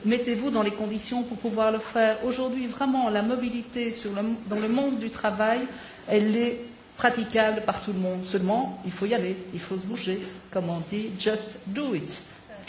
mettez-vous dans les conditions pour pouvoir le faire. Aujourd'hui, vraiment, la mobilité sur le, dans le monde du travail, elle est praticable par tout le monde. Seulement, il faut y aller, il faut se bouger. Comme on dit, just do it.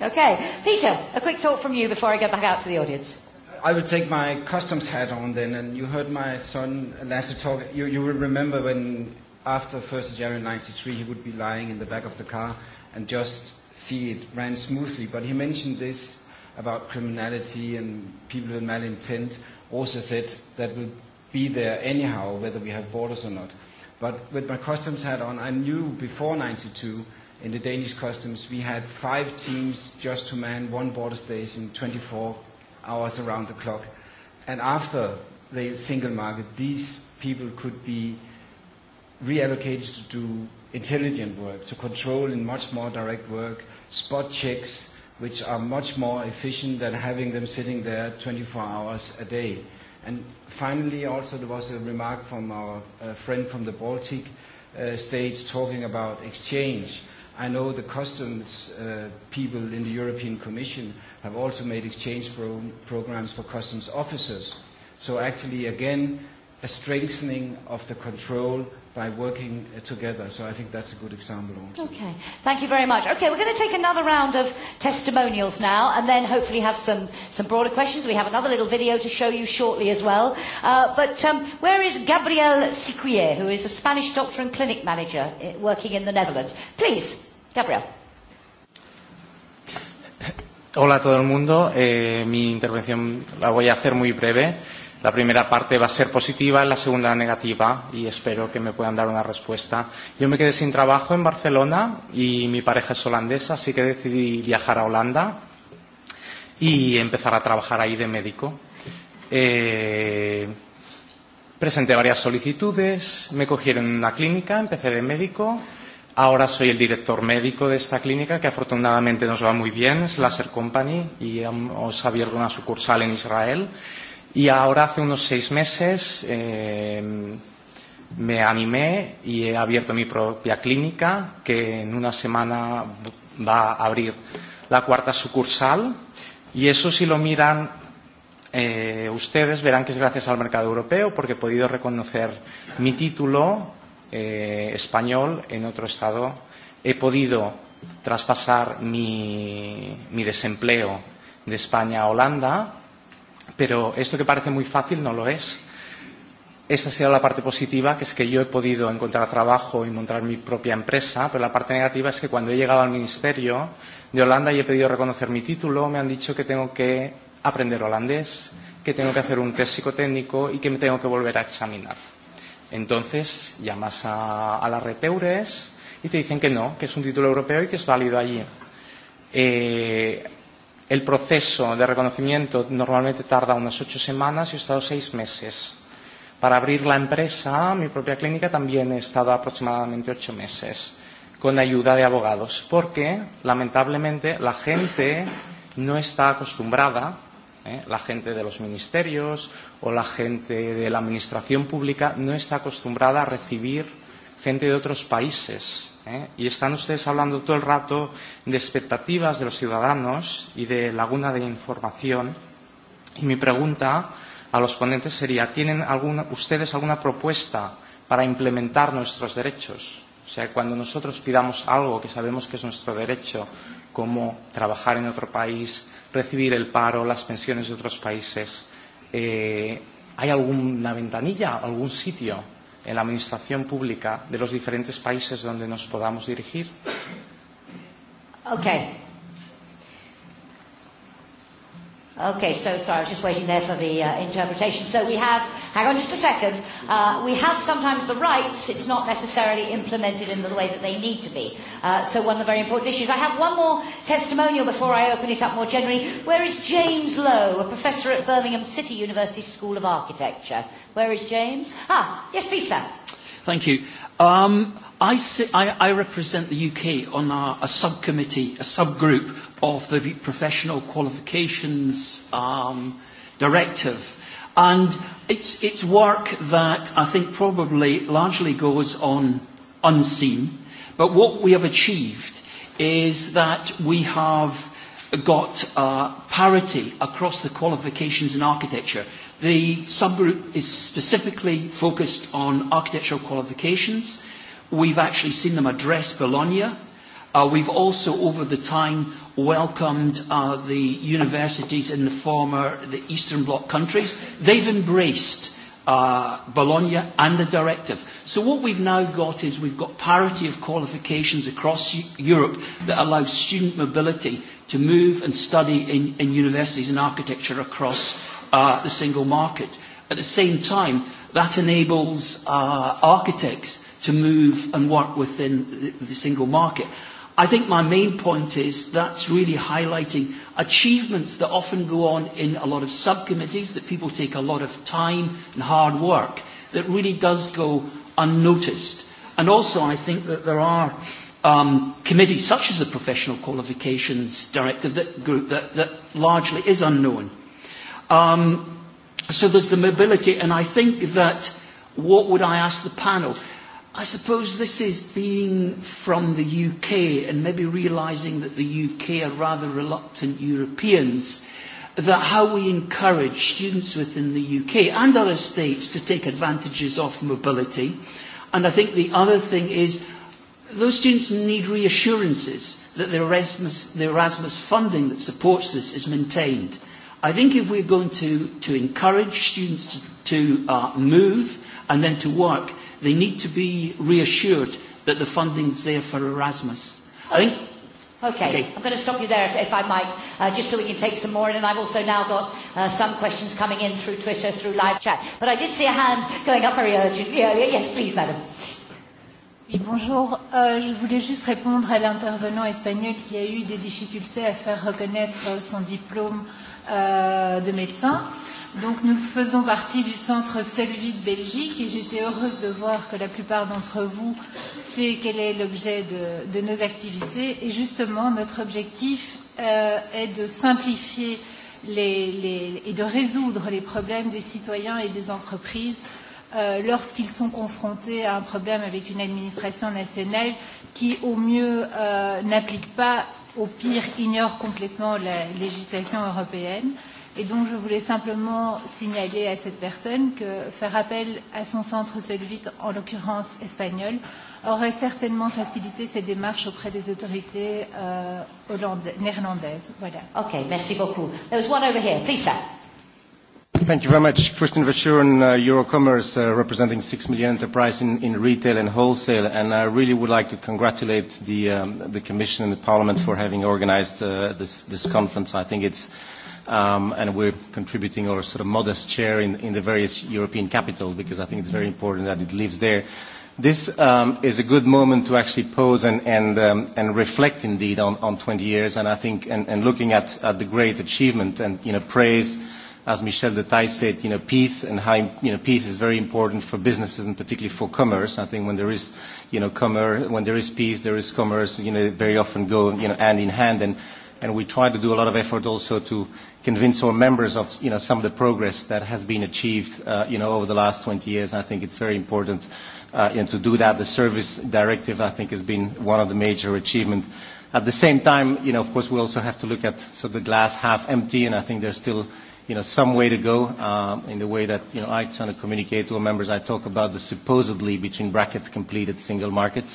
Okay. Peter, a quick thought from you before I go back out to the audience. I would take my customs hat on then, and you heard my son Lasse talk. You, you will remember when after 1st of January 93 he would be lying in the back of the car and just see it ran smoothly. But he mentioned this about criminality and people with malintent also said that will be there anyhow, whether we have borders or not. But with my customs hat on, I knew before 92 in the Danish customs we had five teams just to man one border station 24 hours around the clock. And after the single market, these people could be reallocated to do intelligent work, to control in much more direct work, spot checks, which are much more efficient than having them sitting there 24 hours a day. And finally, also there was a remark from our friend from the Baltic states talking about exchange. I know the customs people in the European Commission have also made exchange programs for customs officers. So actually, again, a strengthening of the control by working together. So I think that's a good example. Also. Okay, thank you very much. Okay, we're going to take another round of testimonials now, and then hopefully have some some broader questions. We have another little video to show you shortly as well. but um, where is Gabriel Siquier, who is a Spanish doctor and clinic manager working in the Netherlands? Please, Gabriel. Hola a todo el mundo. Eh, mi intervención la voy a hacer muy breve. La primera parte va a ser positiva, la segunda negativa y espero que me puedan dar una respuesta. Yo me quedé sin trabajo en Barcelona y mi pareja es holandesa, así que decidí viajar a Holanda y empezar a trabajar ahí de médico. Eh, presenté varias solicitudes, me cogieron en una clínica, empecé de médico. Ahora soy el director médico de esta clínica, que afortunadamente nos va muy bien, es Laser Company, y os abierto una sucursal en Israel. Y ahora, hace unos seis meses, eh, me animé y he abierto mi propia clínica, que en una semana va a abrir la cuarta sucursal. Y eso, si lo miran eh, ustedes, verán que es gracias al mercado europeo, porque he podido reconocer mi título eh, español en otro estado. He podido traspasar mi, mi desempleo de España a Holanda Pero esto que parece muy fácil no lo es. Esta ha sido la parte positiva, que es que yo he podido encontrar trabajo y montar mi propia empresa, pero la parte negativa es que cuando he llegado al Ministerio de Holanda y he pedido reconocer mi título, me han dicho que tengo que aprender holandés, que tengo que hacer un test psicotécnico y que me tengo que volver a examinar. Entonces llamas a, a las Eures y te dicen que no, que es un título europeo y que es válido allí. Eh, El proceso de reconocimiento normalmente tarda unas ocho semanas y he estado seis meses. Para abrir la empresa, mi propia clínica, también he estado aproximadamente ocho meses, con ayuda de abogados, porque, lamentablemente, la gente no está acostumbrada, la gente de los ministerios o la gente de la administración pública, no está acostumbrada a recibir gente de otros países ¿eh? y están ustedes hablando todo el rato de expectativas de los ciudadanos y de laguna de información. Y mi pregunta a los ponentes sería, ¿tienen alguna, ustedes alguna propuesta para implementar nuestros derechos? O sea, cuando nosotros pidamos algo que sabemos que es nuestro derecho, como trabajar en otro país, recibir el paro, las pensiones de otros países, eh, ¿hay alguna ventanilla, algún sitio en la administración pública de los diferentes países donde nos podamos dirigir? Okay. Okay, so sorry, I was just waiting there for the uh, interpretation. So we have, hang on just a second, uh, we have sometimes the rights, it's not necessarily implemented in the way that they need to be. Uh, so one of the very important issues. I have one more testimonial before I open it up more generally. Where is James Lowe, a professor at Birmingham City University School of Architecture? Where is James? Ah, yes, please, sir. Thank you. Um, I, I, I represent the UK on a subcommittee, a subgroup of the Professional Qualifications Directive. And it's, it's work that I think probably largely goes on unseen. But what we have achieved is that we have got parity across the qualifications in architecture. The subgroup is specifically focused on architectural qualifications. We've actually seen them address Bologna We've also, over the time, welcomed the universities in the former, the Eastern Bloc countries. They've embraced Bologna and the directive. So what we've now got is we've got parity of qualifications across Europe that allows student mobility to move and study in universities and architecture across the single market. At the same time, that enables architects to move and work within the single market. I think my main point is that's really highlighting achievements that often go on in a lot of subcommittees, that people take a lot of time and hard work, that really does go unnoticed. And also I think that there are committees such as the Professional Qualifications Directive that group that that largely is unknown. So there's the mobility and I think that what would I ask the panel? I suppose this is being from the UK and maybe realising that the UK are rather reluctant Europeans that how we encourage students within the UK and other states to take advantages of mobility. And I think the other thing is those students need reassurances that the Erasmus, the Erasmus funding that supports this is maintained. I think if we're going to, to encourage students to, to move and then to work, They need to be reassured that the funding's there for Erasmus. I think Okay, I'm going to stop you there if, I might, uh just so we can take some more in. And I've also now got uh some questions coming in through Twitter, through live chat. But I did see a hand going up very urgently earlier. Yes, please, madam. Oui, bonjour. Euh, je voulais juste répondre à l'intervenant espagnol qui a eu des difficultés à faire reconnaître son diplôme euh, de médecin. Donc nous faisons partie du centre Selvi de Belgique et j'étais heureuse de voir que la plupart d'entre vous sait quel est l'objet de, de nos activités. Et justement, notre objectif est de simplifier les, les, et de résoudre les problèmes des citoyens et des entreprises lorsqu'ils sont confrontés à un problème avec une administration nationale qui, au mieux, n'applique pas, au pire, ignore complètement la législation européenne. Et donc, je voulais simplement signaler à cette personne que faire appel à son centre cellulite, en l'occurrence espagnol, aurait certainement facilité ses démarches auprès des autorités euh, néerlandaises. Voilà. OK, merci beaucoup. There was one over here. Please, sir. Thank you very much. Christian uh, Eurocommerce, representing 6 million enterprises in retail and wholesale. And I really would like to congratulate the the Commission and the Parliament for having organized this, this conference. I think it's and we're contributing our sort of modest share in the various European capital because I think it's very important that it lives there. This is a good moment to actually pose and reflect indeed on 20 years and I think and looking at the great achievement and, you know, praise as Michel de said, you know, peace and how, you know, peace is very important for businesses and particularly for commerce. I think when there is, you know, when there is peace, there is commerce, you know, very often go, you know, hand in hand. And and we try to do a lot of effort also to convince our members of you know, some of the progress that has been achieved you know, over the last 20 years. I think it's very important and to do that. The service directive, I think, has been one of the major achievements. At the same time, you know, of course, we also have to look at sort the glass half empty, and I think there's still some way to go in the way that, you know, I try to communicate to our members. I talk about the supposedly, between brackets, completed single market,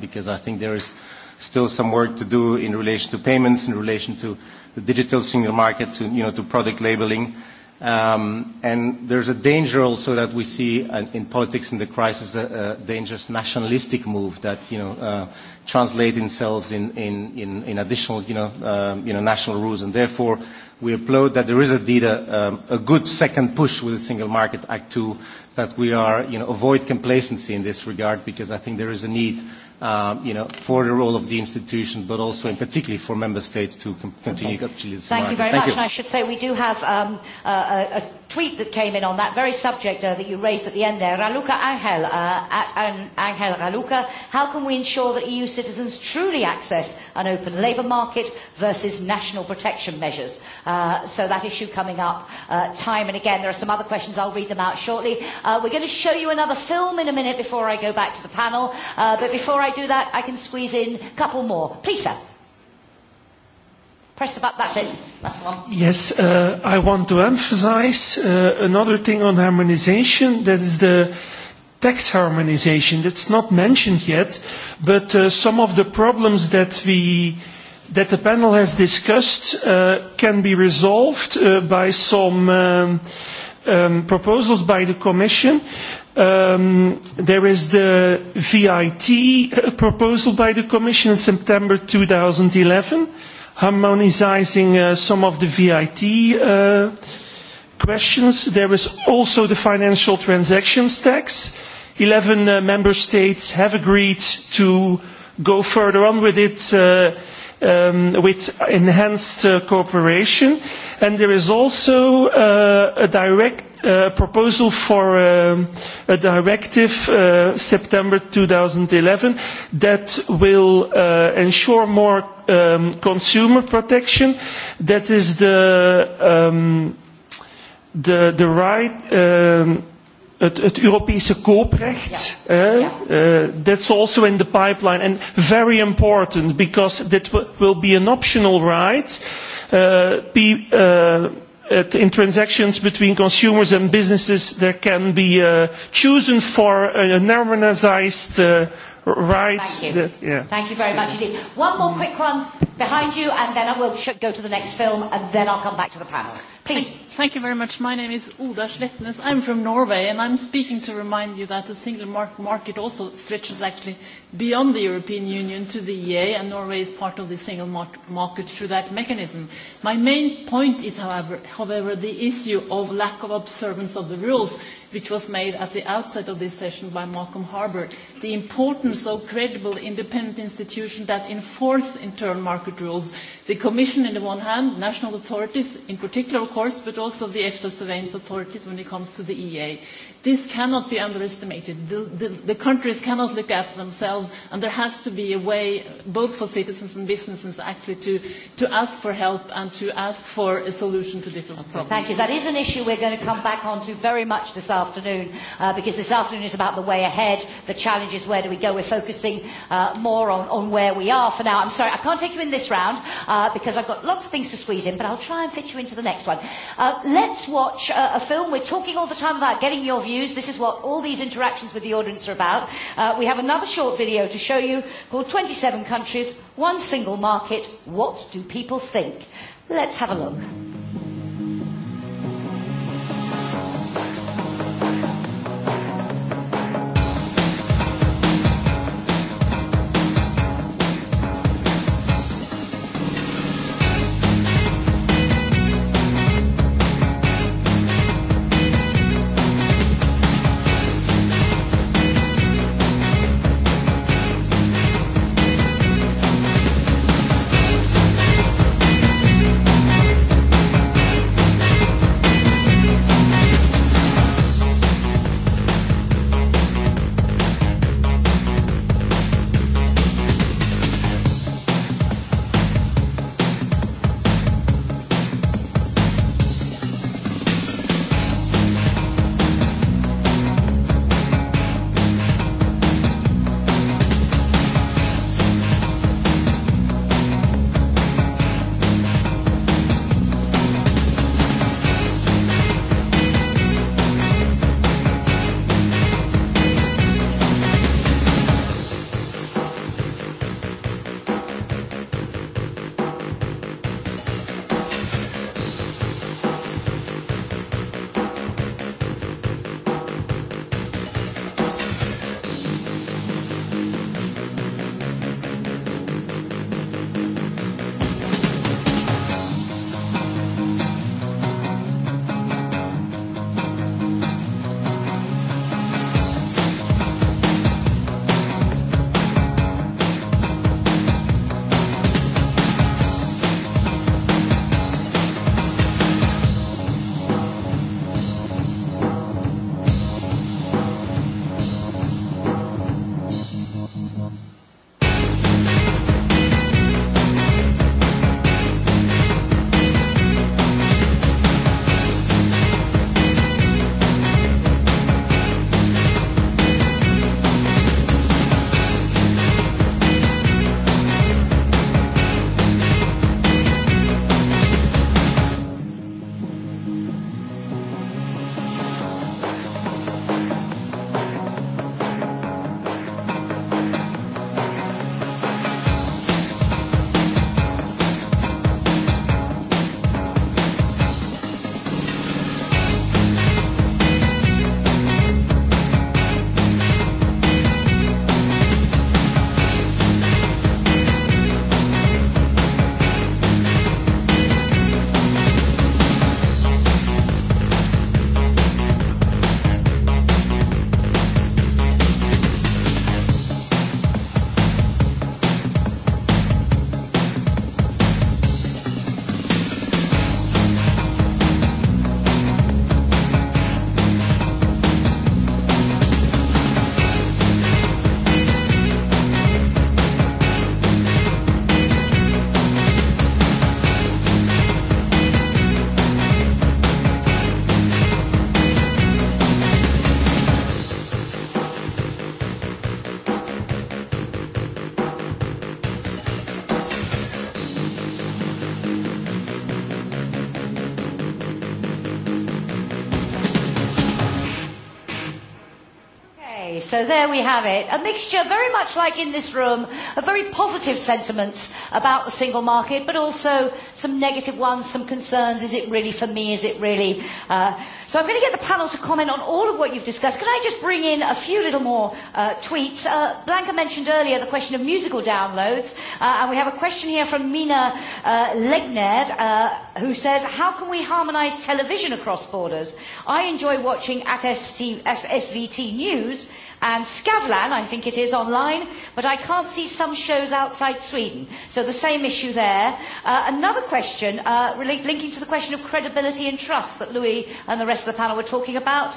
because I think there is still some work to do in relation to payments, in relation to the digital single market, to, you know, to product labeling. And there's a danger also that we see in politics in the crisis, a dangerous nationalistic move that, you know, translate themselves in in in additional, you know, national rules. And therefore, we applaud that there is indeed a good second push with the Single Market Act 2, that we are, you know, avoid complacency in this regard, because I think there is a need you know, for the role of the institution, but also in particular for member states to continue. Thank you very much. I should say we do have a tweet that came in on that very subject that you raised at the end there, Raluca Angel, at Angel Raluca, how can we ensure that EU citizens truly access an open labour market versus national protection measures? So that issue coming up time and again. There are some other questions. I'll read them out shortly. We're going to show you another film in a minute before I go back to the panel. But before I do that, I can squeeze in a couple more. Please, sir. Press the That's it. That's Yes, I want to emphasize another thing on harmonization. That is the tax harmonization. That's not mentioned yet, but some of the problems that we that the panel has discussed can be resolved by some proposals by the Commission. There is the VIT proposal by the Commission in September 2011 harmonizing some of the VIT questions. There is also the financial transactions tax. Eleven member states have agreed to go further on with it with enhanced cooperation. And there is also a direct proposal for a directive September 2011 that will ensure more consumer protection. That is the right het Europese kooprecht. That's also in the pipeline and very important because that will be an optional right in transactions between consumers and businesses there can be chosen for a normalized right. Thank you very much indeed. One more quick one behind you and then I will go to the next film and then I'll come back to the panel. Please. Thank you very much. My name is Oda Slettnes. I'm from Norway, and I'm speaking to remind you that the single market also stretches actually beyond the European Union to the EA, and Norway is part of the single market through that mechanism. My main point is, however, the issue of lack of observance of the rules, which was made at the outset of this session by Malcolm Harbour. The importance of credible, independent institutions that enforce internal market rules. The Commission, on the one hand, national authorities in particular, of course, but also the EFTA surveillance authorities when it comes to the EA. This cannot be underestimated. The countries cannot look after themselves, and there has to be a way, both for citizens and businesses, actually to ask for help and to ask for a solution to difficult problems. Thank you. That is an issue we're going to come back on to very much this afternoon, because this afternoon is about the way ahead, the challenges, where do we go. We're focusing more on where we are for now. I'm sorry, I can't take you in this round, because I've got lots of things to squeeze in, but I'll try and fit you into the next one. Let's watch a film. We're talking all the time about getting your views This is what all these interactions with the audience are about. We have another short video to show you called 27 Countries, One Single Market. What do people think? Let's have a look. So there we have it. A mixture, very much like in this room, of very positive sentiments about the single market, but also some negative ones, some concerns. Is it really for me? Is it really? So I'm going to get the panel to comment on all of what you've discussed. Can I just bring in a few little more tweets? Blanca mentioned earlier the question of musical downloads, and we have a question here from Mina Legnerd, who says, how can we harmonise television across borders? I enjoy watching at SVT News And Skavlan, I think it is online, but I can't see some shows outside Sweden. So the same issue there. Another question, linking to the question of credibility and trust that Louis and the rest of the panel were talking about,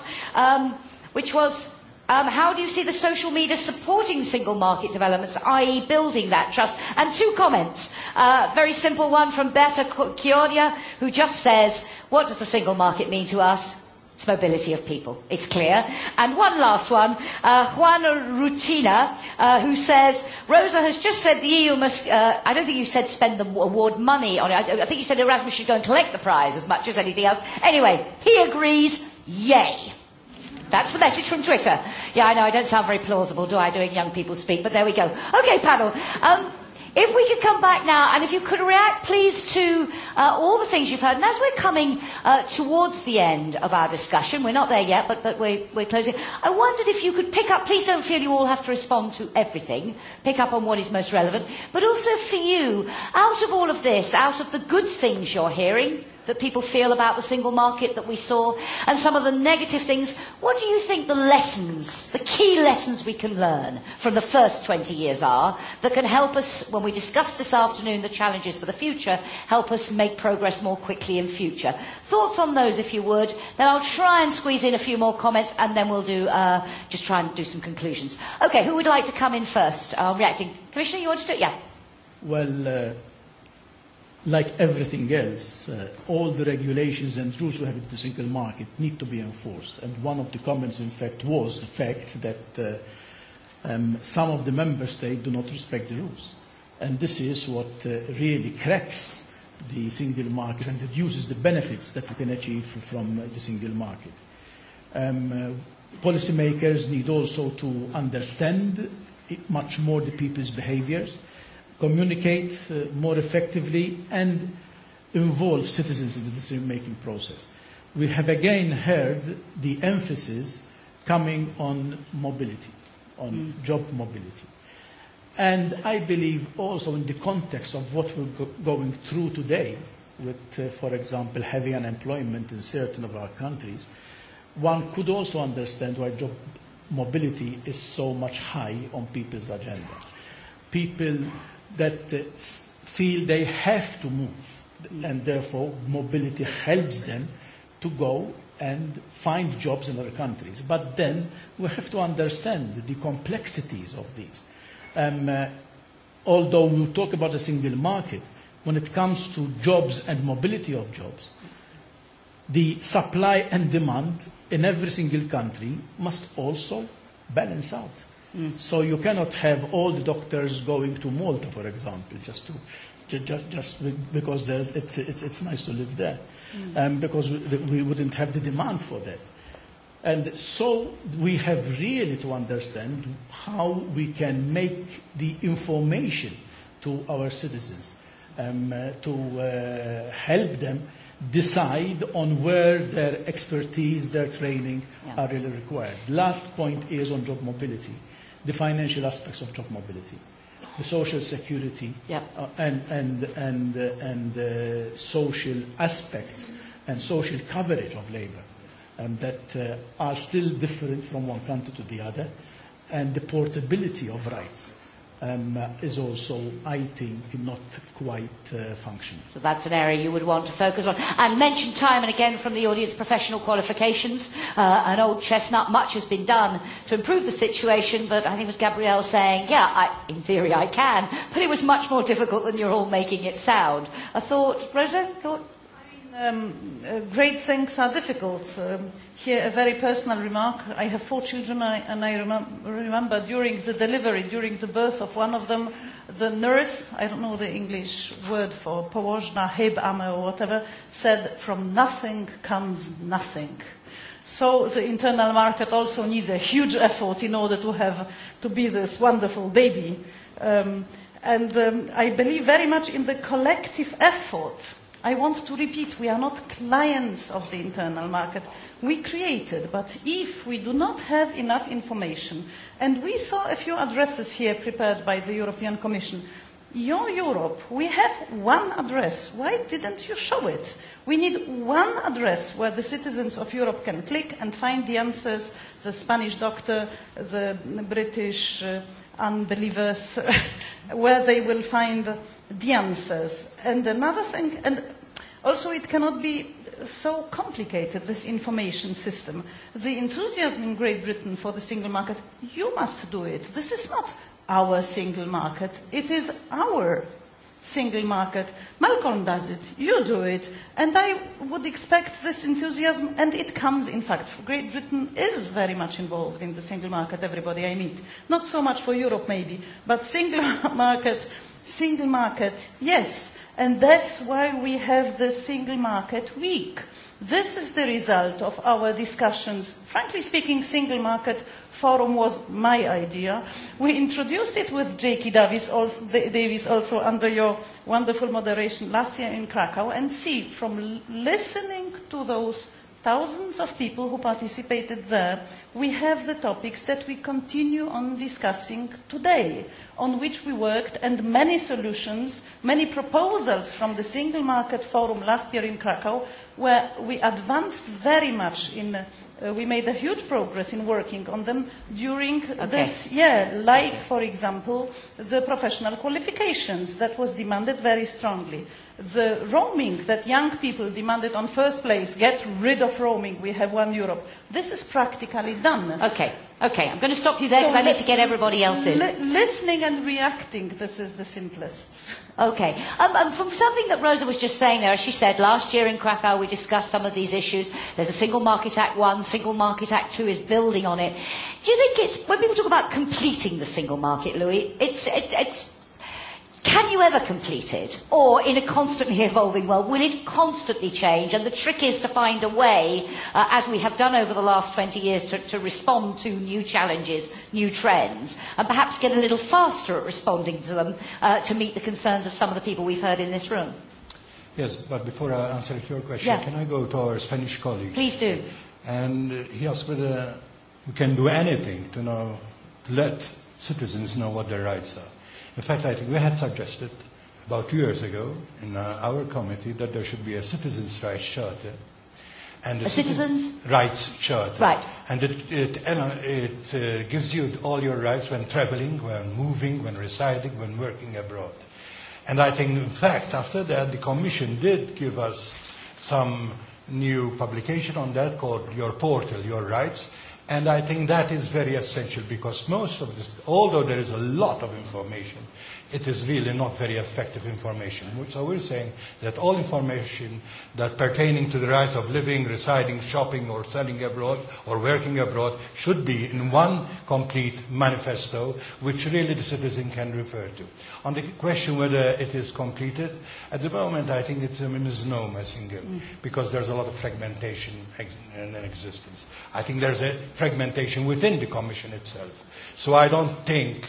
which was how do you see the social media supporting single market developments, i.e. building that trust? And two comments. A very simple one from Berta Kiodia, who just says, what does the single market mean to us? It's mobility of people. It's clear. And one last one, uh, Juana Rutina, who says, Rosa has just said the EU must, I don't think you said spend the award money on it. I, I think you said Erasmus should go and collect the prize as much as anything else. Anyway, he agrees, yay. That's the message from Twitter. Yeah, I know, I don't sound very plausible, do I, doing young people speak, but there we go. Okay, panel. Um, If we could come back now, and if you could react, please, to all the things you've heard. And as we're coming towards the end of our discussion, we're not there yet, but but we're closing. I wondered if you could pick up. Please don't feel you all have to respond to everything. Pick up on what is most relevant. But also for you, out of all of this, out of the good things you're hearing that people feel about the single market that we saw and some of the negative things. What do you think the lessons, the key lessons we can learn from the first 20 years are that can help us, when we discuss this afternoon the challenges for the future, help us make progress more quickly in future? Thoughts on those, if you would. Then I'll try and squeeze in a few more comments and then we'll do, uh, just try and do some conclusions. Okay, who would like to come in first? I'm reacting. Commissioner, you want to do it? Yeah. Well, like everything else, all the regulations and rules we have in the single market need to be enforced. And one of the comments, in fact, was the fact that some of the member states do not respect the rules. And this is what really cracks the single market and reduces the benefits that we can achieve from the single market. Policymakers need also to understand much more the people's behaviors communicate more effectively and involve citizens in the decision-making process. We have again heard the emphasis coming on mobility, on job mobility. And I believe also in the context of what we're going through today, with, for example, heavy unemployment in certain of our countries, one could also understand why job mobility is so much high on people's agenda. People that feel they have to move, and therefore mobility helps them to go and find jobs in other countries. But then we have to understand the complexities of these. Although we talk about a single market, when it comes to jobs and mobility of jobs, the supply and demand in every single country must also balance out. So you cannot have all the doctors going to Malta, for example, just to just because there's it's it's nice to live there, because we wouldn't have the demand for that. And so we have really to understand how we can make the information to our citizens to help them decide on where their expertise, their training are really required. Last point is on job mobility the financial aspects of job mobility, the social security and and and and the social aspects and social coverage of labour that are still different from one country to the other and the portability of rights is also, I think, not quite functional. So that's an area you would want to focus on. And mention time and again from the audience professional qualifications. An old chestnut, much has been done to improve the situation, but I think it was Gabrielle saying, yeah, in theory I can, but it was much more difficult than you're all making it sound. A thought, Rosa? Thought? Great things are difficult. Here a very personal remark. I have four children and I remember during the delivery, during the birth of one of them, the nurse, I don't know the English word for położna, hebame or whatever, said from nothing comes nothing. So the internal market also needs a huge effort in order to have to be this wonderful baby. And I believe very much in the collective effort I want to repeat, we are not clients of the internal market. We created, but if we do not have enough information, and we saw a few addresses here prepared by the European Commission, your Europe, we have one address. Why didn't you show it? We need one address where the citizens of Europe can click and find the answers, the Spanish doctor, the British unbelievers, where they will find the answers. And another thing, and also it cannot be so complicated, this information system. The enthusiasm in Great Britain for the single market, you must do it. This is not our single market. It is our single market. Malcolm does it. You do it. And I would expect this enthusiasm, and it comes, in fact. Great Britain is very much involved in the single market, everybody I meet. Not so much for Europe, maybe, but single market Single market, yes. And that's why we have the Single Market Week. This is the result of our discussions. Frankly speaking, Single Market Forum was my idea. We introduced it with J.K. Davis also under your wonderful moderation last year in Krakow. And see, from listening to those thousands of people who participated there, we have the topics that we continue on discussing today, on which we worked, and many solutions, many proposals from the Single Market Forum last year in Krakow, where we advanced very much in we made a huge progress in working on them during this year, like, for example, the professional qualifications that was demanded very strongly. The roaming that young people demanded on first place, get rid of roaming, we have one Europe. This is practically done. Okay. Okay, I'm going to stop you there because I need to get everybody else in. Listening and reacting, this is the simplest. Okay. Um, from something that Rosa was just saying there, as she said, last year in Krakow we discussed some of these issues. There's a Single Market Act 1, Single Market Act 2 is building on it. Do you think it's, when people talk about completing the single market, Louis, it's, it's Can you ever complete it? Or in a constantly evolving world, will it constantly change? And the trick is to find a way, as we have done over the last 20 years, to respond to new challenges, new trends, and perhaps get a little faster at responding to them to meet the concerns of some of the people we've heard in this room. Yes, but before I answer your question, can I go to our Spanish colleague? Please do. And he asked whether we can do anything to, know, to let citizens know what their rights are. In fact, I think we had suggested about two years ago in our committee that there should be a citizens' rights charter. And a citizens' rights charter. Right. And it, it, it gives you all your rights when traveling, when moving, when residing, when working abroad. And I think, in fact, after that, the Commission did give us some new publication on that called Your Portal, Your Rights, And I think that is very essential because most of this, although there is a lot of information, it is really not very effective information. So we're saying that all information that pertaining to the rights of living, residing, shopping, or selling abroad, or working abroad, should be in one complete manifesto, which really the citizen can refer to. On the question whether it is completed, at the moment I think it's a misnomer single, because there's a lot of fragmentation in existence. I think there's a fragmentation within the Commission itself. So I don't think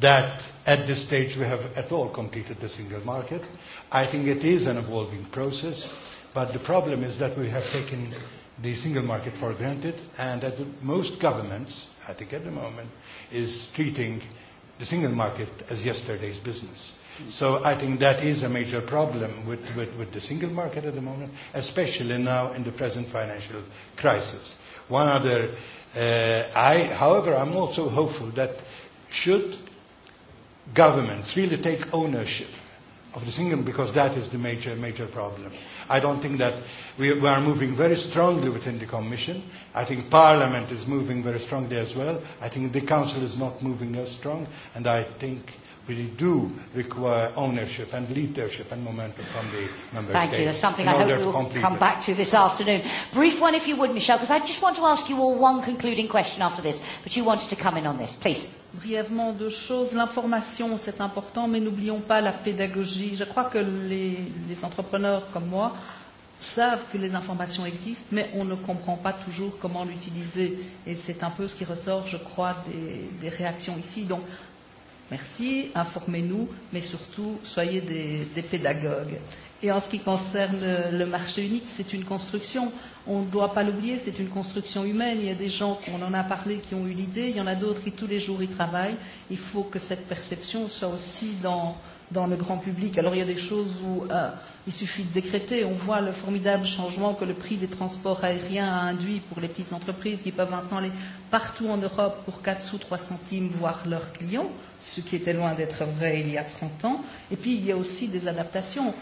that At this stage, we have at all completed the single market. I think it is an evolving process, but the problem is that we have taken the single market for granted and that most governments, I think at the moment, is treating the single market as yesterday's business. So I think that is a major problem with, with, with the single market at the moment, especially now in the present financial crisis. One other, uh, I, however, I'm also hopeful that should governments really take ownership of the single because that is the major major problem. I don't think that we, we are moving very strongly within the Commission. I think Parliament is moving very strongly as well. I think the Council is not moving as strong, and I think we do require ownership and leadership and momentum from the member Thank states. Thank you. That's something I hope we'll come back to this afternoon. Brief one, if you would, Michel, because I just want to ask you all one concluding question after this, but you wanted to come in on this, please brièvement deux choses. L'information, c'est important, mais n'oublions pas la pédagogie. Je crois que les, les entrepreneurs comme moi savent que les informations existent, mais on ne comprend pas toujours comment l'utiliser. Et c'est un peu ce qui ressort, je crois, des, des réactions ici. Donc, merci, informez-nous, mais surtout, soyez des, des pédagogues. Et en ce qui concerne le marché unique, c'est une construction. On ne doit pas l'oublier, c'est une construction humaine. Il y a des gens, on en a parlé, qui ont eu l'idée. Il y en a d'autres qui, tous les jours, y travaillent. Il faut que cette perception soit aussi dans, dans le grand public. Alors, il y a des choses où il suffit de décréter. On voit le formidable changement que le prix des transports aériens a induit pour les petites entreprises qui peuvent maintenant aller partout en Europe pour 4 sous 3 centimes voir leurs clients, ce qui était loin d'être vrai il y a 30 ans. Et puis, il y a aussi des adaptations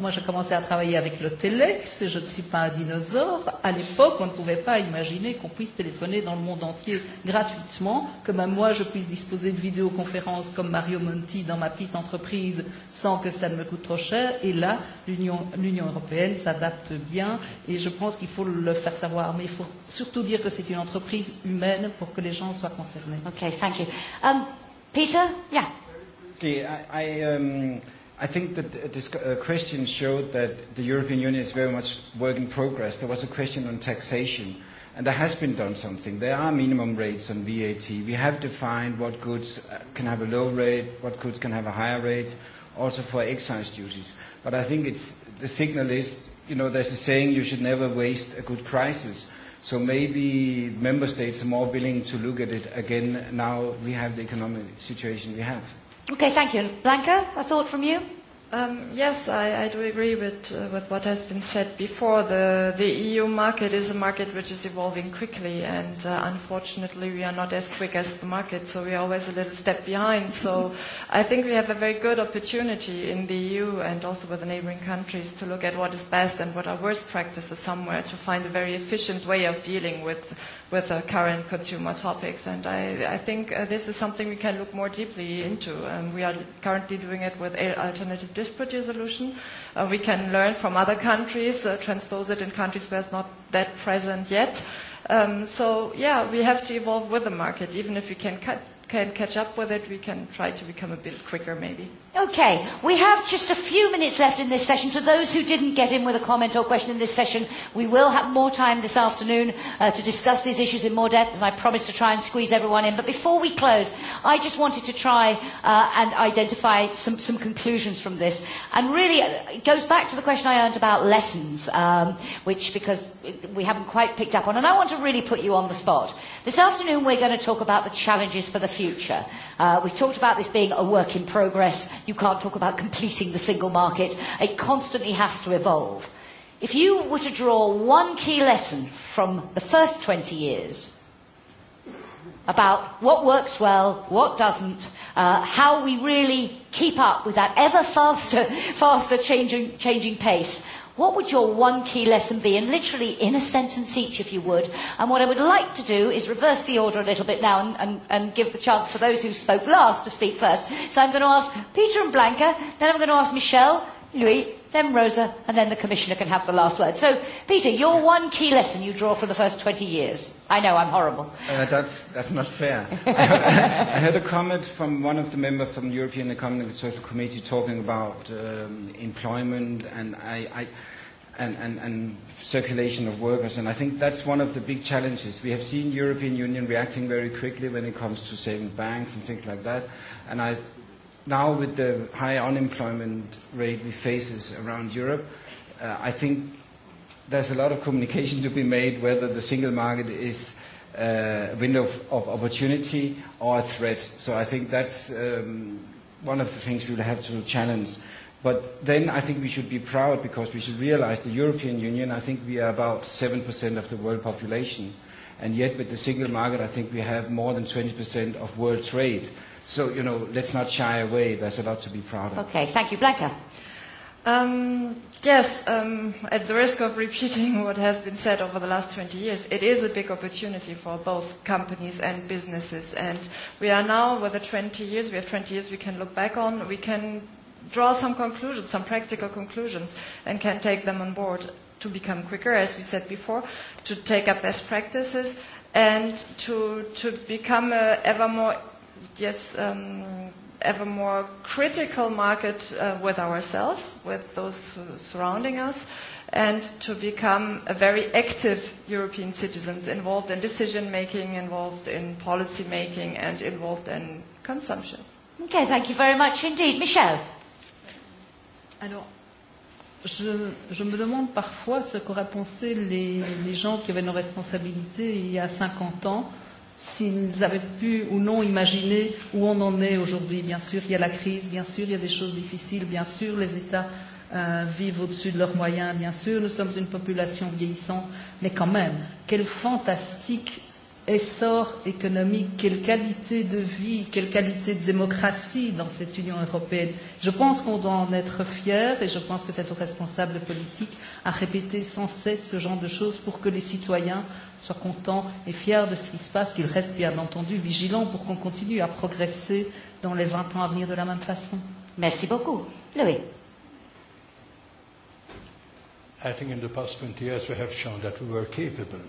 moi, j'ai commencé à travailler avec le Telex. Je ne suis pas un dinosaure. À l'époque, on ne pouvait pas imaginer qu'on puisse téléphoner dans le monde entier gratuitement, que même moi, je puisse disposer de vidéoconférences comme Mario Monti dans ma petite entreprise sans que ça ne me coûte trop cher. Et là, l'Union européenne s'adapte bien. Et je pense qu'il faut le faire savoir. Mais il faut surtout dire que c'est une entreprise humaine pour que les gens soient concernés. OK, thank you. Um, Peter? Yeah. I, I, um, I think that this question showed that the European Union is very much work in progress. There was a question on taxation, and there has been done something. There are minimum rates on VAT. We have defined what goods can have a low rate, what goods can have a higher rate, also for excise duties. But I think it's the signal is, you know, there's a saying you should never waste a good crisis. So maybe member states are more willing to look at it again now we have the economic situation we have. Okay, thank you. Blanca, a thought from you? Um, yes, I, I do agree with, uh, with what has been said before. The, the EU market is a market which is evolving quickly, and uh, unfortunately, we are not as quick as the market, so we are always a little step behind. So I think we have a very good opportunity in the EU and also with the neighboring countries to look at what is best and what are worst practices somewhere to find a very efficient way of dealing with with the current consumer topics. And I, I think this is something we can look more deeply into. we are currently doing it with alternative dispute resolution. we can learn from other countries, transpose it in countries where it's not that present yet. so, yeah, we have to evolve with the market. Even if we can, can catch up with it, we can try to become a bit quicker maybe. Okay, we have just a few minutes left in this session. To those who didn't get in with a comment or question in this session, we will have more time this afternoon to discuss these issues in more depth, and I promise to try and squeeze everyone in. But before we close, I just wanted to try and identify some, some conclusions from this. And really, it goes back to the question I earned about lessons, um, which because we haven't quite picked up on. And I want to really put you on the spot. This afternoon, we're going to talk about the challenges for the future. Uh, we've talked about this being a work in progress You can't talk about completing the single market. It constantly has to evolve. If you were to draw one key lesson from the first 20 years about what works well, what doesn't, how we really keep up with that ever faster, faster changing, changing pace, What would your one key lesson be? And literally in a sentence each, if you would. And what I would like to do is reverse the order a little bit now and, and, give the chance to those who spoke last to speak first. So I'm going to ask Peter and Blanca, then I'm going to ask Michelle, Louis, then Rosa, and then the Commissioner can have the last word. So, Peter, your one key lesson you draw for the first 20 years. I know, I'm horrible. that's, that's not fair. I heard a comment from one of the members from the European Economic and Social Committee talking about employment and, I, and, and, and circulation of workers, and I think that's one of the big challenges. We have seen European Union reacting very quickly when it comes to saving banks and things like that, and I now with the high unemployment rate we face around Europe, I think there's a lot of communication to be made whether the single market is a window of opportunity or a threat. So I think that's one of the things we'll have to challenge. But then I think we should be proud because we should realize the European Union, I think we are about 7% of the world population and yet with the single market I think we have more than 20% of world trade. So, you know, let's not shy away. There's a lot to be proud of. Okay, thank you. Blanca. yes, at the risk of repeating what has been said over the last 20 years, it is a big opportunity for both companies and businesses. And we are now, with the 20 years, we have 20 years we can look back on, we can draw some conclusions, some practical conclusions, and can take them on board to become quicker, as we said before, to take up best practices and to to become a ever more yes ever more critical market with ourselves, with those surrounding us, and to become a very active European citizens involved in decision making, involved in policy making, and involved in consumption. Okay, thank you very much indeed. Michelle je me demande parfois ce qu'auraient pensé les gens qui avaient nos responsabilités il y a 50 ans, s'ils avaient pu ou non imaginer où on en est aujourd'hui. Bien sûr, il y a la crise, bien sûr, il y a des choses difficiles, bien sûr, les États vivent au-dessus de leurs moyens, bien sûr, nous sommes une population vieillissante, mais quand même, quel fantastique essor économique, quelle qualité de vie, quelle qualité de démocratie dans cette Union européenne. Je pense qu'on doit en être fier et je pense que c'est aux responsables politiques à répéter sans cesse ce genre de choses pour que les citoyens soient contents et fiers de ce qui se passe, qu'ils restent bien entendu vigilants pour qu'on continue à progresser dans les 20 ans à venir de la même façon. Merci beaucoup. Louis. I think in the past 20 years we have shown that we were capable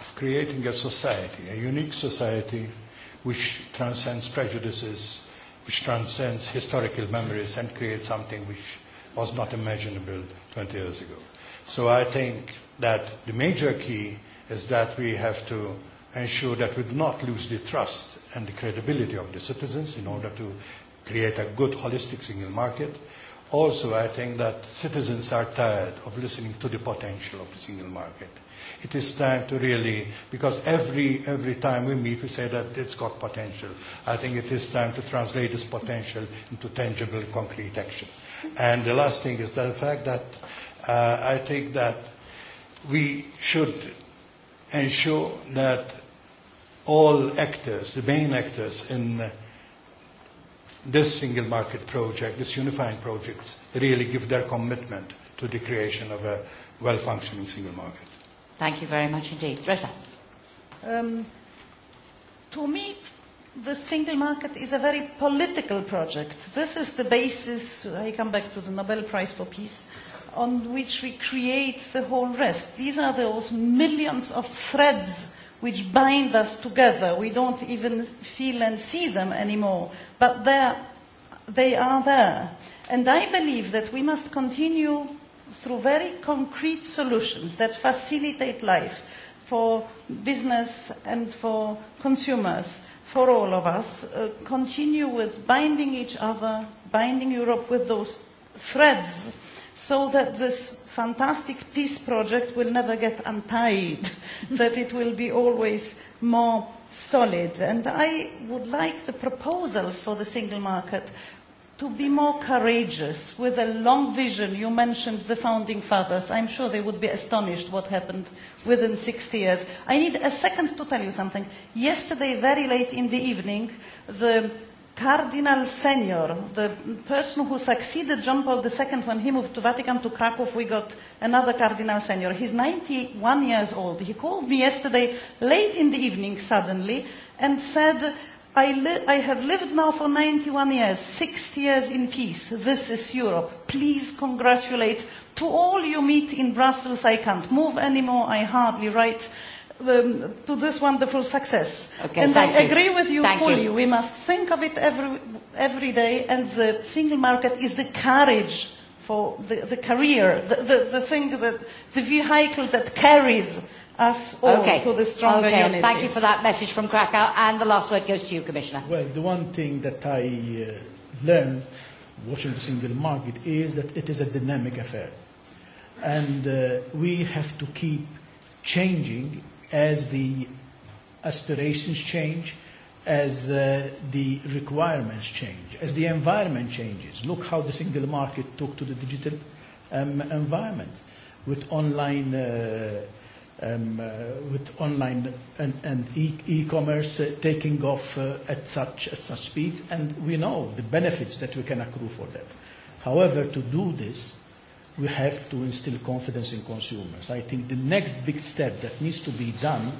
of creating a society, a unique society which transcends prejudices, which transcends historical memories and creates something which was not imaginable 20 years ago. So I think that the major key is that we have to ensure that we do not lose the trust and the credibility of the citizens in order to create a good holistic single market. Also, I think that citizens are tired of listening to the potential of the single market it is time to really, because every, every time we meet we say that it's got potential. I think it is time to translate this potential into tangible, concrete action. And the last thing is the fact that I think that we should ensure that all actors, the main actors in this single market project, this unifying project, really give their commitment to the creation of a well-functioning single market. Thank you very much indeed. Um, to me, the single market is a very political project. This is the basis, I come back to the Nobel Prize for Peace, on which we create the whole rest. These are those millions of threads which bind us together. We don't even feel and see them anymore, but they are there. And I believe that we must continue through very concrete solutions that facilitate life for business and for consumers, for all of us, continue with binding each other, binding Europe with those threads, so that this fantastic peace project will never get untied, that it will be always more solid. And I would like the proposals for the single market to be more courageous with a long vision. You mentioned the founding fathers. I'm sure they would be astonished what happened within 60 years. I need a second to tell you something. Yesterday, very late in the evening, the Cardinal Senior, the person who succeeded John Paul II when he moved to Vatican to Krakow, we got another Cardinal Senior. He's 91 years old. He called me yesterday late in the evening suddenly and said, I have lived now for 91 years, 60 years in peace. This is Europe. Please congratulate to all you meet in Brussels. I can't move anymore. I hardly write to this wonderful success. And I agree with you fully. We must think of it every every day. And the single market is the courage for the career, the the thing that the vehicle that carries us all to the stronger unity. Thank you for that message from Krakow. And the last word goes to you, Commissioner. Well, the one thing that I learned watching the single market is that it is a dynamic affair. And we have to keep changing as the aspirations change, as the requirements change, as the environment changes. Look how the single market took to the digital environment with online with online and e-commerce taking off at such at such speeds, and we know the benefits that we can accrue for that. However, to do this, we have to instill confidence in consumers. I think the next big step that needs to be done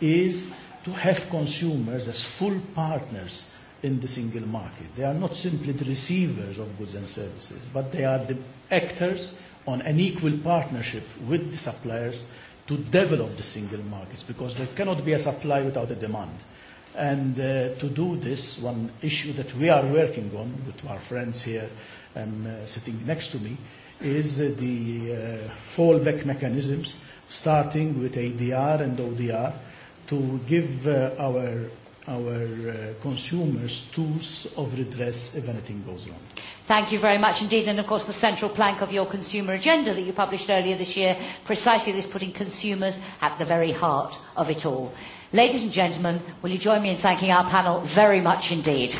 is to have consumers as full partners in the single market. They are not simply the receivers of goods and services, but they are the actors on an equal partnership with the suppliers to develop the single markets because there cannot be a supply without a demand. And to do this, one issue that we are working on with our friends here sitting next to me is the fallback mechanisms, starting with ADR and ODR, to give our consumers tools of redress if anything goes wrong. Thank you very much indeed. And of course, the central plank of your consumer agenda that you published earlier this year precisely this putting consumers at the very heart of it all. Ladies and gentlemen, will you join me in thanking our panel very much indeed?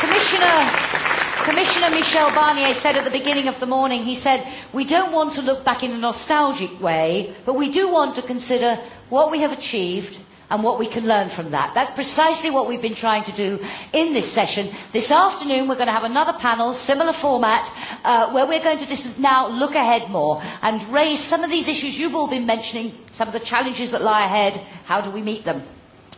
Commissioner. Commissioner Michel Barnier said at the beginning of the morning, he said, we don't want to look back in a nostalgic way, but we do want to consider what we have achieved and what we can learn from that. That's precisely what we've been trying to do in this session. This afternoon we're going to have another panel, similar format, where we're going to now look ahead more and raise some of these issues you've all been mentioning, some of the challenges that lie ahead, how do we meet them.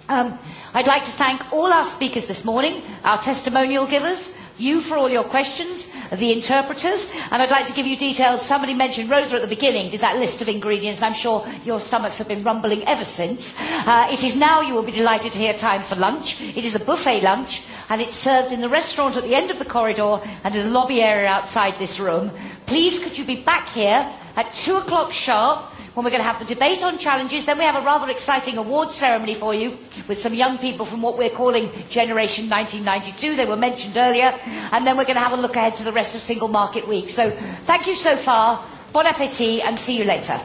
I'd like to thank all our speakers this morning, our testimonial givers, you for all your questions, the interpreters, and I'd like to give you details. Somebody mentioned Rosa at the beginning, did that list of ingredients, and I'm sure your stomachs have been rumbling ever since. It is now, you will be delighted to hear, time for lunch. It is a buffet lunch, and it's served in the restaurant at the end of the corridor and in the lobby area outside this room. Please could you be back here at two o'clock sharp when we're going to have the debate on challenges, then we have a rather exciting award ceremony for you with some young people from what we're calling Generation 1992. They were mentioned earlier. And then we're going to have a look ahead to the rest of Single Market Week. So thank you so far. Bon appétit and see you later.